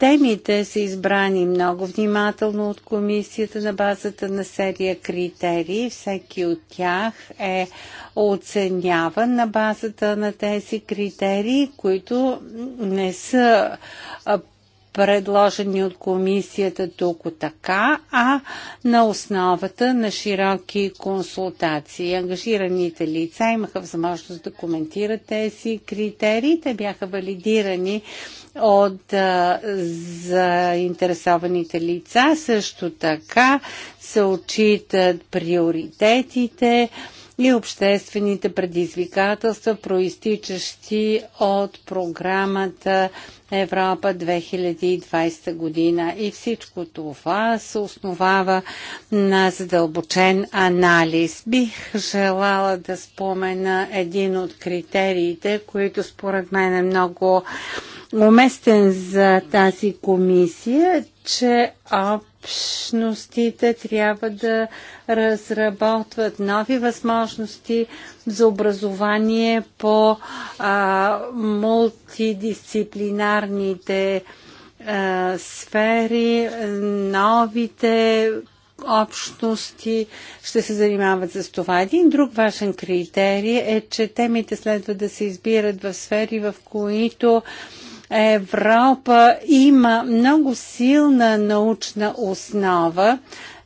Темите са избрани много внимателно от комисията на базата на серия критерии. Всеки от тях е оценяван на базата на тези критерии, които не са предложени от комисията тук така, а на основата на широки консултации. Ангажираните лица имаха възможност да коментират тези критерии. Те бяха валидирани от а, заинтересованите лица. Също така се отчитат приоритетите, а, и обществените предизвикателства, проистичащи от програмата Европа 2020 година. И всичко това се основава на задълбочен анализ. Бих желала да спомена един от критериите, които според мен е много уместен за тази комисия, че общностите трябва да разработват нови възможности за образование по а, мултидисциплинарните а, сфери, новите общности ще се занимават с това. Един друг важен критерий е, че темите следва да се избират в сфери, в които а, Европа има много силна научна основа.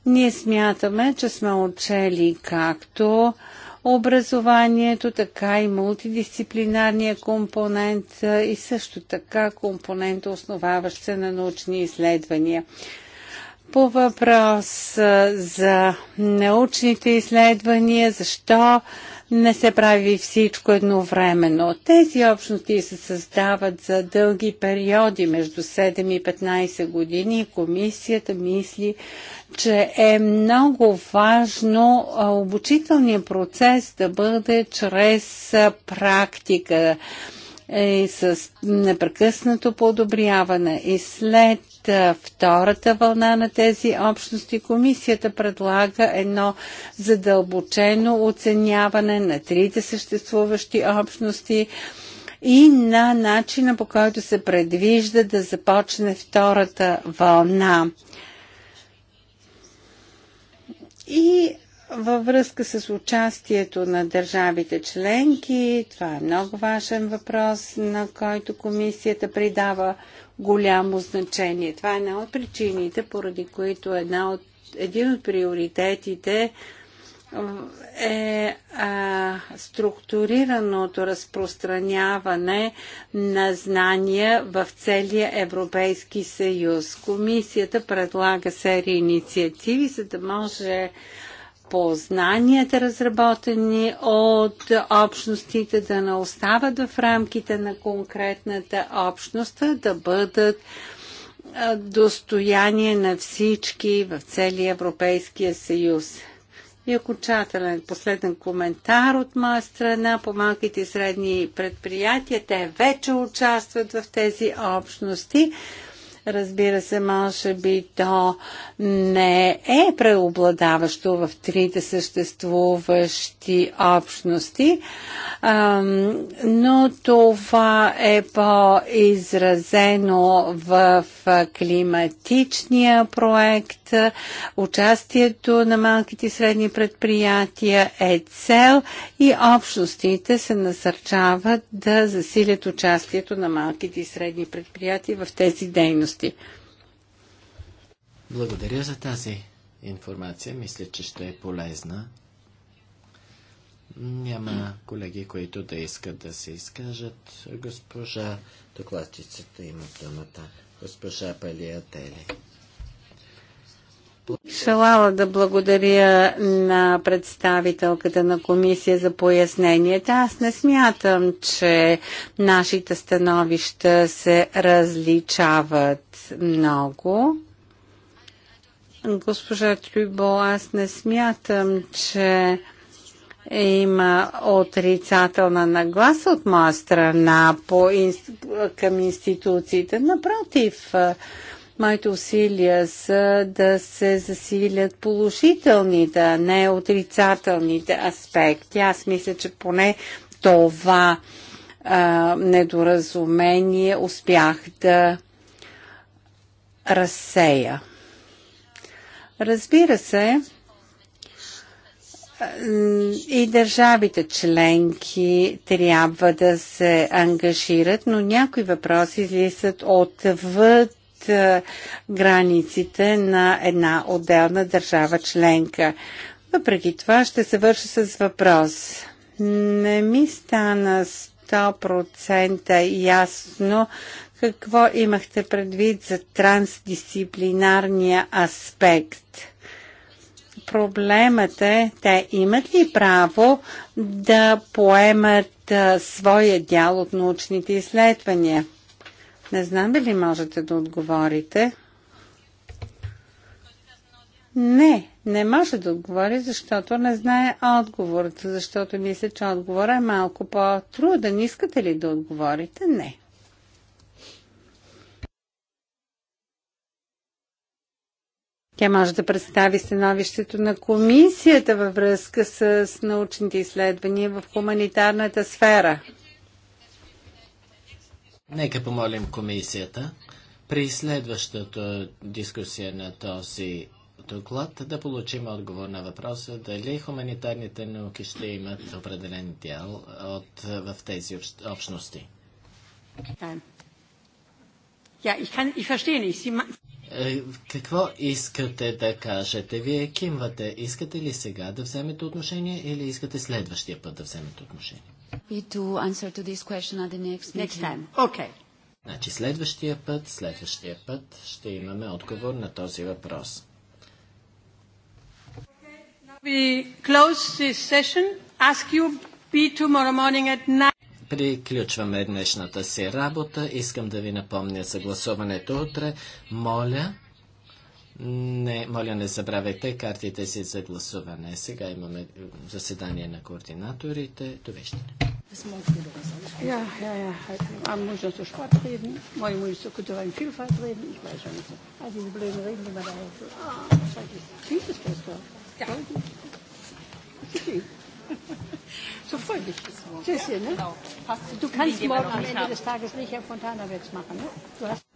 Ние смятаме, че сме учели както образованието, така и мултидисциплинарния компонент и също така компонента, основаващ се на научни изследвания. По въпрос за научните изследвания, защо не се прави всичко едновременно. Тези общности се създават за дълги периоди, между 7 и 15 години. Комисията мисли, че е много важно обучителният процес да бъде чрез практика. Е и с непрекъснато подобряване. И след втората вълна на тези общности комисията предлага едно задълбочено оценяване на трите съществуващи общности и на начина по който се предвижда да започне втората вълна. И във връзка с участието на държавите членки, това е много важен въпрос, на който комисията придава голямо значение. Това е една от причините, поради които една от, един от приоритетите е а, структурираното разпространяване на знания в целия Европейски съюз. Комисията предлага серия инициативи, за да може познанията, разработени от общностите, да не остават в рамките на конкретната общност, да бъдат достояние на всички в целия Европейския съюз. И окончателен последен коментар от моя страна по малките и средни предприятия. Те вече участват в тези общности. Разбира се, може би то не е преобладаващо в трите съществуващи общности, но това е по-изразено в климатичния проект. Участието на малките и средни предприятия е цел и общностите се насърчават да засилят участието на малките и средни предприятия в тези дейности дейности. Благодаря за тази информация. Мисля, че ще е полезна. Няма колеги, които да искат да се изкажат. Госпожа докладчицата има думата. Госпожа Палиятели. Желала да благодаря на представителката на комисия за поясненията. Аз не смятам, че нашите становища се различават много. Госпожа Трюбо, аз не смятам, че има отрицателна нагласа от моя страна по, към институциите. Напротив, Моите усилия са да се засилят положителните, а не отрицателните аспекти. Аз мисля, че поне това а, недоразумение успях да разсея. Разбира се, и държавите членки трябва да се ангажират, но някои въпроси излизат отвъд е, границите на една отделна държава членка. Въпреки това ще се върши с въпрос. Не ми стана 100% ясно какво имахте предвид за трансдисциплинарния аспект. Проблемът е, те имат ли право да поемат своя дял от научните изследвания? Не знам дали можете да отговорите. Не, не може да отговори, защото не знае отговорът, защото мисля, че отговорът е малко по-труден. Искате ли да отговорите? Не. Тя може да представи становището на комисията във връзка с научните изследвания в хуманитарната сфера. Нека помолим комисията при следващата дискусия на този доклад да получим отговор на въпроса дали хуманитарните науки ще имат определен дял от, в тези общности. ich kann, ich verstehe nicht. Sie... Какво искате да кажете? Вие кимвате. Искате ли сега да вземете отношение или искате следващия път да вземете отношение? Okay. Значи следващия път, следващия път ще имаме отговор на този въпрос. Приключваме днешната си работа. Искам да ви напомня за гласуването утре. Моля, не, моля, не забравяйте картите си за гласуване. Сега имаме заседание на координаторите. Довиждане. Ja, ja, ja. Man muss noch zur Sport reden, man muss zur kulturellen Vielfalt reden, ich weiß schon nicht. All diese blöden Reden, die man da hat. Ah, das ist vieles besser. Ja. So freundlich. Tschüsschen, ne? Du kannst morgen am Ende des Tages nicht Herr Fontana jetzt machen, ne? Du hast